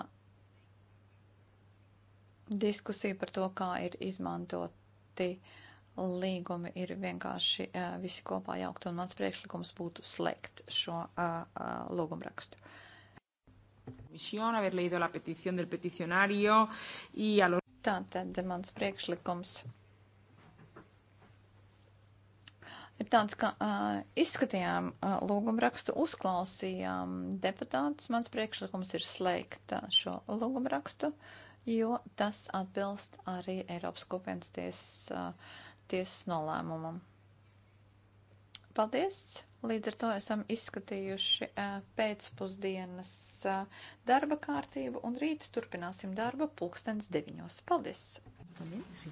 diskusija par to, kā ir izmantoti uh, līgumi ir vienkārši uh, visi kopā jaukt, un mans priekšlikums būtu slēgt šo uh, uh, lūgumrakstu. Tātad mans priekšlikums ir tāds, ka uh, izskatījām uh, lūgumrakstu, uzklausījām deputātus. Mans priekšlikums ir slēgt uh, šo lūgumrakstu, jo tas atbilst arī Eiropas kopienas tiesas uh, tiesas nolēmumam. Paldies! Līdz ar to esam izskatījuši pēcpusdienas darba kārtību un rīt turpināsim darbu pulkstens deviņos. Paldies! Paldies.